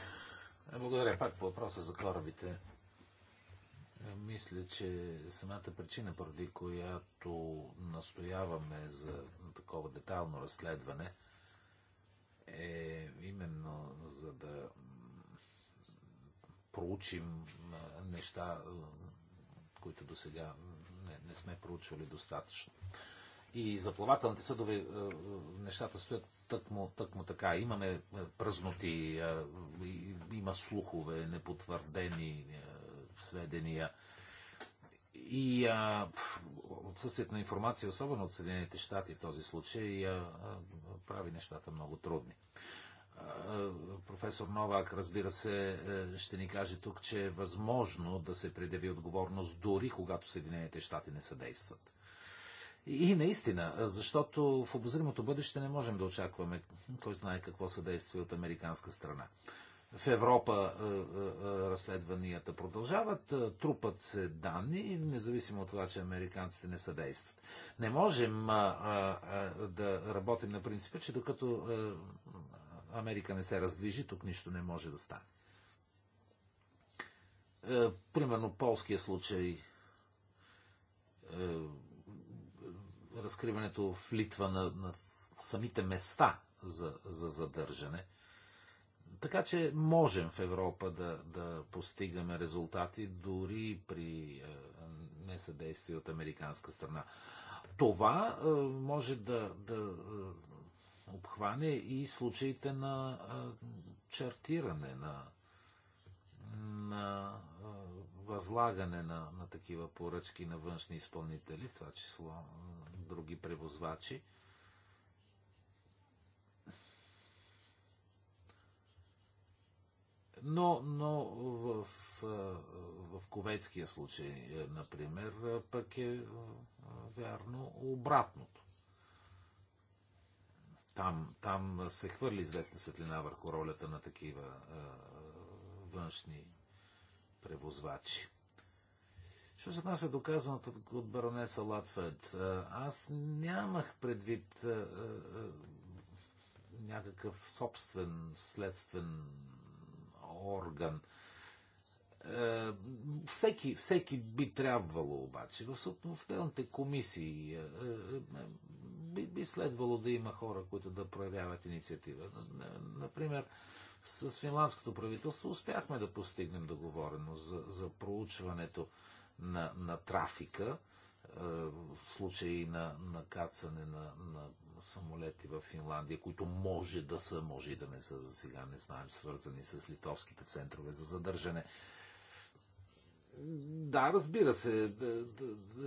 Е, благодаря. Пак по въпроса за корабите. Е, мисля, че самата причина, поради която настояваме за такова детайлно разследване, е именно за да проучим неща, които до сега не, не сме проучвали достатъчно. И за плавателните съдове нещата стоят тъкмо, тъкмо така. Имаме празноти, има слухове, непотвърдени сведения. И а, отсъствието на информация, особено от Съединените щати в този случай, а, а, прави нещата много трудни. Професор Новак, разбира се, е, ще ни каже тук, че е възможно да се предяви отговорност дори когато Съединените щати не съдействат. И наистина, защото в обозримото бъдеще не можем да очакваме кой знае какво съдействие от американска страна. В Европа е, е, разследванията продължават, трупат се данни, независимо от това, че американците не съдействат. Не можем да работим на принципа, че докато Америка не се раздвижи, тук нищо не може да стане. Е, примерно полския случай, е, разкриването в Литва на, на самите места за, за задържане. Така че можем в Европа да, да постигаме резултати дори при е, несъдействие от американска страна. Това е, може да, да е, обхване и случаите на чартиране, на, на възлагане на, на такива поръчки на външни изпълнители, в това число други превозвачи. Но, но в, в кувейтския случай, е, например, пък е вярно обратното. Там, там се хвърли известна светлина върху ролята на такива а, външни превозвачи. Що се отнася до казаното от баронеса Латфед, аз нямах предвид а, а, някакъв собствен следствен орган. всеки, всеки би трябвало обаче в отделните комисии би, би следвало да има хора, които да проявяват инициатива. Например, с финландското правителство успяхме да постигнем договореност за, за проучването на, на трафика е, в случаи на, на кацане на, на самолети в Финландия, които може да са, може и да не са за сега, не знаем, свързани с литовските центрове за задържане. Да, разбира се, е, е,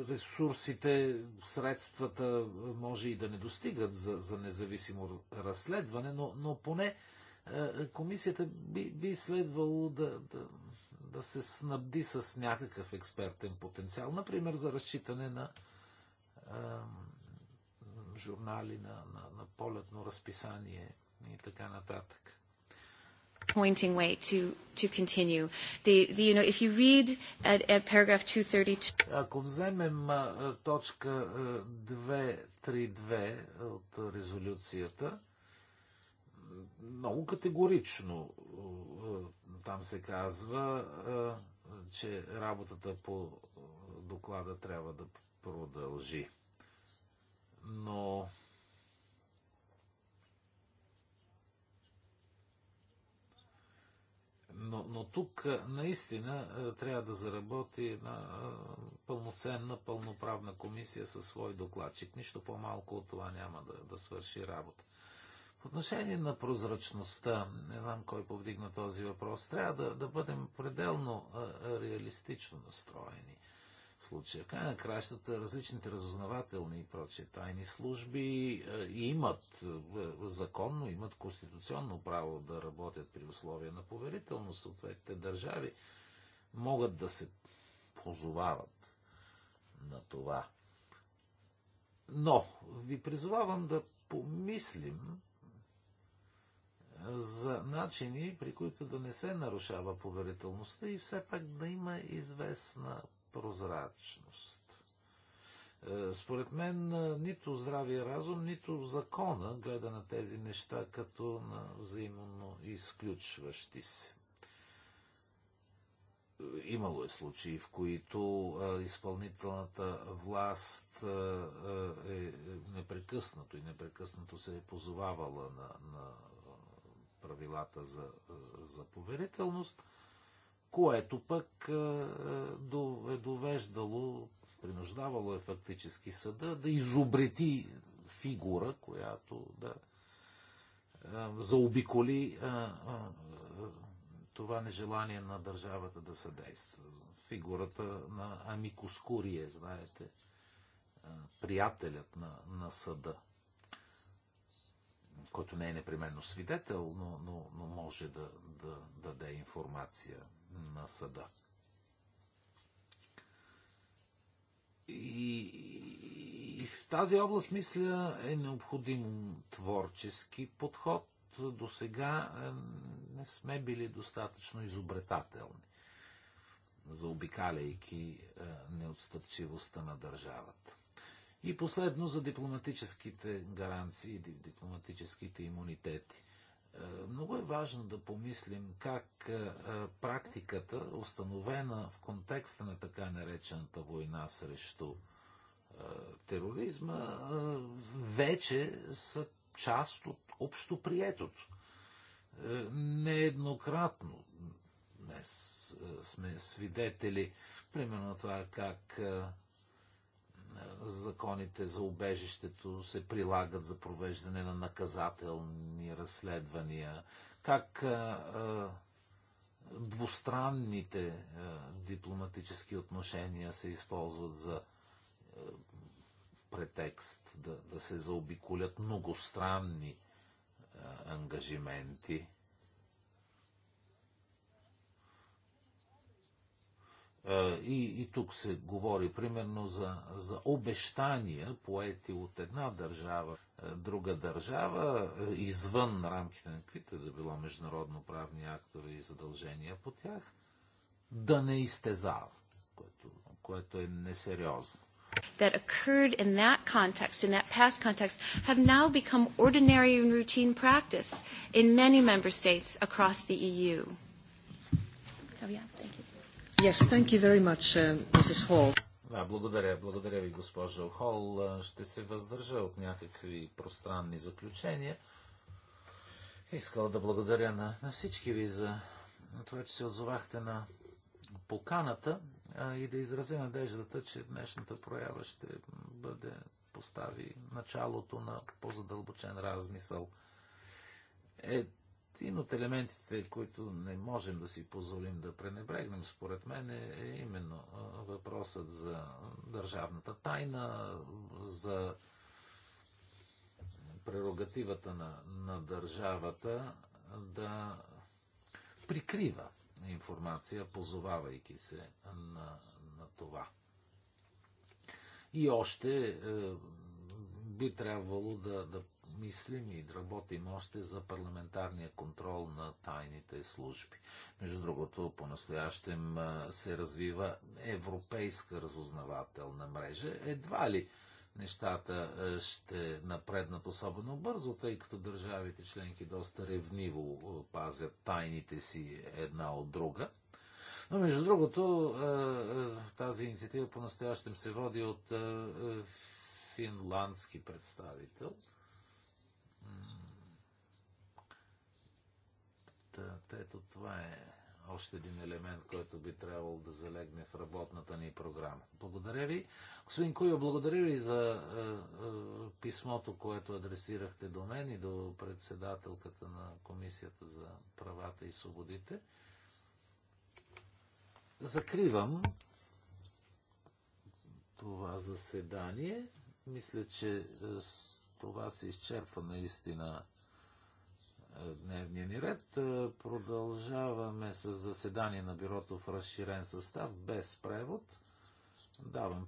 ресурсите, средствата може и да не достигат за, за независимо разследване, но, но поне е, комисията би, би следвало да, да, да се снабди с някакъв експертен потенциал, например за разчитане на журнали, на, на, на полетно разписание и така нататък pointing way to to continue. The, the, you know, if you read at, uh, at uh, paragraph 232... Ако вземем точка 232 от резолюцията, много категорично там се казва, че работата по доклада трябва да продължи. Но Но, но тук наистина трябва да заработи една пълноценна, пълноправна комисия със свой докладчик. Нищо по-малко от това няма да, да свърши работа. По отношение на прозрачността, не знам кой повдигна този въпрос, трябва да, да бъдем пределно реалистично настроени – случая. Край на кращата различните разузнавателни и прочие тайни служби е, имат е, законно, имат конституционно право да работят при условия на поверителност. Съответните държави могат да се позовават на това. Но ви призовавам да помислим за начини, при които да не се нарушава поверителността и все пак да има известна прозрачност. Е, според мен е, нито здравия разум, нито закона гледа на тези неща като на взаимно изключващи се. Имало е случаи, в които е, изпълнителната власт е непрекъснато и непрекъснато се е позовавала на, на правилата за, за поверителност – което пък е, е, е довеждало, принуждавало е фактически съда да изобрети фигура, която да е, заобиколи това нежелание на държавата да съдейства. Фигурата на Амикус Курие, знаете, приятелят на, на съда, който не е непременно свидетел, но, но, но може да, да, да даде информация на съда. И, и в тази област, мисля, е необходим творчески подход. До сега е, не сме били достатъчно изобретателни, заобикаляйки е, неотстъпчивостта на държавата. И последно за дипломатическите гаранции, дипломатическите имунитети. Е, много е важно да помислим как е, е, практиката, установена в контекста на така наречената война срещу тероризма, вече са част от общоприетото. Нееднократно днес сме свидетели, примерно това как законите за убежището се прилагат за провеждане на наказателни разследвания, как двустранните дипломатически отношения се използват за претекст да, да се заобиколят многостранни ангажименти. И, и тук се говори примерно за, за обещания, поети от една държава, друга държава, извън рамките на каквито да било международно правни актове и задължения по тях, да не изтезава, което, което е несериозно. That occurred in that context, in that past context, have now become ordinary and routine practice in many member states across the EU. So, yeah, thank you. Yes, thank you very much, uh, Mrs. Hall. Да, благодаря. Благодаря ви, госпожо Хол. Е, ще се въздържа от някакви пространни заключения. Искал да благодаря на, на всички ви за това, че се отзовахте на поканата а, и да изразя надеждата, че днешната проява ще бъде постави началото на по-задълбочен размисъл. Е, един от елементите, които не можем да си позволим да пренебрегнем, според мен, е, е именно въпросът за държавната тайна, за прерогативата на, на държавата да прикрива информация, позовавайки се на, на това. И още е, би трябвало да, да мислим и работим още за парламентарния контрол на тайните служби. Между другото, по-настоящем се развива европейска разузнавателна мрежа. Едва ли нещата ще напреднат особено бързо, тъй като държавите членки доста ревниво пазят тайните си една от друга. Но между другото, тази инициатива по-настоящем се води от финландски представител. Та, ето това е още един елемент, който би трябвало да залегне в работната ни програма. Благодаря ви. Господин Куйо, благодаря ви за е, е, писмото, което адресирахте до мен и до председателката на Комисията за правата и свободите. Закривам това заседание. Мисля, че е, това се изчерпва наистина е, дневния ни ред. Е, продължаваме с заседание на бюрото в разширен състав без превод. Давам